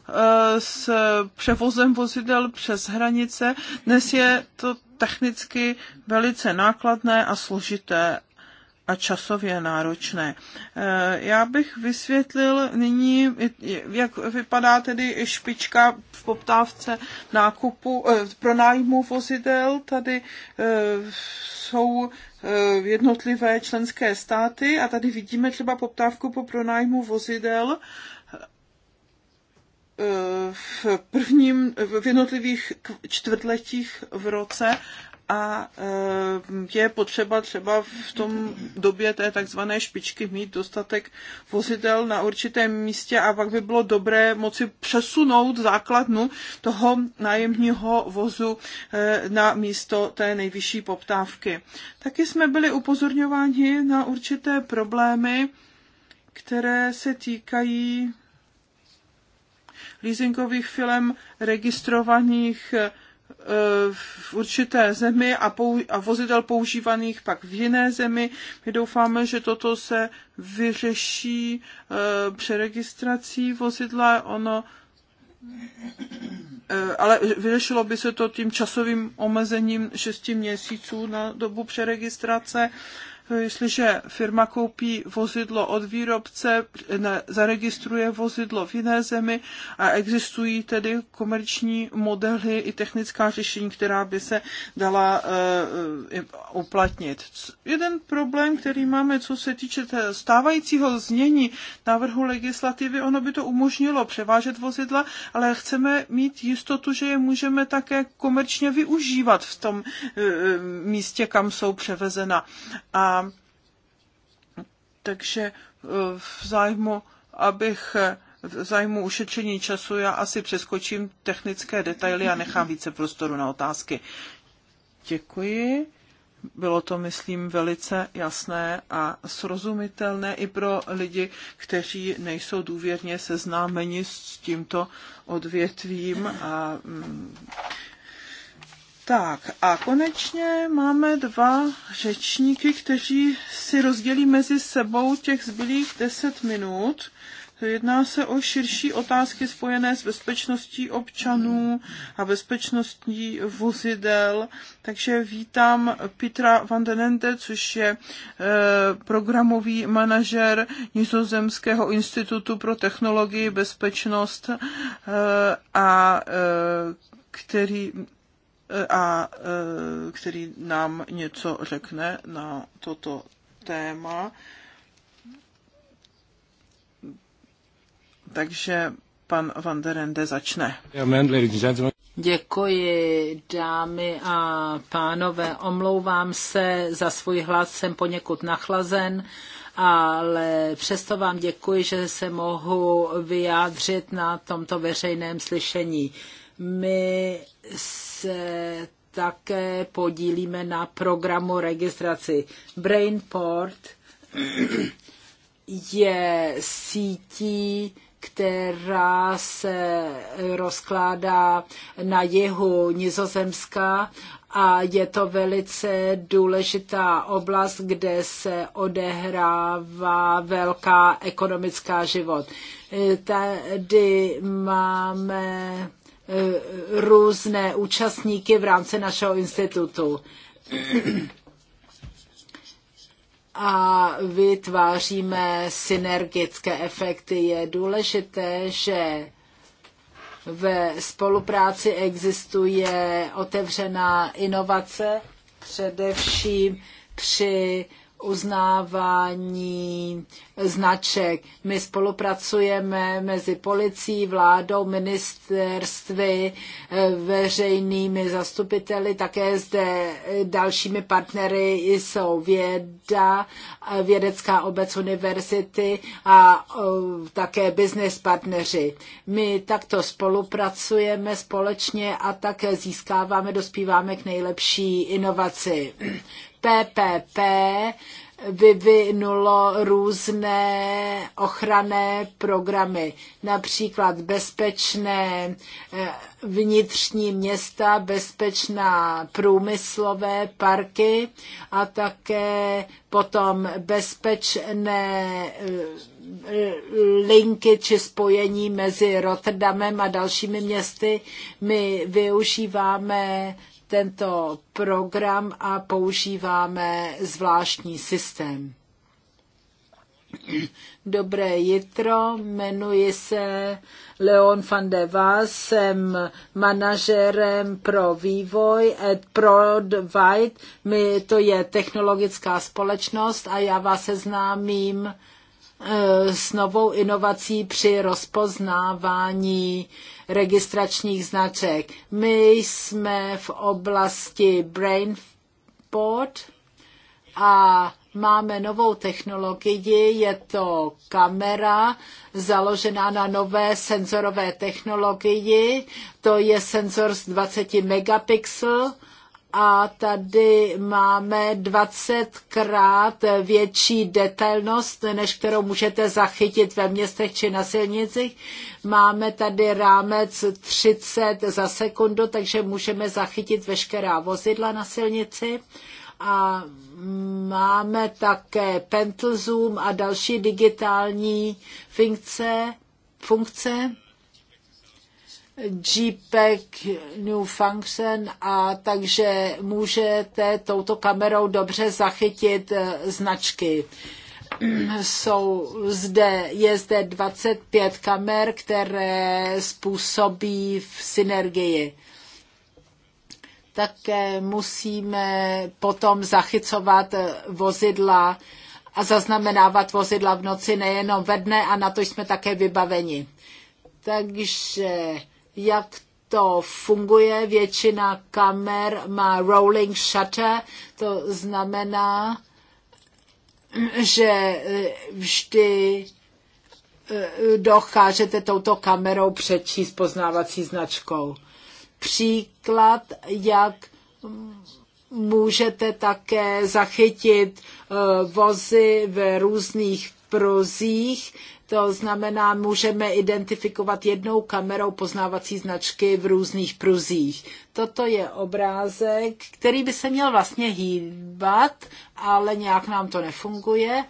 Speaker 2: eh, s převozem vozidel přes hranice. Dnes je to technicky velice nákladné a složité a časově náročné. Eh, já bych vysvětlil nyní, jak vypadá tedy špička v poptávce nákupu, eh, nájmu vozidel. Tady eh, jsou jednotlivé členské státy a tady vidíme třeba poptávku po pronájmu vozidel v prvním, v jednotlivých čtvrtletích v roce a eh, je potřeba třeba v tom době té takzvané špičky mít dostatek vozidel na určitém místě a pak by bylo dobré moci přesunout základnu toho nájemního vozu eh, na místo té nejvyšší poptávky. Taky jsme byli upozorňováni na určité problémy, které se týkají leasingových film registrovaných eh, v určité zemi a, pou, a vozidel používaných pak v jiné zemi. My doufáme, že toto se vyřeší e, eh, přeregistrací vozidla. Ono eh, ale vyřešilo by se to tím časovým omezením 6 měsíců na dobu přeregistrace jestliže firma koupí vozidlo od výrobce, zaregistruje vozidlo v jiné zemi a existují tedy komerční modely i technická řešení, která by se dala eh, eh, uplatnit. Jeden problém, který máme, co se týče stávajícího znění návrhu legislativy, ono by to umožnilo převážet vozidla, ale chceme mít jistotu, že je můžeme také komerčně využívat v tom eh, místě, kam jsou převezena. A takže eh, v zájmu, abych eh, v zájmu ušetření času já asi přeskočím technické detaily a nechám více prostoru na otázky. Děkuji. Bylo to, myslím, velice jasné a srozumitelné i pro lidi, kteří nejsou důvěrně seznámeni s tímto odvětvím a mm, tak a konečně máme dva řečníky, kteří si rozdělí mezi sebou těch zbylých 10 minut. Jedná se o širší otázky spojené s bezpečností občanů a bezpečností vozidel. Takže vítám Petra van den Ende, což je e, programový manažer Nizozemského institutu pro technologii bezpečnost e, a e, který a e, který nám něco řekne na toto téma. Takže pan Van der Ende začne.
Speaker 3: Děkuji, dámy a pánové. Omlouvám se za svůj hlas, jsem poněkud nachlazen, ale přesto vám děkuji, že se mohu vyjádřit na tomto veřejném slyšení. My se také podílíme na programu registraci. Brainport je sítí, která se rozkládá na jihu Nizozemska a je to velice důležitá oblast, kde se odehrává velká ekonomická život. Tady máme Eh, různé účastníky v rámci našeho institutu. A vytváříme synergické efekty. Je důležité, že ve spolupráci existuje otevřená inovace, především při uznávání značek. My spolupracujeme mezi policií, vládou, ministerstvy, eh, veřejnými zastupiteli, také zde eh, dalšími partnery jsou věda, eh, vědecká obec univerzity a také business partneři. My takto spolupracujeme společně a také získáváme, dospíváme k nejlepší inovaci. PPP vyvinulo různé ochranné programy, například bezpečné eh, vnitřní města, bezpečná průmyslové parky a také potom bezpečné eh, linky či spojení mezi Rotterdamem a dalšími městy. My využíváme tento program a používáme zvláštní systém. Dobré jitro, jmenuji se Leon van de Vás, jsem manažerem pro vývoj at Prodvide, my, to je technologická společnost a já vás seznámím Eh, s novou inovací při rozpoznávání registračních značek. My jsme v oblasti Brainport a máme novou technologii, je to kamera založená na nové senzorové technologii, to je senzor z 20 megapixel a tady máme 20krát větší detailnost, než kterou můžete zachytit ve městech či na silnicích. Máme tady rámec 30 za sekundu, takže můžeme zachytit veškerá vozidla na silnici a máme také pentel Zoom a další digitální funkce. funkce. JPEG New Function a takže můžete touto kamerou dobře zachytit eh, značky. Jsou zde, je zde 25 kamer, které způsobí v synergii. Také musíme potom zachycovat eh, vozidla a zaznamenávat vozidla v noci, nejenom ve dne, a na to jsme také vybaveni. Takže jak to funguje. Většina kamer má rolling shutter, to znamená, že eh, vždy eh, dokážete touto kamerou přečíst poznávací značkou. Příklad, jak můžete také zachytit eh, vozy v různých prozích, to znamená, můžeme identifikovat jednou kamerou poznávací značky v různých pruzích. Toto je obrázek, který by se měl vlastně hýbat, ale nějak nám to nefunguje.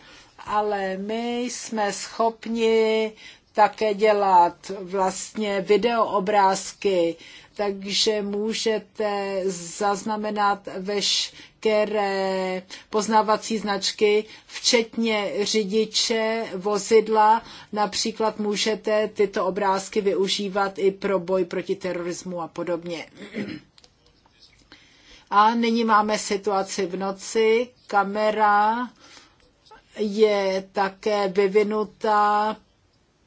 Speaker 3: Ale my jsme schopni také dělat vlastně videoobrázky takže můžete zaznamenat veškeré poznávací značky, včetně řidiče vozidla. Například můžete tyto obrázky využívat i pro boj proti terorismu a podobně. A nyní máme situaci v noci. Kamera je také vyvinuta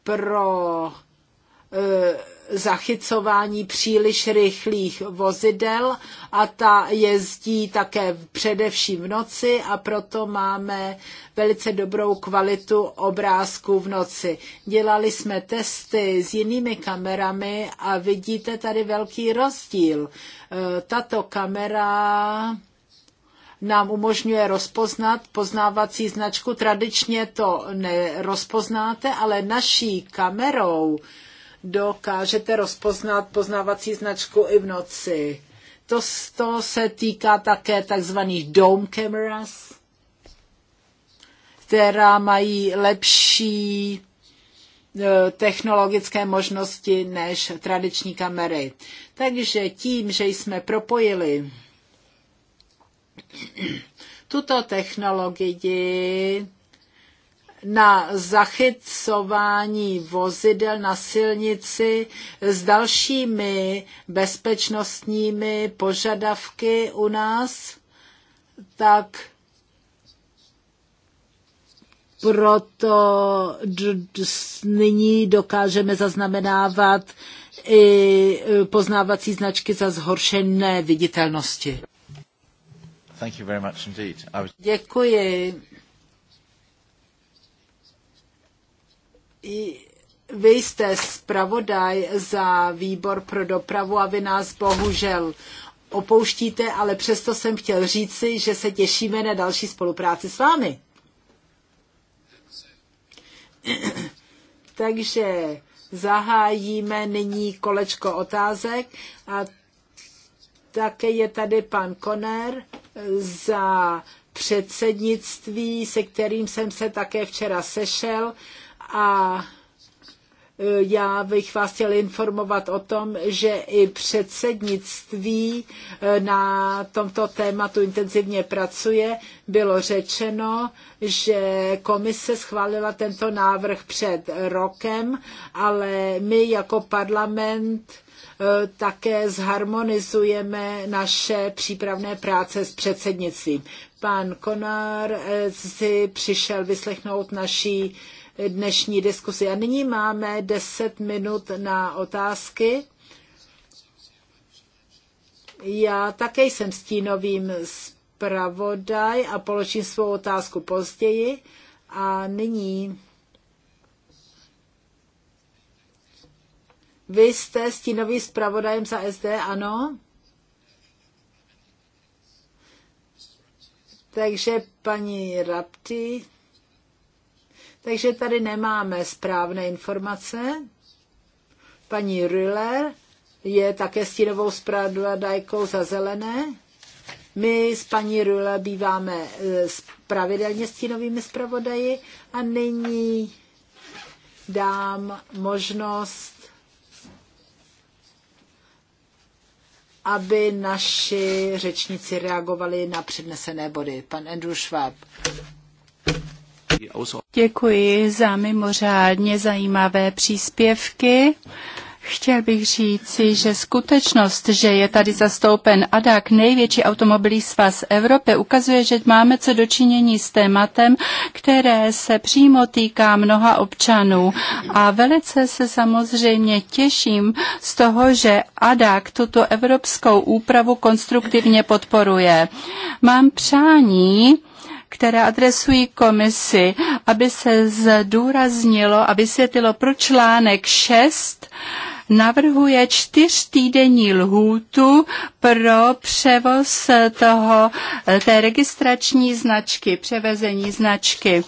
Speaker 3: pro eh, zachycování příliš rychlých vozidel a ta jezdí také především v noci a proto máme velice dobrou kvalitu obrázků v noci. Dělali jsme testy s jinými kamerami a vidíte tady velký rozdíl. E, tato kamera nám umožňuje rozpoznat poznávací značku. Tradičně to nerozpoznáte, ale naší kamerou uh, dokážete rozpoznat poznávací značku i v noci. To, to se týká také takzvaných dome cameras, která mají lepší e, technologické možnosti než tradiční kamery. Takže tím, že jsme propojili tuto technologii na zachycování vozidel na silnici s dalšími bezpečnostními požadavky u nás, tak proto nyní dokážeme zaznamenávat i e, poznávací značky za zhoršené viditelnosti. Děkuji. vy jste zpravodaj za výbor pro dopravu a vy nás bohužel opouštíte, ale přesto jsem chtěl říci, že se těšíme na další spolupráci s vámi. Takže zahájíme nyní kolečko otázek a také je tady pan Koner za předsednictví, se kterým jsem se také včera sešel a e, já bych vás chtěl informovat o tom, že i předsednictví e, na tomto tématu intenzivně pracuje. Bylo řečeno, že komise schválila tento návrh před rokem, ale my jako parlament e, také zharmonizujeme naše přípravné práce s předsednictvím. Pan Konar si přišel vyslechnout naší dnešní diskusi. A nyní máme 10 minut na otázky. Já také jsem stínovým zpravodaj a položím svou otázku později. A nyní Vy jste stínový zpravodajem za SD, ano? Takže paní Rapti, takže tady nemáme správné informace. Paní Riller je také stínovou zpravodajkou za zelené. My s paní Riller býváme eh, pravidelně stínovými zpravodaji a nyní dám možnost, aby naši řečníci reagovali na přednesené body. Pan Andrew Schwab. Děkuji
Speaker 5: za mimořádně zajímavé příspěvky. Chtěl bych říci, že skutečnost, že je tady zastoupen ADAC, největší automobilí svaz Evropy, ukazuje, že máme co dočinění s tématem, které se přímo týká mnoha občanů. A velice se samozřejmě těším z toho, že ADAC tuto evropskou úpravu konstruktivně podporuje. Mám přání, které adresují komisi, aby se zdůraznilo a vysvětlilo, proč článek 6 navrhuje čtyřtýdenní lhůtu pro převoz toho, té registrační značky, převezení značky.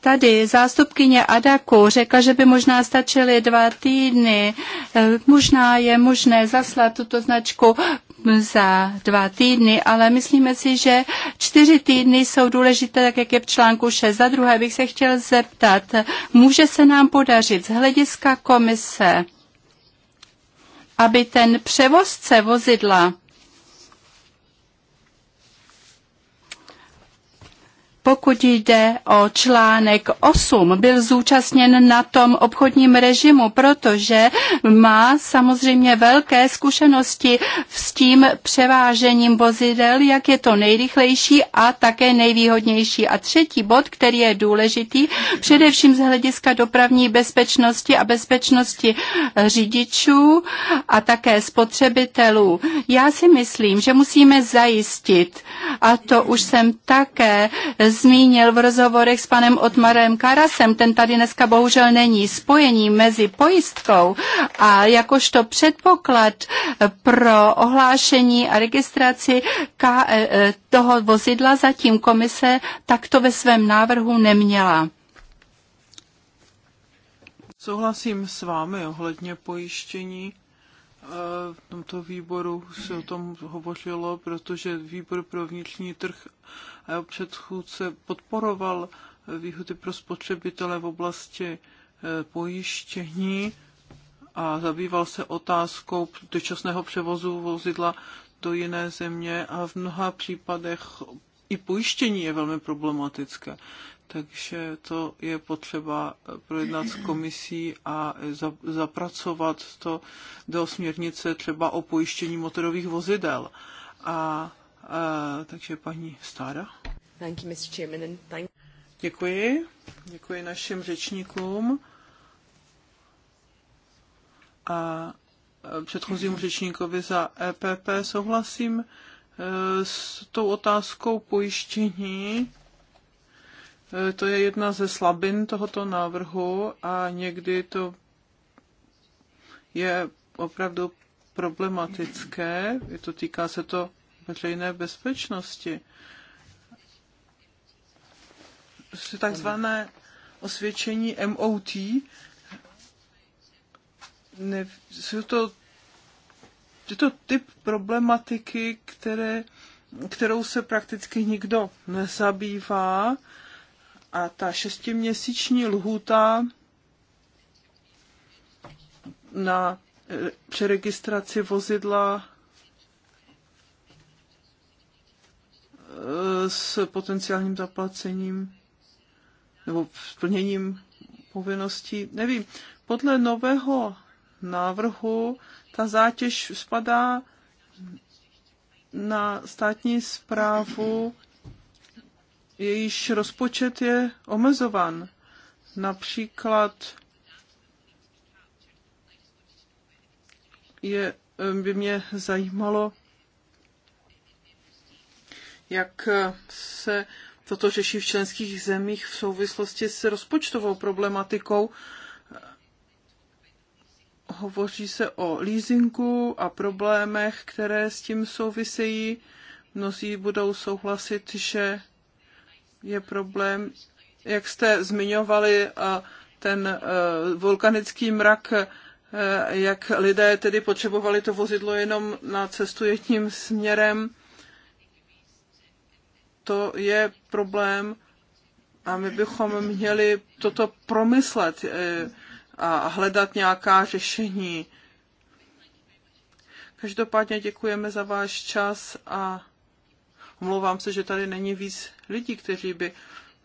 Speaker 5: Tady zástupkyně Adaku řekla, že by možná stačily dva týdny. Možná je možné zaslat tuto značku za dva týdny, ale myslíme si, že čtyři týdny jsou důležité, tak jak je v článku 6. Za druhé bych se chtěl zeptat, může se nám podařit z hlediska komise, aby ten převozce vozidla Pokud jde o článek 8, byl zúčastněn na tom obchodním režimu, protože má samozřejmě velké zkušenosti s tím převážením vozidel, jak je to nejrychlejší a také nejvýhodnější. A třetí bod, který je důležitý, především z hlediska dopravní bezpečnosti a bezpečnosti řidičů a také spotřebitelů. Já si myslím, že musíme zajistit, a to už jsem také zmínil v rozhovorech s panem Otmarem Karasem, ten tady dneska bohužel není, spojení mezi pojistkou a jakožto předpoklad pro ohlášení a registraci e, e, toho vozidla zatím komise takto ve svém návrhu neměla.
Speaker 2: Souhlasím s vámi ohledně pojištění. E, v tomto výboru se o tom hovořilo, protože výbor pro vnitřní trh a jeho předchůdce podporoval výhody pro spotřebitele v oblasti e, pojištění a zabýval se otázkou dočasného převozu vozidla do jiné země a v mnoha případech i pojištění je velmi problematické. Takže to je potřeba projednat s komisí a zapracovat to do směrnice třeba o pojištění motorových vozidel. A takže paní Stára.
Speaker 6: Thank you, Mr. Chairman, and thank...
Speaker 2: Děkuji. Děkuji našim řečníkům. A předchozímu řečníkovi za EPP souhlasím e, s tou otázkou pojištění. E, to je jedna ze slabin tohoto návrhu a někdy to je opravdu problematické. Je to, týká se to veřejné bezpečnosti. Takzvané osvědčení MOT, ne, jsou to, je to typ problematiky, které, kterou se prakticky nikdo nezabývá a ta šestiměsíční lhůta na eh, přeregistraci vozidla s potenciálním zaplacením nebo splněním povinností. Nevím, podle nového návrhu ta zátěž spadá na státní zprávu, jejíž rozpočet je omezovan. Například je, by mě zajímalo, jak eh, se toto řeší v členských zemích v souvislosti s rozpočtovou problematikou. Hovoří se o leasingu a problémech, které s tím souvisejí. Mnozí budou souhlasit, že je problém, jak jste zmiňovali, ten eh, vulkanický mrak, eh, jak lidé tedy potřebovali to vozidlo jenom na cestu jedním směrem to je problém a my bychom měli toto promyslet eh, a hledat nějaká řešení. Každopádně děkujeme za váš čas a omlouvám se, že tady není víc lidí, kteří by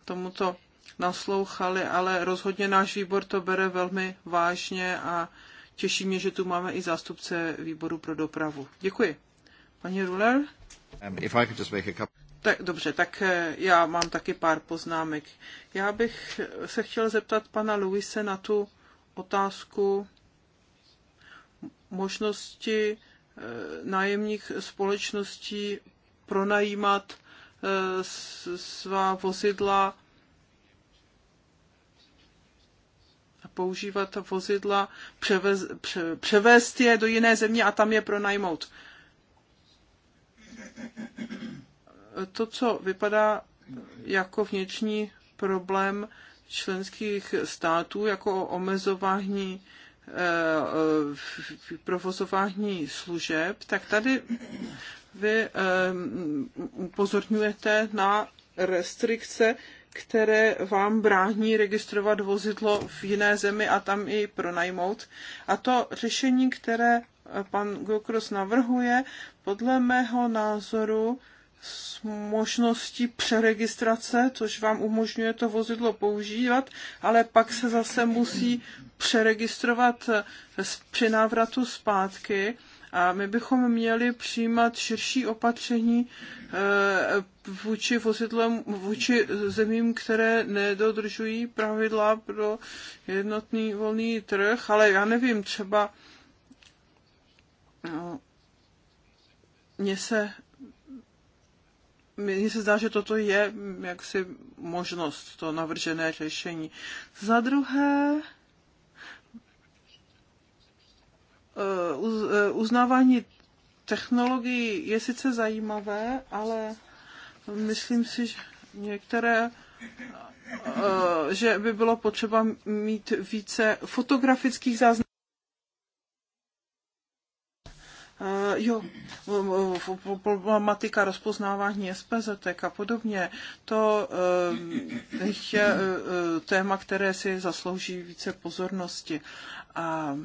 Speaker 2: tomuto naslouchali, ale rozhodně náš výbor to bere velmi vážně a těší mě, že tu máme i zástupce výboru pro dopravu. Děkuji. Paní Ruler?
Speaker 1: Um, if I could just make a couple...
Speaker 2: Tak, dobře, tak eh, já mám taky pár poznámek. Já bych se chtěl zeptat pana Luise na tu otázku možnosti eh, nájemních společností pronajímat eh, svá vozidla a používat vozidla, převez, převést je do jiné země a tam je pronajmout to, co vypadá jako vnitřní problém členských států, jako omezování eh, provozování služeb, tak tady vy eh, upozorňujete na restrikce, které vám brání registrovat vozidlo v jiné zemi a tam i pronajmout. A to řešení, které pan Gokros navrhuje, podle mého názoru s možností přeregistrace, což vám umožňuje to vozidlo používat, ale pak se zase musí přeregistrovat eh, při návratu zpátky. A my bychom měli přijímat širší opatření eh, vůči vozidlům, vůči zemím, které nedodržují pravidla pro jednotný volný trh, ale já nevím, třeba no, mně se mně se zdá, že toto je mm, jaksi možnost, to navržené řešení. Za druhé, eh, eh, uznávání technologií je sice zajímavé, ale myslím si, že některé eh, že by bylo potřeba mít více fotografických záznamů. Eh, jo, problematika rozpoznávání SPZ a podobně, to eh, je eh, téma, které si zaslouží více pozornosti. A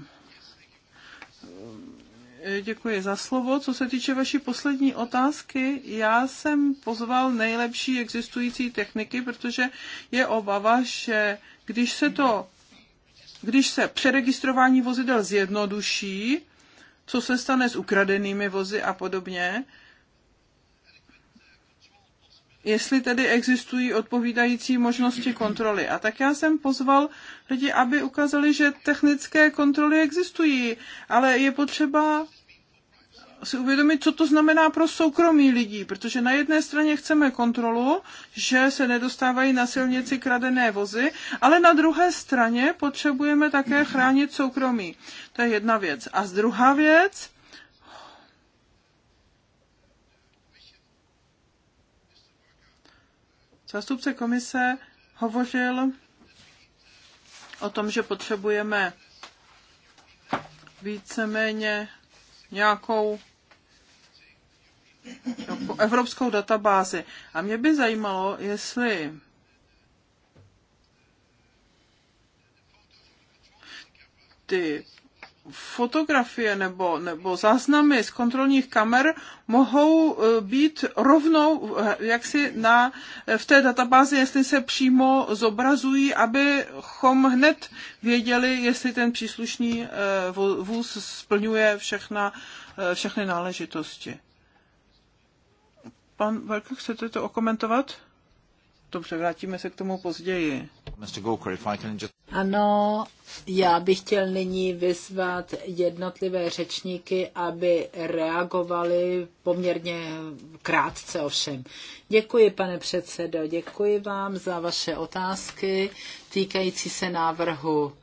Speaker 2: Děkuji za slovo. Co se týče vaší poslední otázky, já jsem pozval nejlepší existující techniky, protože je obava, že když se to když se přeregistrování vozidel zjednoduší, co se stane s ukradenými vozy a podobně. Jestli tedy existují odpovídající možnosti kontroly. A tak já jsem pozval lidi, aby ukázali, že technické kontroly existují, ale je potřeba si uvědomit, co to znamená pro soukromí lidí, protože na jedné straně chceme kontrolu, že se nedostávají na silnici kradené vozy, ale na druhé straně potřebujeme také chránit soukromí. To je jedna věc. A z druhá věc, Zástupce komise hovořil o tom, že potřebujeme víceméně nějakou jako evropskou databázi. A mě by zajímalo, jestli ty fotografie nebo, nebo záznamy z kontrolních kamer mohou eh, být rovnou eh, jaksi na, eh, v té databázi, jestli se přímo zobrazují, abychom hned věděli, jestli ten příslušný vůz splňuje všechna, všechny náležitosti. Pan Velko, chcete to okomentovat? Dobře, vrátíme se k tomu
Speaker 1: později.
Speaker 3: Ano, já bych chtěl nyní vyzvat jednotlivé řečníky, aby reagovali poměrně krátce ovšem. Děkuji, pane předsedo, děkuji vám za vaše otázky týkající se návrhu.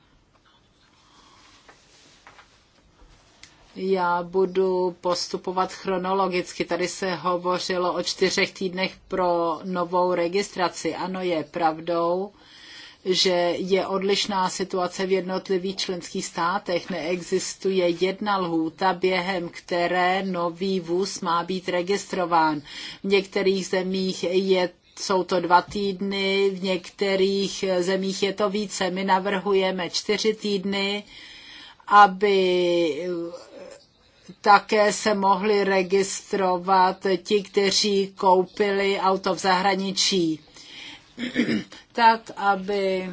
Speaker 3: Já budu postupovat chronologicky. Tady se hovořilo o čtyřech týdnech pro novou registraci. Ano, je pravdou, že je odlišná situace v jednotlivých členských státech. Neexistuje jedna lhůta, během které nový vůz má být registrován. V některých zemích je jsou to dva týdny, v některých zemích je to více. My navrhujeme čtyři týdny, aby také se mohli registrovat ti, kteří koupili auto v zahraničí. tak aby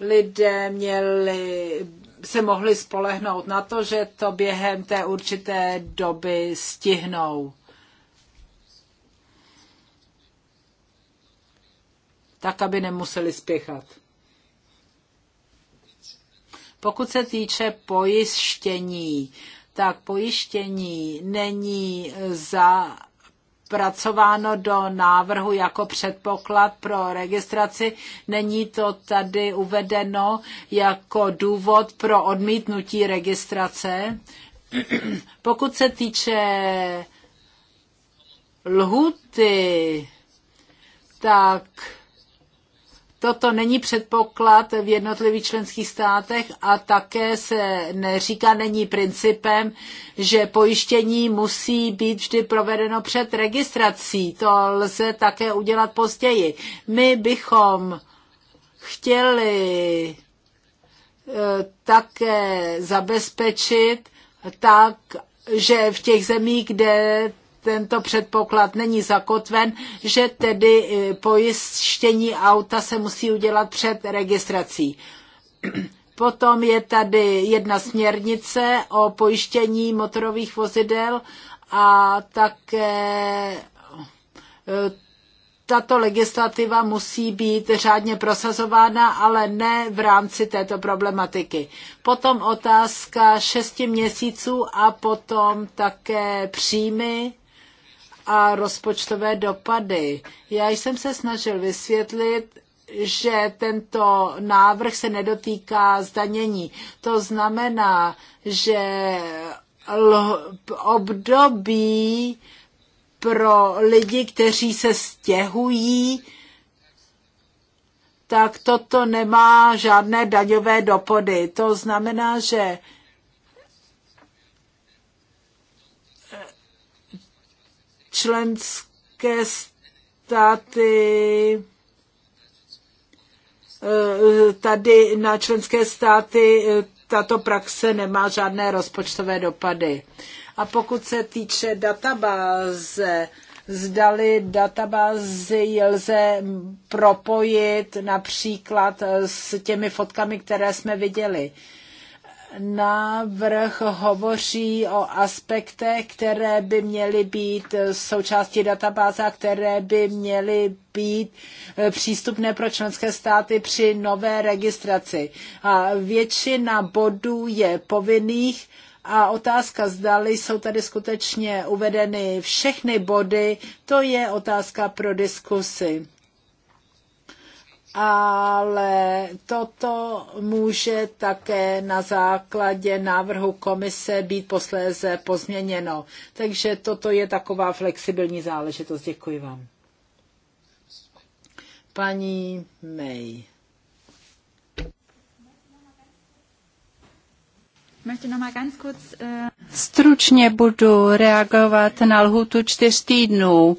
Speaker 3: lidé měli, se mohli spolehnout na to, že to během té určité doby stihnou. Tak, aby nemuseli spěchat. Pokud se týče pojištění, tak pojištění není za zpracováno do návrhu jako předpoklad pro registraci. Není to tady uvedeno jako důvod pro odmítnutí registrace. Pokud se týče lhuty, tak Toto není předpoklad v jednotlivých členských státech a také se neříká, není principem, že pojištění musí být vždy provedeno před registrací. To lze také udělat později. My bychom chtěli eh, také zabezpečit tak, že v těch zemích, kde tento předpoklad není zakotven, že tedy e, pojištění auta se musí udělat před registrací. Potom je tady jedna směrnice o pojištění motorových vozidel a také e, tato legislativa musí být řádně prosazována, ale ne v rámci této problematiky. Potom otázka šesti měsíců a potom také příjmy a rozpočtové dopady. Já jsem se snažil vysvětlit, že tento návrh se nedotýká zdanění. To znamená, že období pro lidi, kteří se stěhují, tak toto nemá žádné daňové dopady. To znamená, že členské státy eh, tady na členské státy eh, tato praxe nemá žádné rozpočtové dopady. A pokud se týče databáze, zdali databázy lze propojit například s těmi fotkami, které jsme viděli návrh hovoří o aspektech, které by měly být součástí databáze a které by měly být přístupné pro členské státy při nové registraci. A většina bodů je povinných a otázka, zdali jsou tady skutečně uvedeny všechny body, to je otázka pro diskusy ale toto může také na základě návrhu komise být posléze pozměněno. Takže toto je taková flexibilní záležitost. Děkuji vám. Paní May.
Speaker 5: Äh, Stručně budu reagovat na lhutu čtyř týdnů.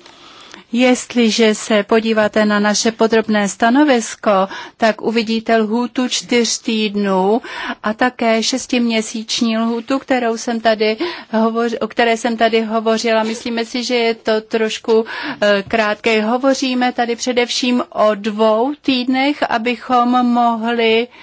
Speaker 5: Jestliže se podíváte na naše podrobné stanovisko, tak uvidíte lhůtu čtyř týdnů a také šestiměsíční lhůtu, kterou jsem tady hovoř, o které jsem tady hovořila. Myslíme si, že je to trošku eh, krátké. Hovoříme tady především o dvou týdnech, abychom mohli uh,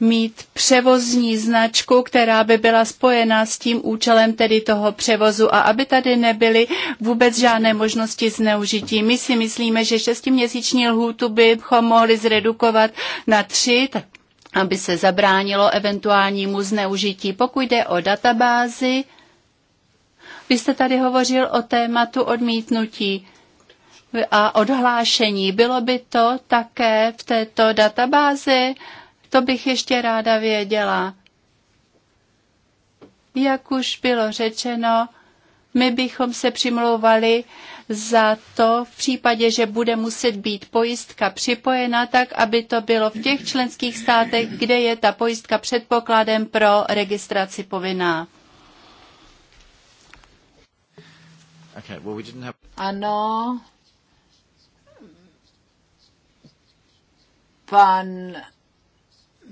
Speaker 5: mít převozní značku, která by byla spojená s tím účelem tedy toho převozu a aby tady nebyly vůbec žádné možnosti zneužití. My si myslíme, že šestiměsíční lhůtu bychom mohli zredukovat na tři, aby se zabránilo eventuálnímu zneužití. Pokud jde o databázi, vy jste tady hovořil o tématu odmítnutí a odhlášení. Bylo by to také v této databázi? To bych ještě ráda věděla. Jak už bylo řečeno, my bychom se přimlouvali za to v případě, že bude muset být pojistka připojena tak, aby to bylo v těch členských státech, kde je ta pojistka předpokladem pro registraci povinná.
Speaker 3: Ano, pan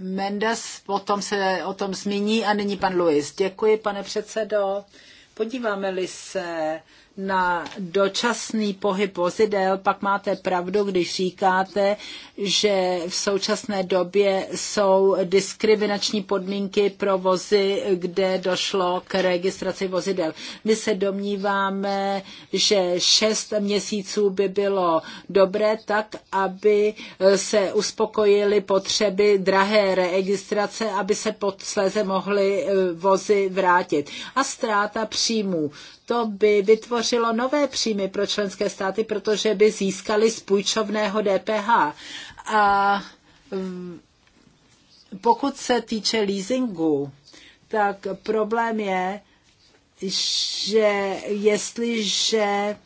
Speaker 3: Mendes potom se o tom zmíní a nyní pan Luis. Děkuji, pane předsedo. Podíváme-li se na dočasný pohyb vozidel, pak máte pravdu, když říkáte, že v současné době jsou diskriminační podmínky pro vozy, kde došlo k registraci vozidel. My se domníváme, že šest měsíců by bylo dobré tak, aby se uspokojily potřeby drahé registrace, aby se posléze mohly vozy vrátit. A ztráta příjmů to by vytvořilo nové příjmy pro členské státy, protože by získali z půjčovného DPH. A mm, pokud se týče leasingu, tak problém je, že jestliže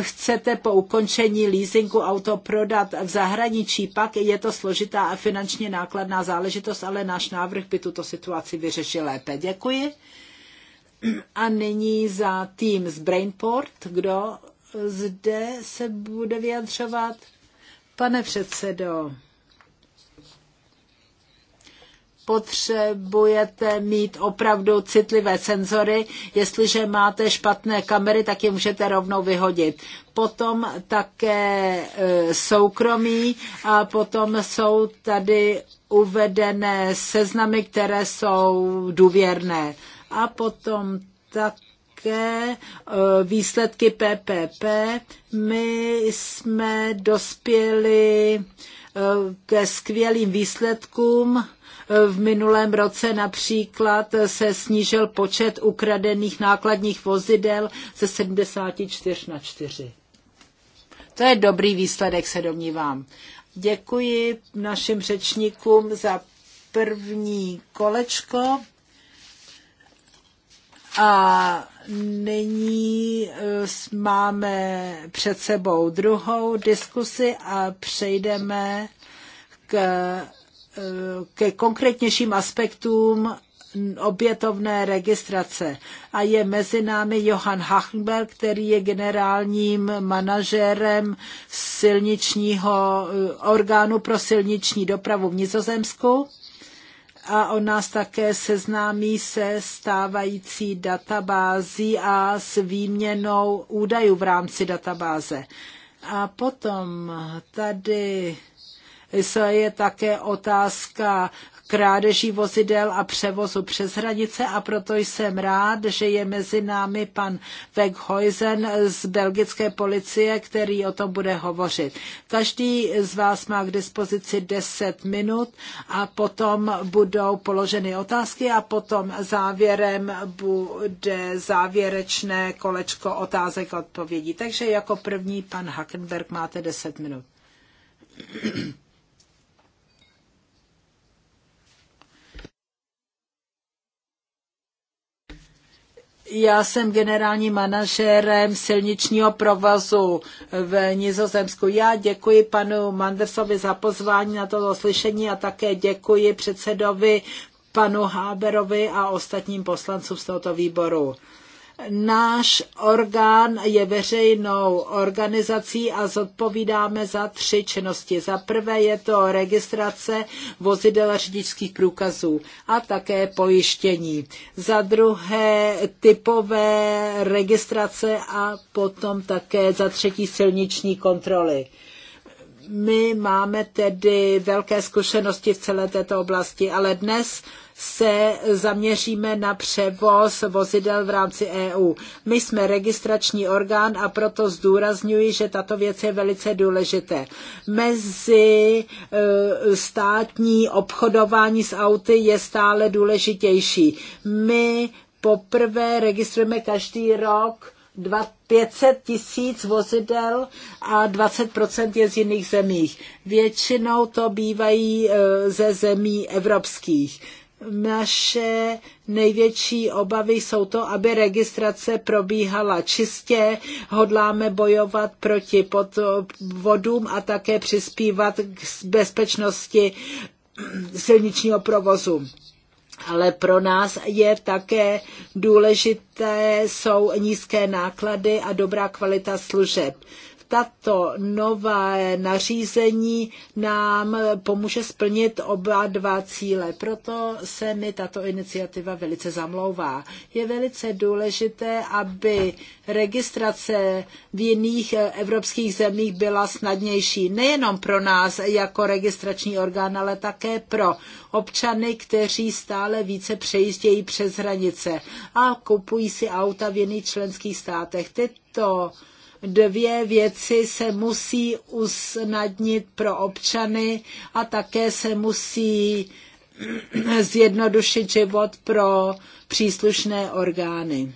Speaker 3: chcete po ukončení leasingu auto prodat v zahraničí, pak je to složitá a finančně nákladná záležitost, ale náš návrh by tuto situaci vyřešil lépe. Děkuji. A nyní za tým z Brainport, kdo zde se bude vyjadřovat? Pane předsedo, potřebujete mít opravdu citlivé senzory. Jestliže máte špatné kamery, tak je můžete rovnou vyhodit. Potom také e, soukromí a potom jsou tady uvedené seznamy, které jsou důvěrné a potom také e, výsledky PPP. My jsme dospěli e, ke skvělým výsledkům. E, v minulém roce například se snížil počet ukradených nákladních vozidel ze 74 na 4. To je dobrý výsledek, se domnívám. Děkuji našim řečníkům za první kolečko a nyní eh, máme před sebou druhou diskusi a přejdeme k, eh, ke konkrétnějším aspektům obětovné registrace. A je mezi námi Johan Hachenberg, který je generálním manažérem silničního eh, orgánu pro silniční dopravu v Nizozemsku a on nás také seznámí se stávající databází a s výměnou údajů v rámci databáze. A potom tady je také otázka krádeží vozidel a převozu přes hranice a proto jsem rád, že je mezi námi pan Weghuizen z belgické policie, který o tom bude hovořit. Každý z vás má k dispozici 10 minut a potom budou položeny otázky a potom závěrem bude závěrečné kolečko otázek a odpovědí. Takže jako první pan Hackenberg máte 10 minut. Já jsem generálním manažérem silničního provazu v Nizozemsku. Já děkuji panu Mandersovi za pozvání na toto slyšení a také děkuji předsedovi panu Háberovi a ostatním poslancům z tohoto výboru. Náš orgán je veřejnou organizací a zodpovídáme za tři činnosti. Za prvé je to registrace vozidel a řidičských průkazů a také pojištění. Za druhé typové registrace a potom také za třetí silniční kontroly my máme tedy velké zkušenosti v celé této oblasti, ale dnes se zaměříme na převoz vozidel v rámci EU. My jsme registrační orgán a proto zdůrazňuji, že tato věc je velice důležité. Mezi eh, státní obchodování s auty je stále důležitější. My poprvé registrujeme každý rok 500 tisíc vozidel a 20% je z jiných zemích. Většinou to bývají e, ze zemí evropských. Naše největší obavy jsou to, aby registrace probíhala čistě. Hodláme bojovat proti podvodům a také přispívat k bezpečnosti silničního provozu ale pro nás je také důležité, jsou nízké náklady a dobrá kvalita služeb tato nové nařízení nám pomůže splnit oba dva cíle. Proto se mi tato iniciativa velice zamlouvá. Je velice důležité, aby registrace v jiných evropských zemích byla snadnější. Nejenom pro nás jako registrační orgán, ale také pro občany, kteří stále více přejíždějí přes hranice a kupují si auta v jiných členských státech. Tyto dvě věci se musí usnadnit pro občany a také se musí zjednodušit život pro příslušné orgány.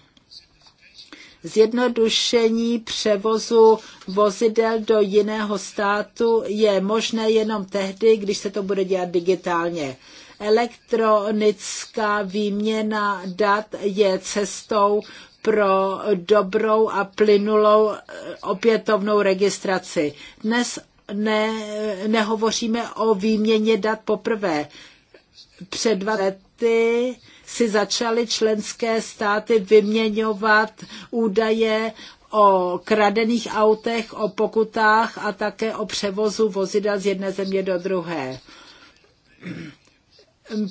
Speaker 3: Zjednodušení převozu vozidel do jiného státu je možné jenom tehdy, když se to bude dělat digitálně. Elektronická výměna dat je cestou pro dobrou a plynulou eh, opětovnou registraci. Dnes ne, nehovoříme o výměně dat poprvé. Před dva lety si začaly členské státy vyměňovat údaje o kradených autech, o pokutách a také o převozu vozidel z jedné země do druhé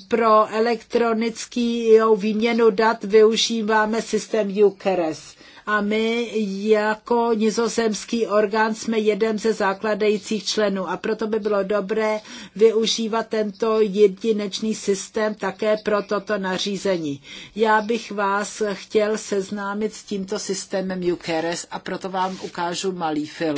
Speaker 3: pro elektronickou výměnu dat využíváme systém UCARES. A my jako nizozemský orgán jsme jeden ze základajících členů a proto by bylo dobré využívat tento jedinečný systém také pro toto nařízení. Já bych vás chtěl seznámit s tímto systémem UCARES a proto vám ukážu malý film.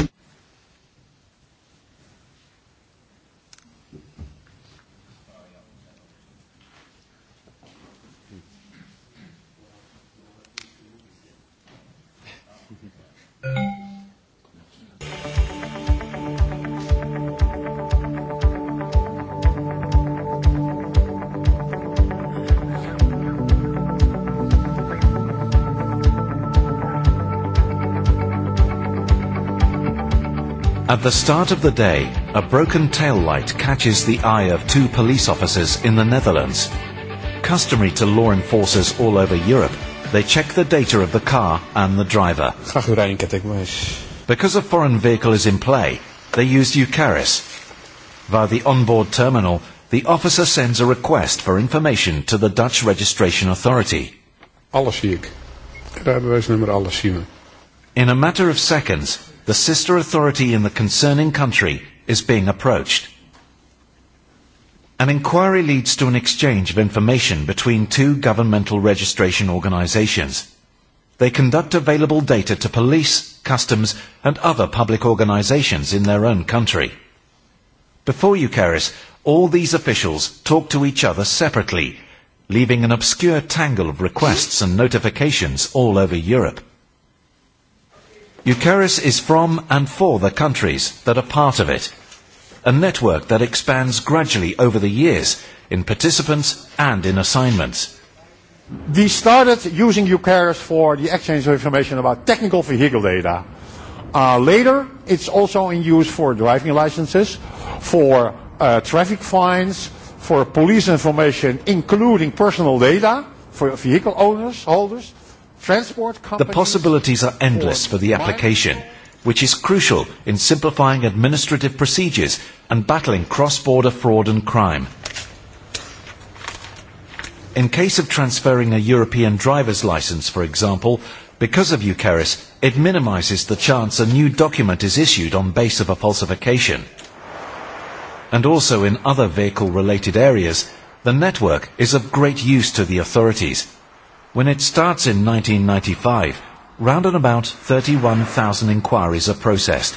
Speaker 1: At the start of the day, a broken tail light catches the eye of two police officers in the Netherlands. Customary to law enforcers all over Europe, They check the data of the car and the driver. Because a foreign vehicle is in play, they use EuCaris. Via the onboard terminal, the officer sends a request for information to the Dutch Registration Authority. In a matter of seconds, the sister authority in the concerning country is being approached. An inquiry leads to an exchange of information between two governmental registration organisations. They conduct available data to police, customs and other public organisations in their own country. Before Eucharis, all these officials talk to each other separately, leaving an obscure tangle of requests and notifications all over Europe. Eucharis is from and for the countries that are part of it a network that expands gradually over the years in participants and in assignments. We started using UCARES for the exchange of information about technical vehicle data. Uh, later, it's also in use for driving licenses, for uh, traffic fines, for police information, including personal data for vehicle owners, holders, transport companies. The possibilities are endless for the application. Minors which is crucial in simplifying administrative procedures and battling cross-border fraud and crime. In case of transferring a European driver's license, for example, because of Eucharis, it minimises the chance a new document is issued on base of a falsification. And also in other vehicle-related areas, the network is of great use to the authorities. When it starts in 1995, round and about 31,000 inquiries are processed.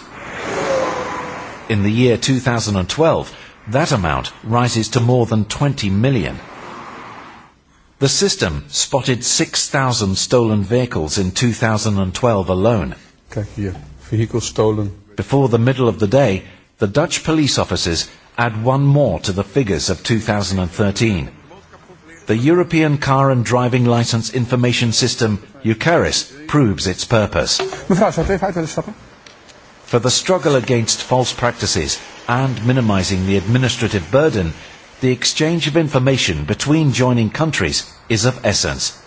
Speaker 1: In the year 2012, that amount rises to more than 20 million. The system spotted 6,000 stolen vehicles in 2012 alone. Kijk hier, vehicle stolen. Before the middle of the day, the Dutch police officers add one more to the figures of 2013. The European Car and Driving License Information System, EUCARIS, proves its purpose. For the struggle against false practices and minimising the administrative burden, the exchange of information between joining countries is of essence.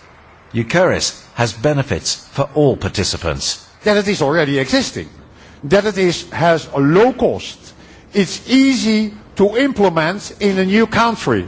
Speaker 1: EUCARIS has benefits for all participants. That it is already existing, that it is, has a low cost, it's easy to implement in a new country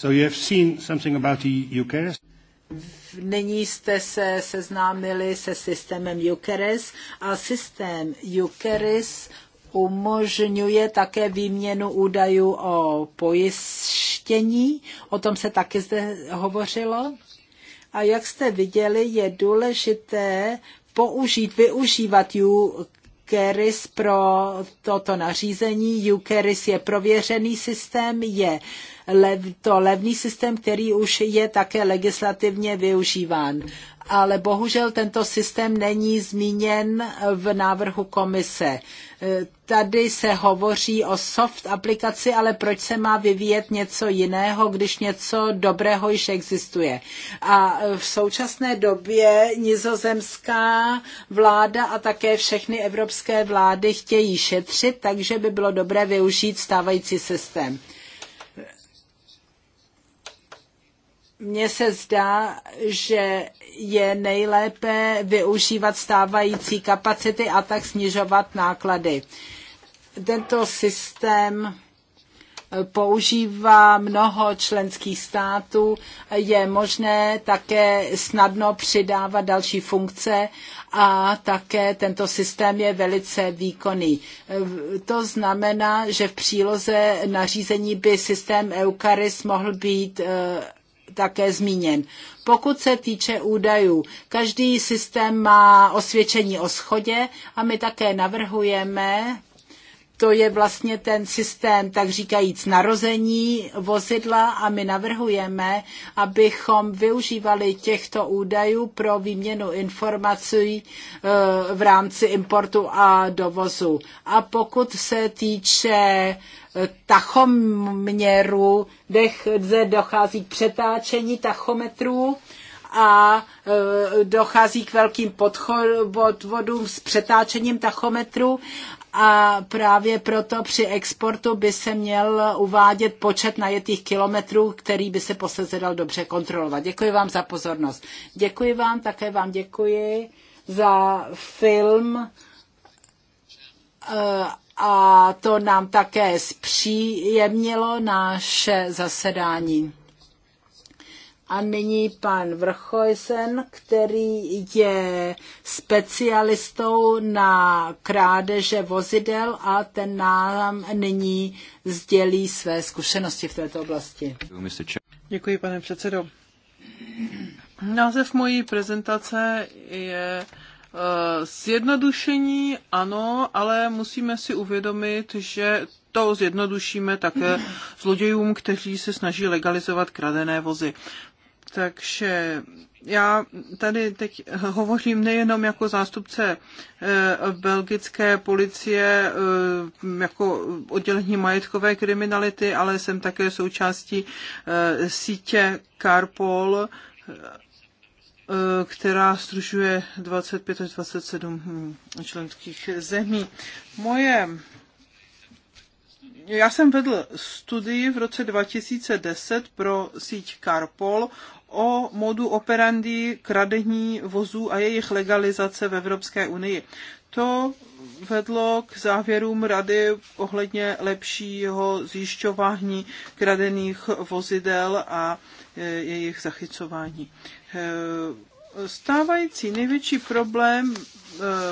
Speaker 1: So you have seen something about the
Speaker 3: Nyní jste se seznámili se systémem UKERIS a systém UKERIS umožňuje také výměnu údajů o pojištění, o tom se také zde hovořilo. A jak jste viděli, je důležité použít, využívat UKERIS pro toto nařízení. UKERIS je prověřený systém, je uh, lev, to levný systém, který už je také legislativně využíván. Ale bohužel tento systém není zmíněn v návrhu komise. E, tady se hovoří o soft aplikaci, ale proč se má vyvíjet něco jiného, když něco dobrého již existuje? A v současné době nizozemská vláda a také všechny evropské vlády chtějí šetřit, takže by bylo dobré využít stávající systém. mně se zdá, že je nejlépe využívat stávající kapacity a tak snižovat náklady. Tento systém eh, používá mnoho členských států, je možné také snadno přidávat další funkce a také tento systém je velice výkonný. Eh, to znamená, že v příloze nařízení by systém Eucharis mohl být eh, také zmíněn. Pokud se týče údajů, každý systém má osvědčení o schodě a my také navrhujeme to je vlastně ten systém, tak říkajíc, narození vozidla a my navrhujeme, abychom využívali těchto údajů pro výměnu informací e, v rámci importu a dovozu. A pokud se týče e, tachoměru, kde dochází k přetáčení tachometrů, a e, dochází k velkým podvodům s přetáčením tachometru a právě proto při exportu by se měl uvádět počet najetých kilometrů, který by se posledně dal dobře kontrolovat. Děkuji vám za pozornost. Děkuji vám, také vám děkuji za film eh, a to nám také zpříjemnilo naše zasedání. A nyní pan Vrchojsen, který je specialistou na krádeže vozidel a ten nám nyní sdělí své zkušenosti v této oblasti. Děkuji, pane předsedo.
Speaker 2: Název mojí prezentace je eh, Zjednodušení ano, ale musíme si uvědomit, že to zjednodušíme také zlodějům, kteří se snaží legalizovat kradené vozy. Takže já tady teď hovořím nejenom jako zástupce eh, belgické policie, eh, jako oddělení majetkové kriminality, ale jsem také součástí eh, sítě Carpol, která združuje 25 až 27 hm, členských zemí. Moje já jsem vedl studii v roce 2010 pro síť Carpol o modu operandi kradení vozů a jejich legalizace v Evropské unii. To vedlo k závěrům rady ohledně lepšího zjišťování kradených vozidel a e, jejich zachycování. E, stávající největší problém e,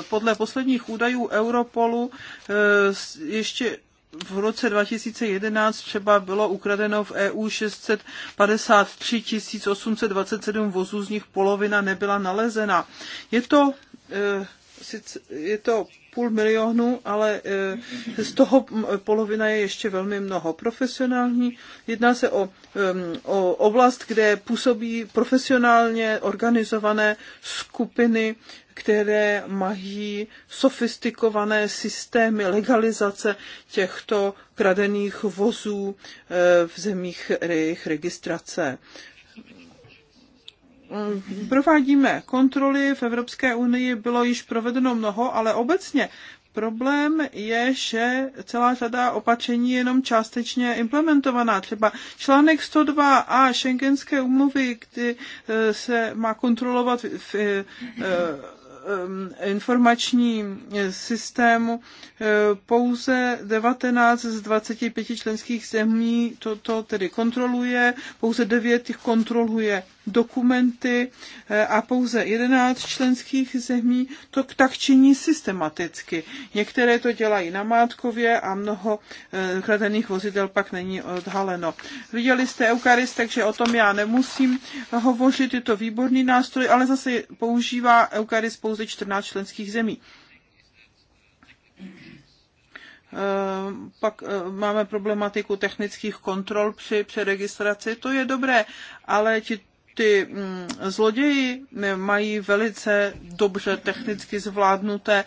Speaker 2: podle posledních údajů Europolu ještě v roce 2011 třeba bylo ukradeno v EU 653 827 vozů, z nich polovina nebyla nalezena. Je to, eh, je to půl milionu, ale eh, z toho hm, polovina je ještě velmi mnoho. Profesionální, jedná se o, hm, o oblast, kde působí profesionálně organizované skupiny které mají sofistikované systémy legalizace těchto kradených vozů eh, v zemích jejich registrace eh, provádíme kontroly v Evropské unii, bylo již provedeno mnoho, ale obecně problém je, že celá řada opatření je jenom částečně implementovaná. Třeba článek 102a Schengenské umluvy, kdy eh, se má kontrolovat v, v, v Um, informační eh, systému eh, pouze 19 z 25 členských zemí toto tedy kontroluje, pouze 9 kontroluje dokumenty eh, a pouze 11 členských zemí to tak činí systematicky. Některé to dělají na Mátkově a mnoho kradených vozidel pak není odhaleno. Viděli jste EuKaris, takže o tom já nemusím hovořit, je to výborný nástroj, ale zase používá EuKaris pouze předchozí 14 členských zemí. Eh, pak eh, máme problematiku technických kontrol při přeregistraci. To je dobré, ale ti ty mm, zloději mají velice dobře technicky zvládnuté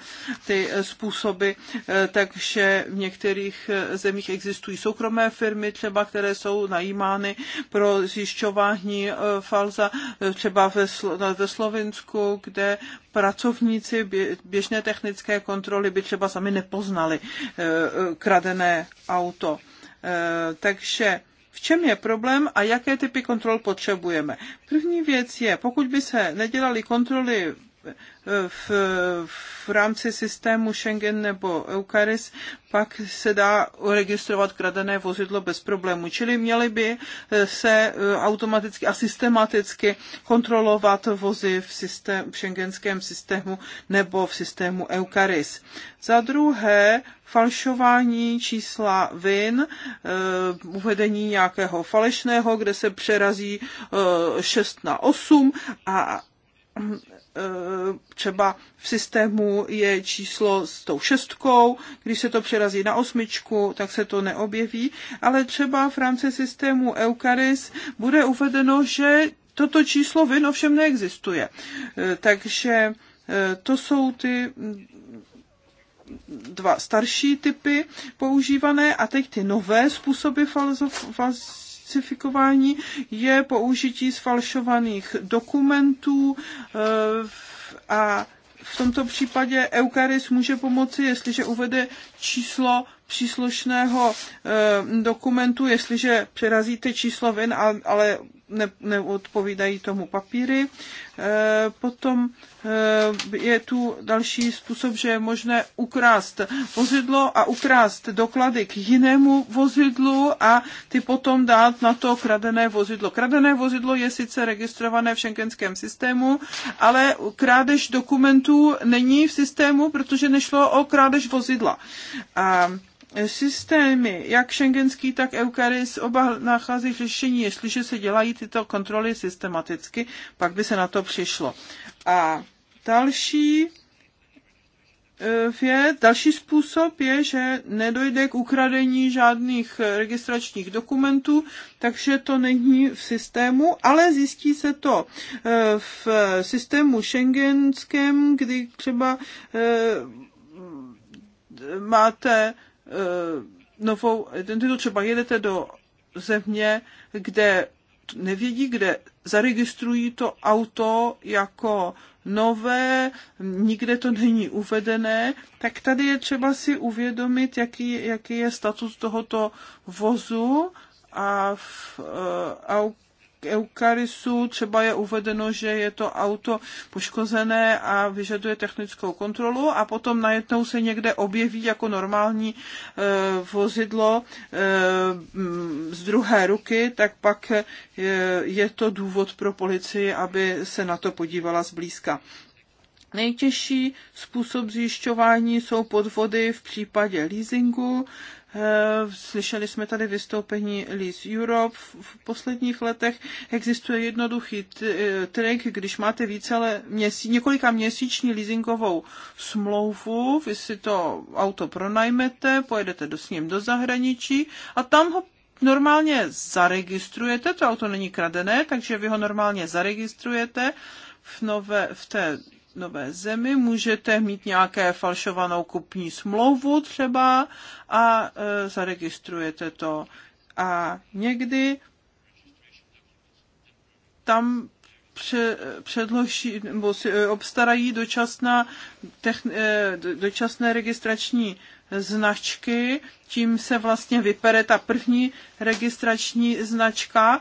Speaker 2: ty způsoby, e, takže v některých e, zemích existují soukromé firmy třeba, které jsou najímány pro zjišťování e, falza, třeba ve, ve Slovensku, kde pracovníci běžné technické kontroly by třeba sami nepoznali kradené auto. Takže v čem je problém a jaké typy kontrol potřebujeme. První věc je, pokud by se nedělaly kontroly v, v rámci systému Schengen nebo EuCaris pak se dá registrovat kradené vozidlo bez problému. Čili měly by se eh, automaticky a systematicky kontrolovat vozy v, systém, v šengenském systému nebo v systému EuCaris. Za druhé, falšování čísla VIN, eh, uvedení nějakého falešného, kde se přerazí 6 eh, na 8 a Eh, třeba v systému je číslo s tou šestkou, když se to přerazí na osmičku, tak se to neobjeví, ale třeba v rámci systému Eucharis bude uvedeno, že toto číslo vin ovšem neexistuje. Eh, takže eh, to jsou ty dva starší typy používané a teď ty nové způsoby falzo, falsifikování je použití sfalšovaných dokumentů eh, a v tomto případě Eucharis může pomoci, jestliže uvede číslo příslušného eh, dokumentu, jestliže přerazíte číslo ven, ale ne, neodpovídají tomu papíry. E, potom e, je tu další způsob, že je možné ukrást vozidlo a ukrást doklady k jinému vozidlu a ty potom dát na to kradené vozidlo. Kradené vozidlo je sice registrované v šenkenském systému, ale krádež dokumentů není v systému, protože nešlo o krádež vozidla. A systémy, jak šengenský, tak Eukaris, oba nachází řešení. Jestliže se dělají tyto kontroly systematicky, pak by se na to přišlo. A další eh, je, další způsob je, že nedojde k ukradení žádných registračních dokumentů, takže to není v systému, ale zjistí se to eh, v systému šengenském, kdy třeba eh, máte Eh, novou identitu. Třeba jedete do země, kde nevědí, kde zaregistrují to auto jako nové, nikde to není uvedené, tak tady je třeba si uvědomit, jaký, jaký je status tohoto vozu a v uh, Eukarisu třeba je uvedeno, že je to auto poškozené a vyžaduje technickou kontrolu a potom najednou se někde objeví jako normální e, vozidlo e, z druhé ruky, tak pak e, je to důvod pro policii, aby se na to podívala zblízka. Nejtěžší způsob zjišťování jsou podvody v případě leasingu, Eh, slyšeli jsme tady vystoupení Lease Europe. V posledních letech existuje jednoduchý eh, trik, když máte více, ale měsí, několika měsíční leasingovou smlouvu, vy si to auto pronajmete, pojedete do, s ním do zahraničí a tam ho normálně zaregistrujete, to auto není kradené, takže vy ho normálně zaregistrujete v, nové, v té nové zemi, můžete mít nějaké falšovanou kupní smlouvu třeba a e, zaregistrujete to. A někdy tam předloží nebo si e, obstarají dočasná, techn, e, dočasné registrační značky, tím se vlastně vypere ta první registrační značka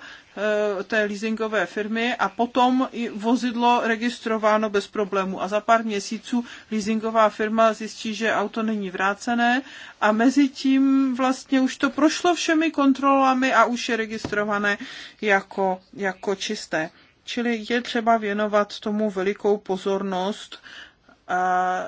Speaker 2: eh, té leasingové firmy a potom i vozidlo registrováno bez problému. A za pár měsíců leasingová firma zjistí, že auto není vrácené a mezi tím vlastně už to prošlo všemi kontrolami a už je registrované jako, jako čisté. Čili je třeba věnovat tomu velikou pozornost, a e,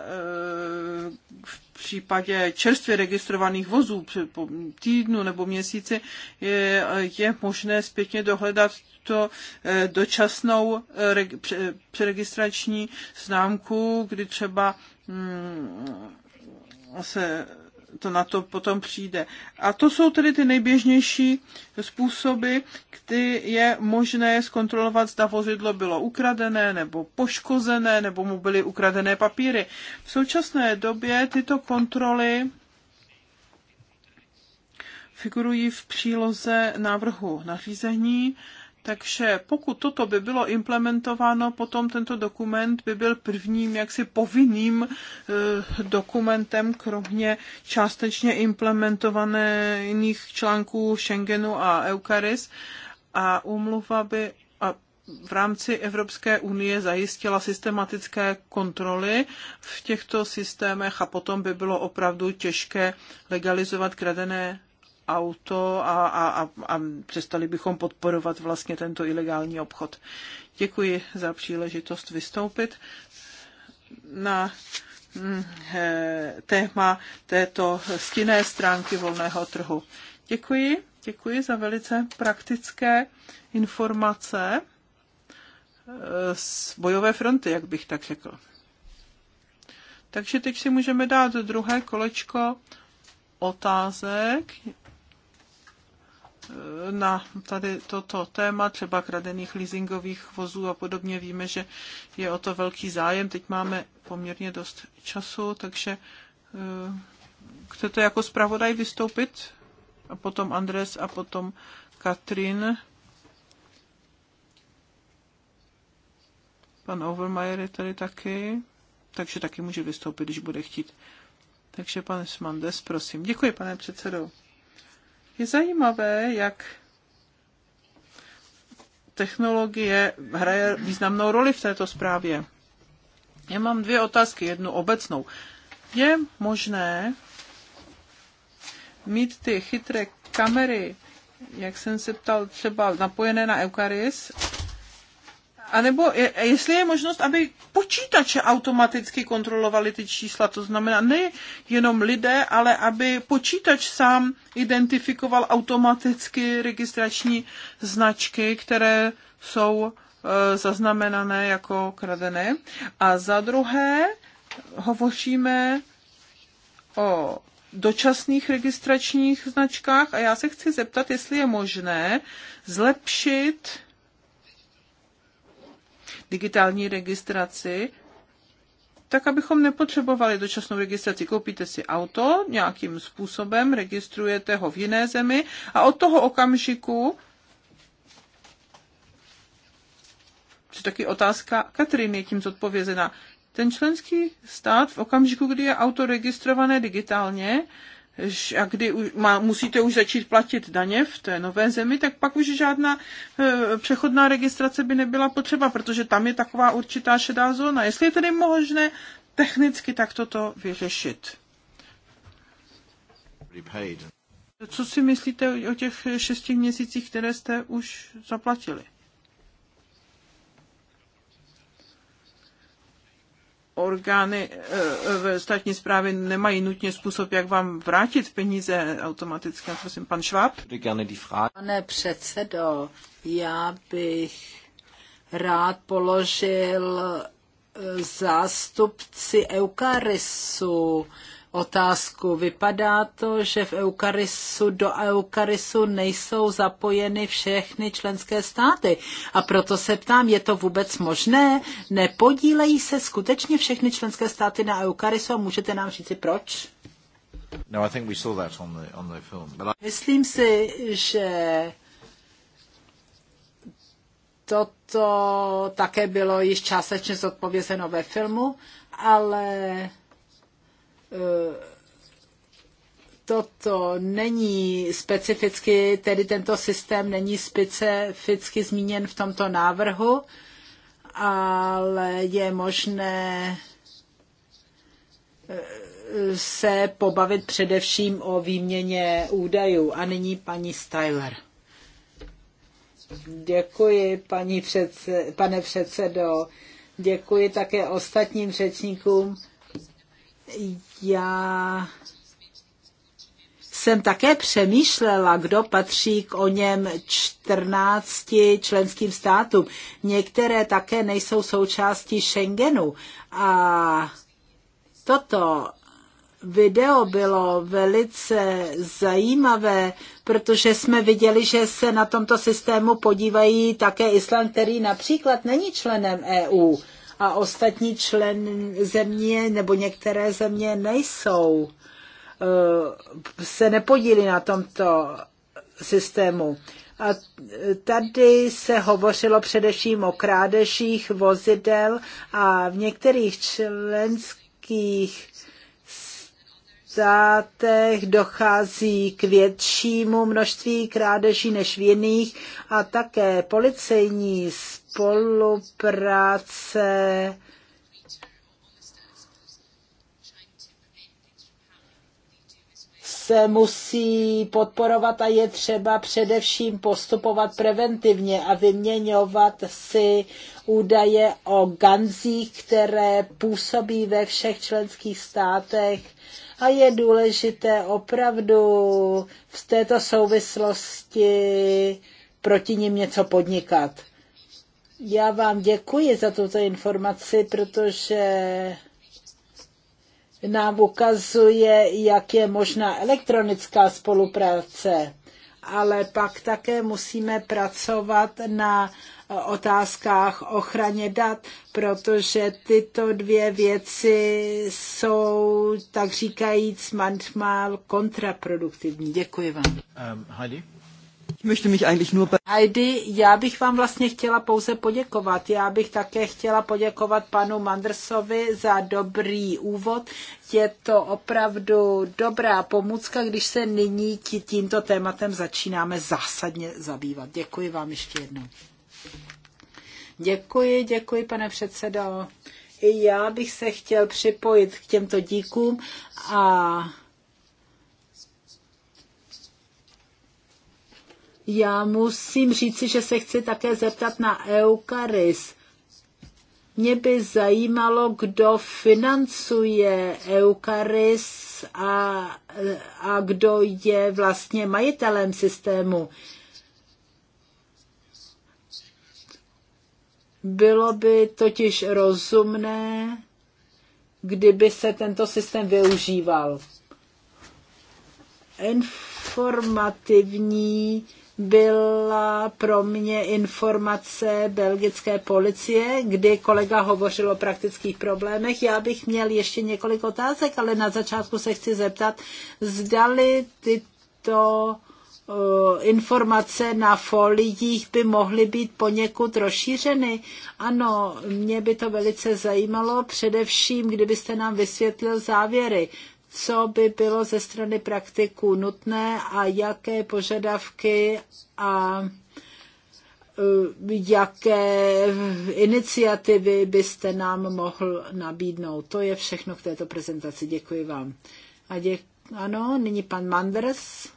Speaker 2: v případě čerstvě registrovaných vozů po týdnu nebo měsíci je, je možné zpětně dohledat to e, dočasnou e, přeregistrační známku, kdy třeba mm, se to na to potom přijde. A to jsou tedy ty nejběžnější způsoby, kdy je možné zkontrolovat, zda vozidlo bylo ukradené nebo poškozené, nebo mu byly ukradené papíry. V současné době tyto kontroly figurují v příloze návrhu nařízení takže pokud toto by bylo implementováno, potom tento dokument by byl prvním jaksi povinným eh, dokumentem, kromě částečně implementovaných článků Schengenu a Eucharis. A umluva by a v rámci Evropské unie zajistila systematické kontroly v těchto systémech a potom by bylo opravdu těžké legalizovat kradené auto a, a, a, a přestali bychom podporovat vlastně tento ilegální obchod. Děkuji za příležitost vystoupit na hm, eh, téma této stinné stránky volného trhu. Děkuji, děkuji za velice praktické informace eh, z bojové fronty, jak bych tak řekl. Takže teď si můžeme dát druhé kolečko otázek na tady toto téma, třeba kradených leasingových vozů a podobně. Víme, že je o to velký zájem. Teď máme poměrně dost času, takže eh, chcete jako zpravodaj vystoupit? A potom Andres a potom Katrin. Pan Overmeyer je tady taky, takže taky může vystoupit, když bude chtít. Takže pane Smandes, prosím. Děkuji, pane předsedo. Je zajímavé, jak technologie hraje významnou roli v této zprávě. Já mám dvě otázky, jednu obecnou. Je možné mít ty chytré kamery, jak jsem se ptal, třeba napojené na Eucharis a nebo je, jestli je možnost, aby počítače automaticky kontrolovaly ty čísla, to znamená ne jenom lidé, ale aby počítač sám identifikoval automaticky registrační značky, které jsou e, zaznamenané jako kradené. A za druhé hovoříme o dočasných registračních značkách a já se chci zeptat, jestli je možné zlepšit digitální registraci, tak abychom nepotřebovali dočasnou registraci. Koupíte si auto nějakým způsobem, registrujete ho v jiné zemi a od toho okamžiku to je taky otázka Katrin je tím zodpovězená. Ten členský stát v okamžiku, kdy je auto registrované digitálně, a kdy už má, musíte už začít platit daně v té nové zemi, tak pak už žádná e, přechodná registrace by nebyla potřeba, protože tam je taková určitá šedá zóna. Jestli je tedy možné technicky tak toto vyřešit. Co si myslíte o těch šesti měsících, které jste už zaplatili? orgány e, v státní správě nemají nutně způsob, jak vám vrátit peníze automaticky. Prosím, pan Šváb.
Speaker 3: Pane předsedo, já bych rád položil e, zástupci Eukarisu otázku. Vypadá to, že v Eukarisu, do Eukarisu nejsou zapojeny všechny členské státy. A proto se ptám, je to vůbec možné? Nepodílejí se skutečně všechny členské státy na Eukarisu a můžete nám říci proč?
Speaker 1: No, Myslím
Speaker 3: si, že toto také bylo již částečně zodpovězeno ve filmu, ale Eh, toto není specificky, tedy tento systém není specificky zmíněn v tomto návrhu, ale je možné eh, se pobavit především o výměně údajů. A nyní paní Styler. Děkuji, paní předse, pane předsedo. Děkuji také ostatním řečníkům já jsem také přemýšlela, kdo patří k o něm 14 členským státům. Některé také nejsou součástí Schengenu. A toto video bylo velice zajímavé, protože jsme viděli, že se na tomto systému podívají také Island, který například není členem EU a ostatní člen země nebo některé země nejsou, eh, se nepodílí na tomto systému. A tady se hovořilo především o krádežích vozidel a v některých členských státech dochází k většímu množství krádeží než v jiných a také policejní spolupráce se musí podporovat a je třeba především postupovat preventivně a vyměňovat si údaje o ganzích, které působí ve všech členských státech. A je důležité opravdu v této souvislosti proti nim něco podnikat. Já vám děkuji za tuto informaci, protože nám ukazuje, jak je možná elektronická spolupráce, ale pak také musíme pracovat na otázkách ochraně dat, protože tyto dvě věci jsou, tak říkajíc, manžmál kontraproduktivní. Děkuji vám. Um, Heidi? Heidi, já bych vám vlastně chtěla pouze poděkovat. Já bych také chtěla poděkovat panu Mandersovi za dobrý úvod. Je to opravdu dobrá pomůcka, když se nyní tímto tématem začínáme zásadně zabývat. Děkuji vám ještě jednou. Děkuji, děkuji, pane předsedo. I já bych se chtěl připojit k těmto díkům a Já musím říci, že se chci také zeptat na Eucharist. Mě by zajímalo, kdo financuje Eucharis a, a kdo je vlastně majitelem systému. Bylo by totiž rozumné, kdyby se tento systém využíval. Informativní byla pro mě informace belgické policie, kdy kolega hovořil o praktických problémech. Já bych měl ještě několik otázek, ale na začátku se chci zeptat, zdali tyto eh, informace na foliích by mohly být poněkud rozšířeny. Ano, mě by to velice zajímalo, především kdybyste nám vysvětlil závěry co by bylo ze strany praktiků nutné a jaké požadavky a e, jaké iniciativy byste nám mohl nabídnout. To je všechno k této prezentaci. Děkuji vám. A děk... ano, nyní pan Manders.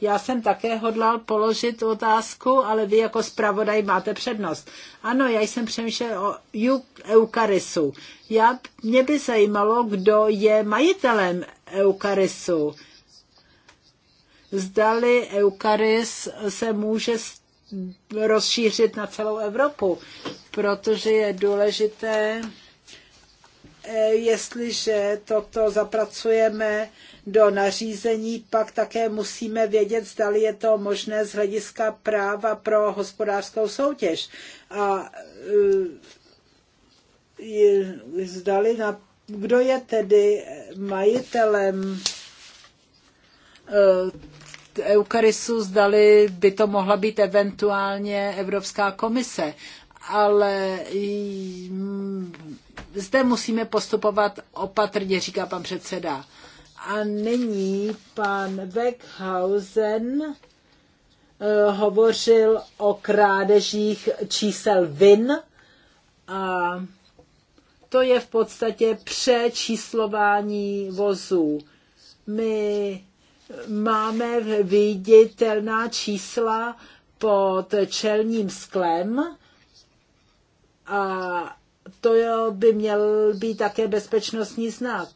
Speaker 3: Já jsem také hodlal položit otázku, ale vy jako zpravodaj máte přednost. Ano, já jsem přemýšlel o Eukarisu. Já, mě by zajímalo, kdo je majitelem Eukarisu. Zdali Eukaris se může rozšířit na celou Evropu, protože je důležité, eh, jestliže toto zapracujeme do nařízení, pak také musíme vědět, zda je to možné z hlediska práva pro hospodářskou soutěž. A eh, zdali na kdo je tedy majitelem eh, Eucharistu zdali by to mohla být eventuálně Evropská komise. Ale zde musíme postupovat opatrně, říká pan předseda. A nyní pan Weckhausen eh, hovořil o krádežích čísel VIN a to je v podstatě přečíslování vozů. My máme viditelná čísla pod čelním sklem a to by měl být také bezpečnostní znak.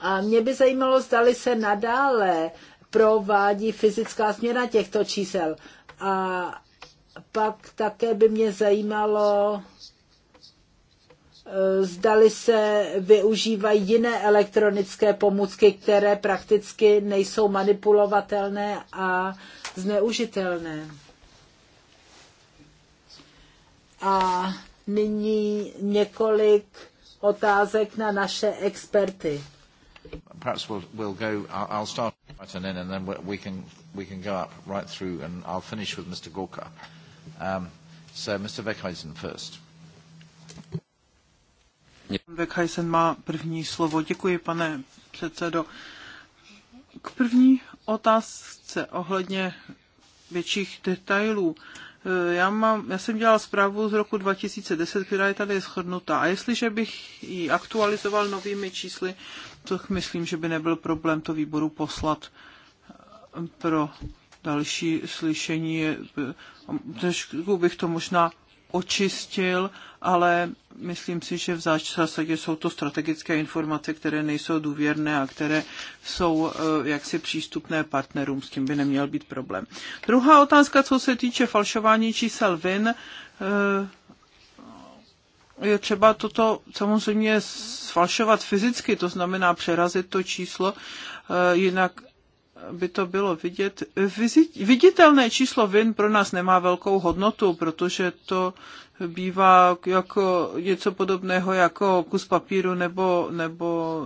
Speaker 3: A mě by zajímalo, zdali se nadále provádí fyzická změna těchto čísel. A pak také by mě zajímalo, Eh, zdali se využívají jiné elektronické pomůcky, které prakticky nejsou manipulovatelné a zneužitelné. A nyní několik otázek na naše experty.
Speaker 1: Perhaps we'll, we'll go, I'll, I'll start right and in and then we can, we can go up right through and I'll finish with Mr. Gorka. Um, so Mr. Vekhuizen first. Beckheisen
Speaker 2: má první slovo. Děkuji, pane předsedo. K první otázce ohledně větších detailů. Já, mám, já jsem dělal zprávu z roku 2010, která je tady shodnutá. A jestliže bych ji aktualizoval novými čísly, tak myslím, že by nebyl problém to výboru poslat eh, pro další slyšení. Trošku eh, bych to možná očistil ale myslím si, že v zásadě jsou to strategické informace, které nejsou důvěrné a které jsou eh, jaksi přístupné partnerům, s tím by neměl být problém. Druhá otázka, co se týče falšování čísel VIN, eh, je třeba toto samozřejmě sfalšovat fyzicky, to znamená přerazit to číslo, eh, jinak by to bylo vidět. Viditelné číslo VIN pro nás nemá velkou hodnotu, protože to bývá jako něco podobného jako kus papíru nebo, nebo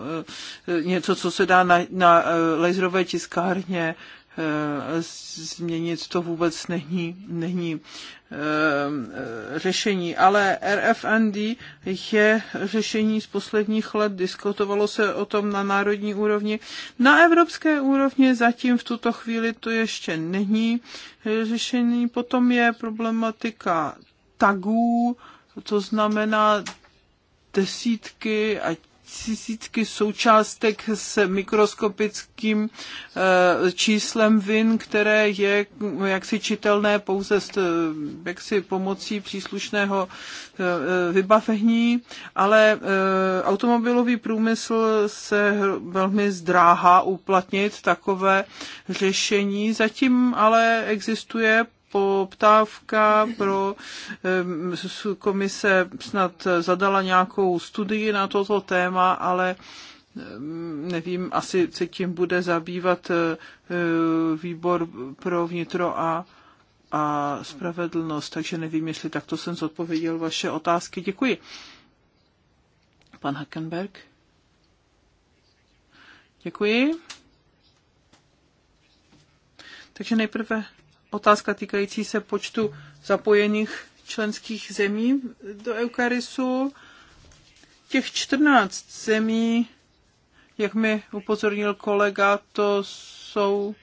Speaker 2: e, něco, co se dá na, na e, laserové tiskárně e, změnit, to vůbec není, není řešení. Ale RFND je řešení z posledních let, diskutovalo se o tom na národní úrovni. Na evropské úrovni zatím v tuto chvíli to ještě není řešení. Potom je problematika tagů, to znamená desítky a tisícky součástek s mikroskopickým eh, číslem VIN, které je jaksi čitelné pouze s, eh, jaksi pomocí příslušného eh, vybavení, ale automobilový průmysl se velmi zdráhá uplatnit takové řešení. Zatím ale existuje poptávka pro ehm, komise snad zadala nějakou studii na toto téma, ale ehm, nevím, asi se tím bude zabývat e, výbor pro vnitro a a spravedlnost, takže nevím, jestli takto jsem zodpověděl vaše otázky. Děkuji. Pan Hackenberg. Děkuji. Takže nejprve otázka týkající se počtu zapojených členských zemí do Eukarisu. Těch 14 zemí, jak mi upozornil kolega, to jsou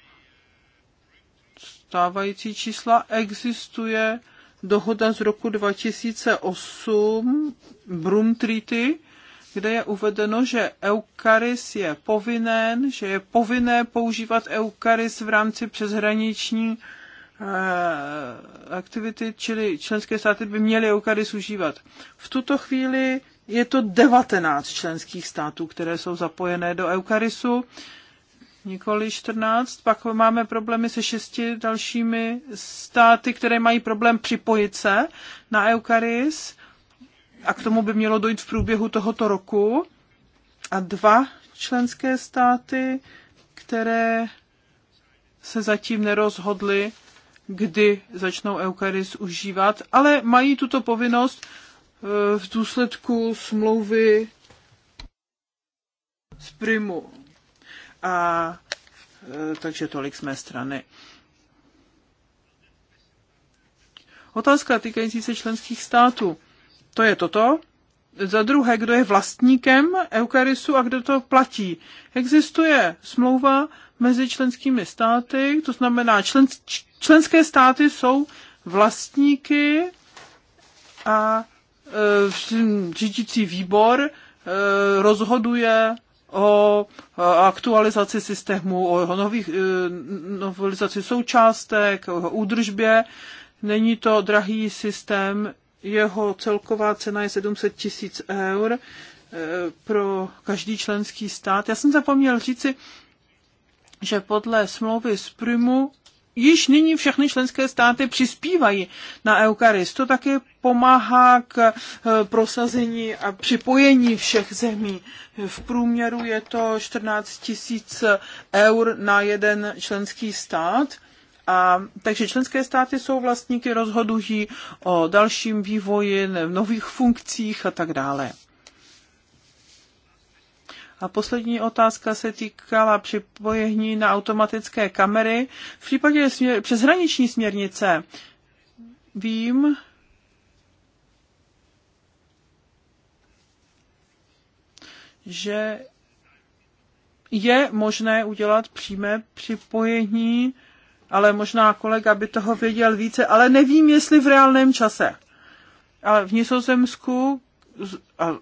Speaker 2: stávající čísla. Existuje dohoda z roku 2008, Brum Treaty, kde je uvedeno, že EuKaris je povinen, že je povinné používat EuKaris v rámci přeshraniční Eh, aktivity, čili členské státy by měly EUCARIS užívat. V tuto chvíli je to 19 členských států, které jsou zapojené do eukarisu, nikoli 14. Pak máme problémy se šesti dalšími státy, které mají problém připojit se na eukaris, a k tomu by mělo dojít v průběhu tohoto roku. A dva členské státy, které se zatím nerozhodly kdy začnou Eucharist užívat, ale mají tuto povinnost eh, v důsledku smlouvy z Primu. A eh, takže tolik z mé strany. Otázka týkající se členských států. To je toto. Za druhé, kdo je vlastníkem Eucharistu a kdo to platí. Existuje smlouva mezi členskými státy, to znamená, člen, členské státy jsou vlastníky a e, řídící výbor e, rozhoduje o e, aktualizaci systému, o nových, e, novelizaci součástek, o údržbě. Není to drahý systém, jeho celková cena je 700 tisíc eur e, pro každý členský stát. Já jsem zapomněl říci, že podle smlouvy z Prymu již nyní všechny členské státy přispívají na Eucharist. To také pomáhá k eh, prosazení a připojení všech zemí. V průměru je to 14 tisíc eur na jeden členský stát. A, takže členské státy jsou vlastníky, rozhodují o dalším vývoji, v nových funkcích a tak dále. A poslední otázka se týkala připojení na automatické kamery. V případě směr, přeshraniční směrnice vím, že je možné udělat přímé připojení, ale možná kolega by toho věděl více, ale nevím, jestli v reálném čase. Ale v Nizozemsku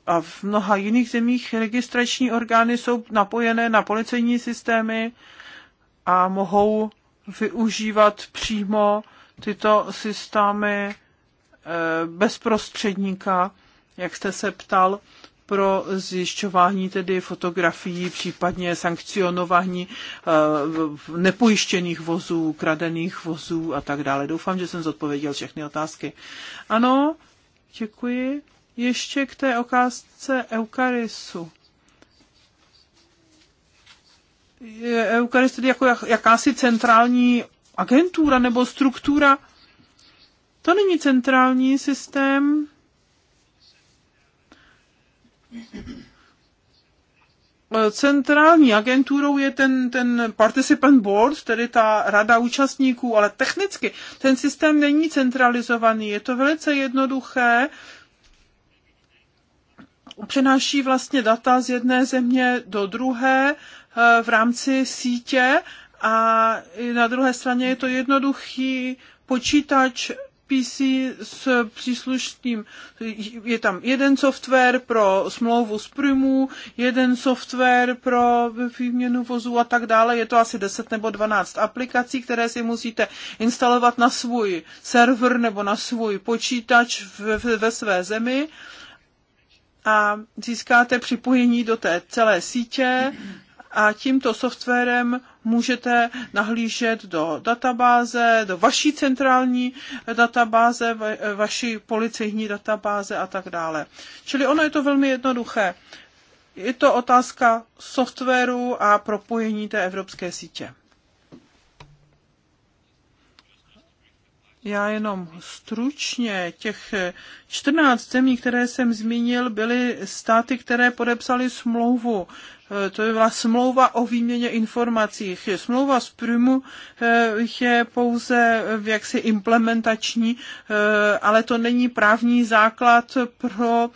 Speaker 2: a, v mnoha jiných zemích registrační orgány jsou napojené na policejní systémy a mohou využívat přímo tyto systémy eh, bezprostředníka, jak jste se ptal, pro zjišťování tedy fotografií, případně sankcionování eh, nepojištěných vozů, kradených vozů a tak dále. Doufám, že jsem zodpověděl všechny otázky. Ano, děkuji ještě k té okázce Eukarisu. Je Eukarist tedy jako jak, jakási centrální agentura nebo struktura. To není centrální systém. Centrální agenturou je ten, ten participant board, tedy ta rada účastníků, ale technicky ten systém není centralizovaný. Je to velice jednoduché přenáší vlastně data z jedné země do druhé eh, v rámci sítě a na druhé straně je to jednoduchý počítač PC s příslušným, je tam jeden software pro smlouvu z primů, jeden software pro výměnu vozů a tak dále. Je to asi 10 nebo 12 aplikací, které si musíte instalovat na svůj server nebo na svůj počítač ve, ve své zemi. Uh, a získáte připojení do té celé sítě a tímto softwarem můžete nahlížet do databáze, do vaší centrální databáze, vaší policejní databáze a tak dále. Čili ono je to velmi jednoduché. Je to otázka softwaru a propojení té evropské sítě. Já jenom stručně, těch 14 zemí, které jsem zmínil, byly státy, které podepsaly smlouvu Eh, to je byla smlouva o výměně informací. Smlouva z Prymu eh, je pouze eh, jaksi implementační, ale to není právní základ pro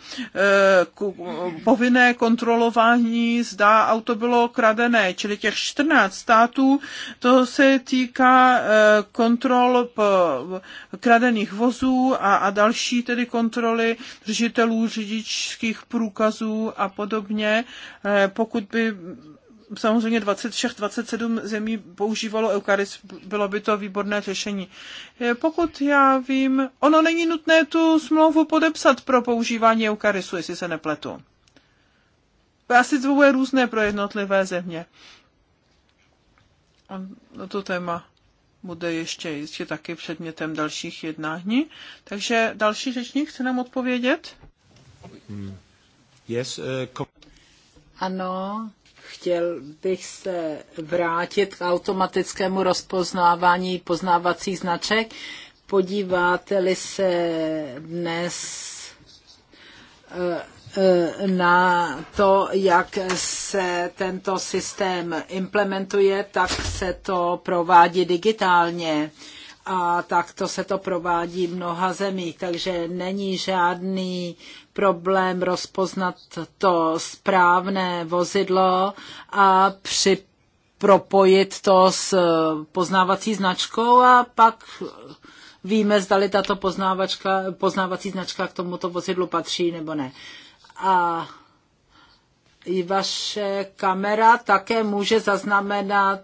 Speaker 2: povinné kontrolování, zda auto bylo kradené. Čili těch 14 států, to se týká kontrol kradených vozů a, a další tedy kontroly držitelů řidičských průkazů a podobně. Pokud pokud by samozřejmě 26, 27 zemí používalo Eucharist, bylo by to výborné řešení. Pokud já vím, ono není nutné tu smlouvu podepsat pro používání Eucharistu, jestli se nepletu. Asi to různé pro jednotlivé země. A no, to téma bude ještě jistě taky předmětem dalších jednání. Takže další řečník chce nám odpovědět?
Speaker 1: Hmm. Yes, uh,
Speaker 3: ano, chtěl bych se vrátit k automatickému rozpoznávání poznávacích značek. Podíváte-li se dnes eh, eh, na to, jak se tento systém implementuje, tak se to provádí digitálně a takto se to provádí v mnoha zemích, takže není žádný problém rozpoznat to správné vozidlo a při propojit to s poznávací značkou a pak víme, zdali tato poznávačka, poznávací značka k tomuto vozidlu patří nebo ne. A i vaše kamera také může zaznamenat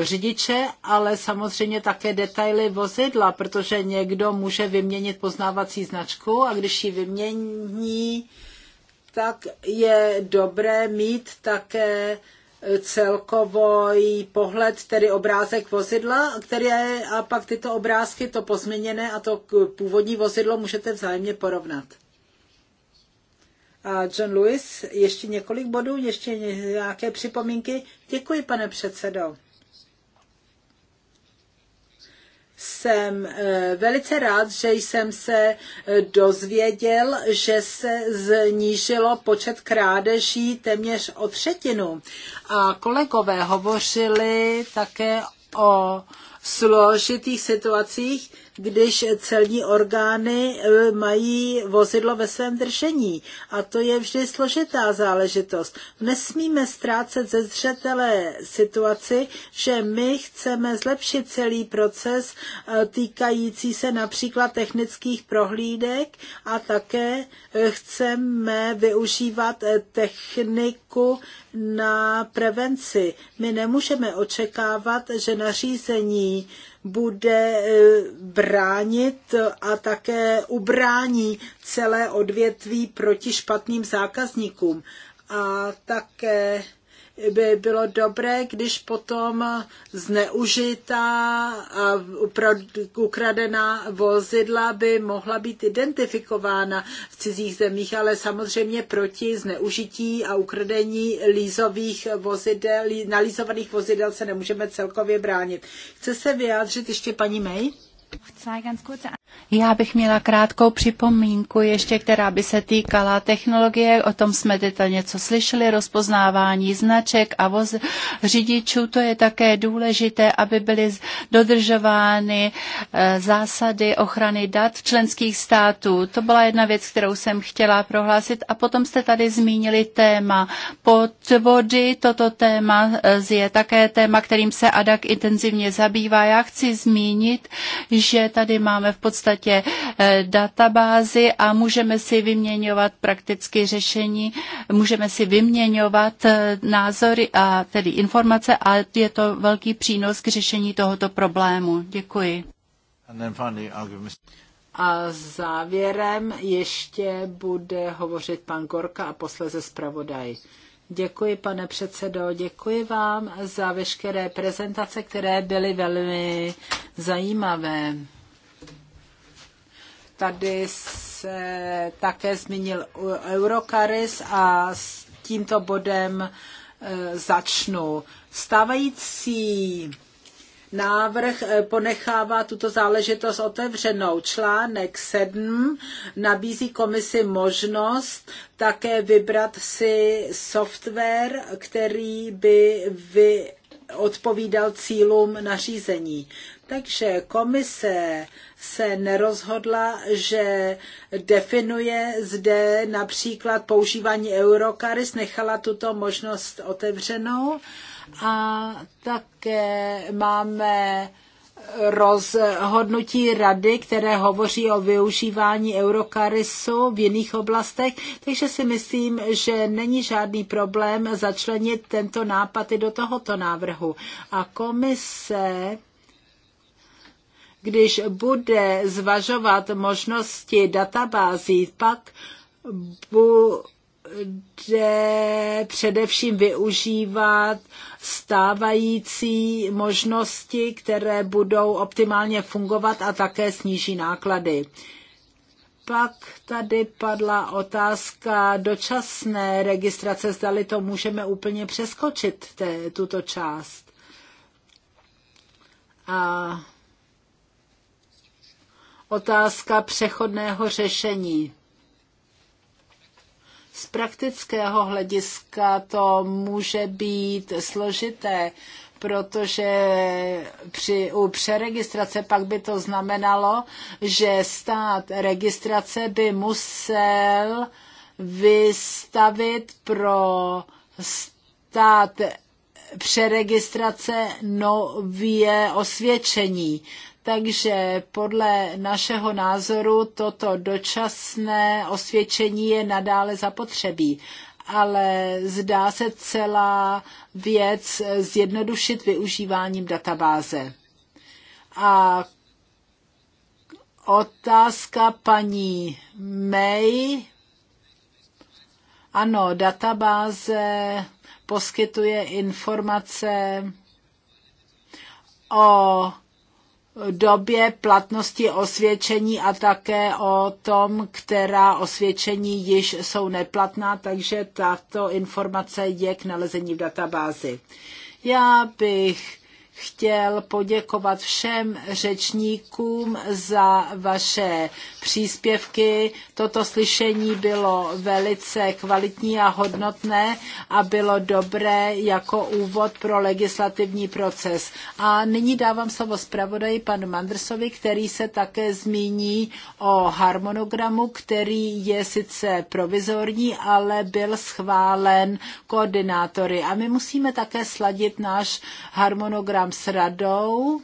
Speaker 3: řidiče, ale samozřejmě také detaily vozidla, protože někdo může vyměnit poznávací značku a když ji vymění, tak je dobré mít také celkový pohled, tedy obrázek vozidla, který je, a pak tyto obrázky, to pozměněné a to původní vozidlo můžete vzájemně porovnat. A John Lewis, ještě několik bodů, ještě nějaké připomínky. Děkuji, pane předsedo. jsem eh, velice rád, že jsem se eh, dozvěděl, že se znížilo počet krádeží téměř o třetinu. A kolegové hovořili také o složitých situacích, když celní orgány eh, mají vozidlo ve svém držení. A to je vždy složitá záležitost. Nesmíme ztrácet ze zřetele situaci, že my chceme zlepšit celý proces eh, týkající se například technických prohlídek a také eh, chceme využívat techniku na prevenci. My nemůžeme očekávat, že nařízení bude e, bránit a také ubrání celé odvětví proti špatným zákazníkům. A také by bylo dobré, když potom zneužitá a ukradená vozidla by mohla být identifikována v cizích zemích, ale samozřejmě proti zneužití a ukradení lízových vozidel, nalízovaných vozidel se nemůžeme celkově bránit. Chce se vyjádřit ještě paní May?
Speaker 5: Já bych měla krátkou připomínku ještě, která by se týkala technologie, o tom jsme teď něco slyšeli, rozpoznávání značek a voz řidičů, to je také důležité, aby byly dodržovány eh, zásady ochrany dat členských států. To byla jedna věc, kterou jsem chtěla prohlásit a potom jste tady zmínili téma podvody, toto téma eh, je také téma, kterým se ADAK intenzivně zabývá. Já chci zmínit, že tady máme v podstatě podstatě eh, databázy a můžeme si vyměňovat prakticky řešení, můžeme si vyměňovat eh, názory a tedy informace a je to velký přínos k řešení tohoto problému. Děkuji.
Speaker 3: A závěrem ještě bude hovořit pan Gorka a posleze zpravodaj. Děkuji, pane předsedo, děkuji vám za veškeré prezentace, které byly velmi zajímavé. Tady se také zmínil Eurocaris a s tímto bodem e, začnu. Stávající návrh e, ponechává tuto záležitost otevřenou. Článek 7 nabízí komisi možnost také vybrat si software, který by vy odpovídal cílům nařízení. Takže komise se nerozhodla, že definuje zde například používání Eurocaris, nechala tuto možnost otevřenou a také máme rozhodnutí rady, které hovoří o využívání Eurokarisu v jiných oblastech, takže si myslím, že není žádný problém začlenit tento nápad i do tohoto návrhu. A komise když bude zvažovat možnosti databází, pak bude především využívat stávající možnosti, které budou optimálně fungovat a také sníží náklady. Pak tady padla otázka dočasné registrace, zdali to můžeme úplně přeskočit, te, tuto část. A otázka přechodného řešení. Z praktického hlediska to může být složité, protože při, u přeregistrace pak by to znamenalo, že stát registrace by musel vystavit pro stát přeregistrace nově osvědčení. Takže podle našeho názoru toto dočasné osvědčení je nadále zapotřebí ale zdá se celá věc zjednodušit využíváním databáze. A otázka paní May. Ano, databáze poskytuje informace o době platnosti osvědčení a také o tom, která osvědčení již jsou neplatná, takže tato informace je k nalezení v databázi. Já bych chtěl poděkovat všem řečníkům za vaše příspěvky. Toto slyšení bylo velice kvalitní a hodnotné a bylo dobré jako úvod pro legislativní proces. A nyní dávám slovo zpravodaji panu Mandersovi, který se také zmíní o harmonogramu, který je sice provizorní, ale byl schválen koordinátory. A my musíme také sladit náš harmonogram vám s radou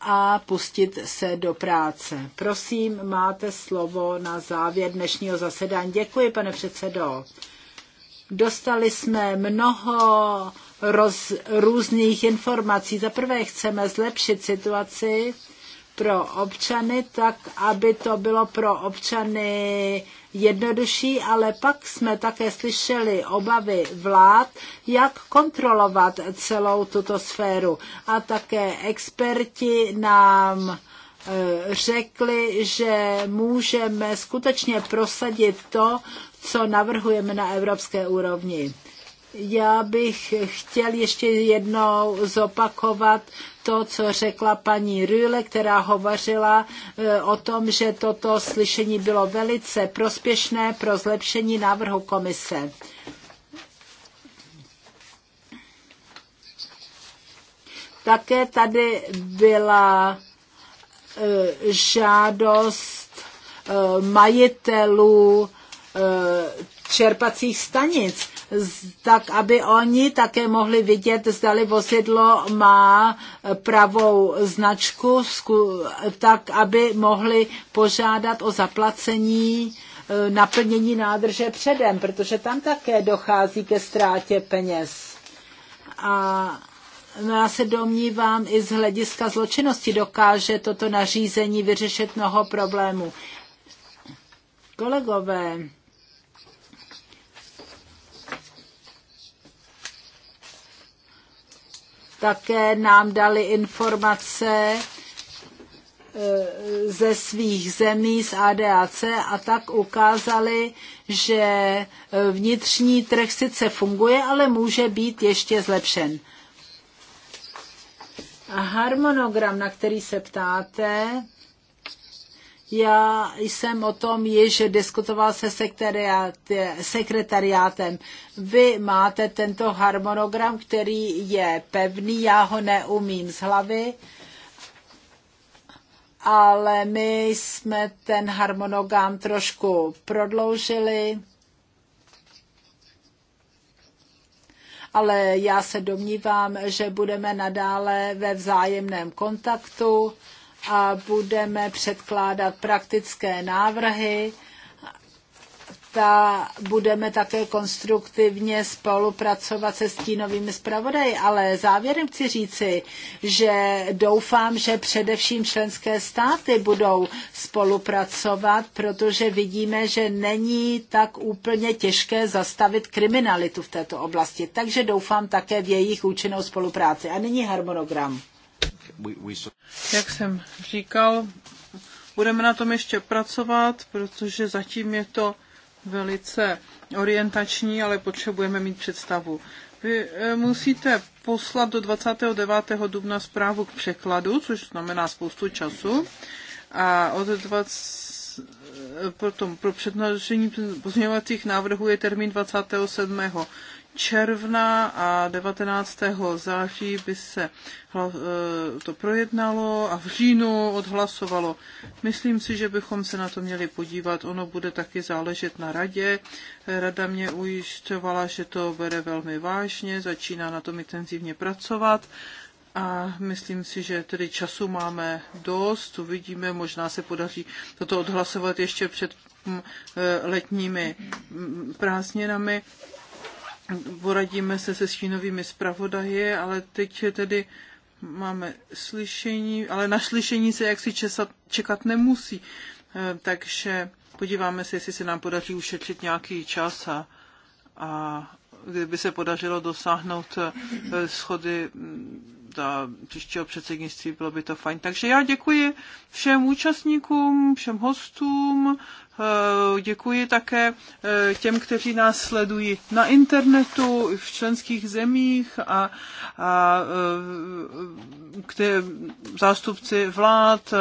Speaker 3: a pustit se do práce. Prosím, máte slovo na závěr dnešního zasedání. Děkuji, pane předsedo. Dostali jsme mnoho roz, různých informací. Za prvé chceme zlepšit situaci pro občany, tak aby to bylo pro občany jednodušší, ale pak jsme také slyšeli obavy vlád, jak kontrolovat celou tuto sféru. A také experti nám e, řekli, že můžeme skutečně prosadit to, co navrhujeme na evropské úrovni. Já bych chtěl ještě jednou zopakovat to, co řekla paní Rühle, která hovořila eh, o tom, že toto slyšení bylo velice prospěšné pro zlepšení návrhu komise. Také tady byla eh, žádost eh, majitelů čerpacích stanic tak aby oni také mohli vidět, zdali vozidlo má pravou značku, tak aby mohli požádat o zaplacení e, naplnění nádrže předem, protože tam také dochází ke ztrátě peněz. A no, já se domnívám, i z hlediska zločinnosti dokáže toto nařízení vyřešit mnoho problémů. Kolegové, Také nám dali informace e, ze svých zemí, z ADAC a tak ukázali, že e, vnitřní trh sice funguje, ale může být ještě zlepšen. A harmonogram, na který se ptáte, já jsem o tom již diskutoval se sekretariátem. Vy máte tento harmonogram, který je pevný, já ho neumím z hlavy, ale my jsme ten harmonogram trošku prodloužili. ale já se domnívám, že budeme nadále ve vzájemném kontaktu a budeme předkládat praktické návrhy. Ta, budeme také konstruktivně spolupracovat se stínovými zpravodaji, ale závěrem chci říci, že doufám, že především členské státy budou spolupracovat, protože vidíme, že není tak úplně těžké zastavit kriminalitu v této oblasti. Takže doufám také v jejich účinnou spolupráci. A nyní harmonogram.
Speaker 2: Jak jsem říkal, budeme na tom ještě pracovat, protože zatím je to velice orientační, ale potřebujeme mít představu. Vy e, musíte poslat do 29. dubna zprávu k překladu, což znamená spoustu času. A od 20 e, pro, pro přednášení pozměňovacích návrhů je termín 27 června a 19. září by se eh, to projednalo a v říjnu odhlasovalo. Myslím si, že bychom se na to měli podívat. Ono bude taky záležet na radě. Rada mě ujišťovala, že to bere velmi vážně, začíná na tom intenzivně pracovat. A myslím si, že tedy času máme dost, uvidíme, možná se podaří toto odhlasovat ještě před mm, eh, letními mm, prázdninami poradíme se se stínovými zpravodaji, ale teď tedy máme slyšení, ale na slyšení se jaksi česat, čekat nemusí. Eh, takže podíváme se, jestli se nám podaří ušetřit nějaký čas a, a kdyby se podařilo dosáhnout eh, schody mm, za příštího předsednictví, bylo by to fajn. Takže já děkuji všem účastníkům, všem hostům, Eh, děkuji také eh, těm, kteří nás sledují na internetu, v členských zemích a, a eh, kde zástupci vlád,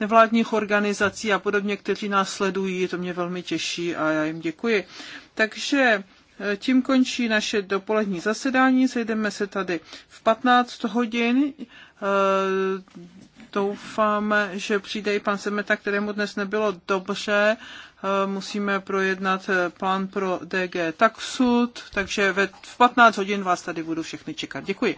Speaker 2: nevládních organizací a podobně, kteří nás sledují. To mě velmi těší a já jim děkuji. Takže tím končí naše dopolední zasedání. Sejdeme se tady v 15 hodin Doufám, že přijde i pan Semeta, kterému dnes nebylo dobře. Eh, musíme projednat eh, plán pro DG Taxud, takže ve 15 hodin vás tady budu všechny čekat. Děkuji.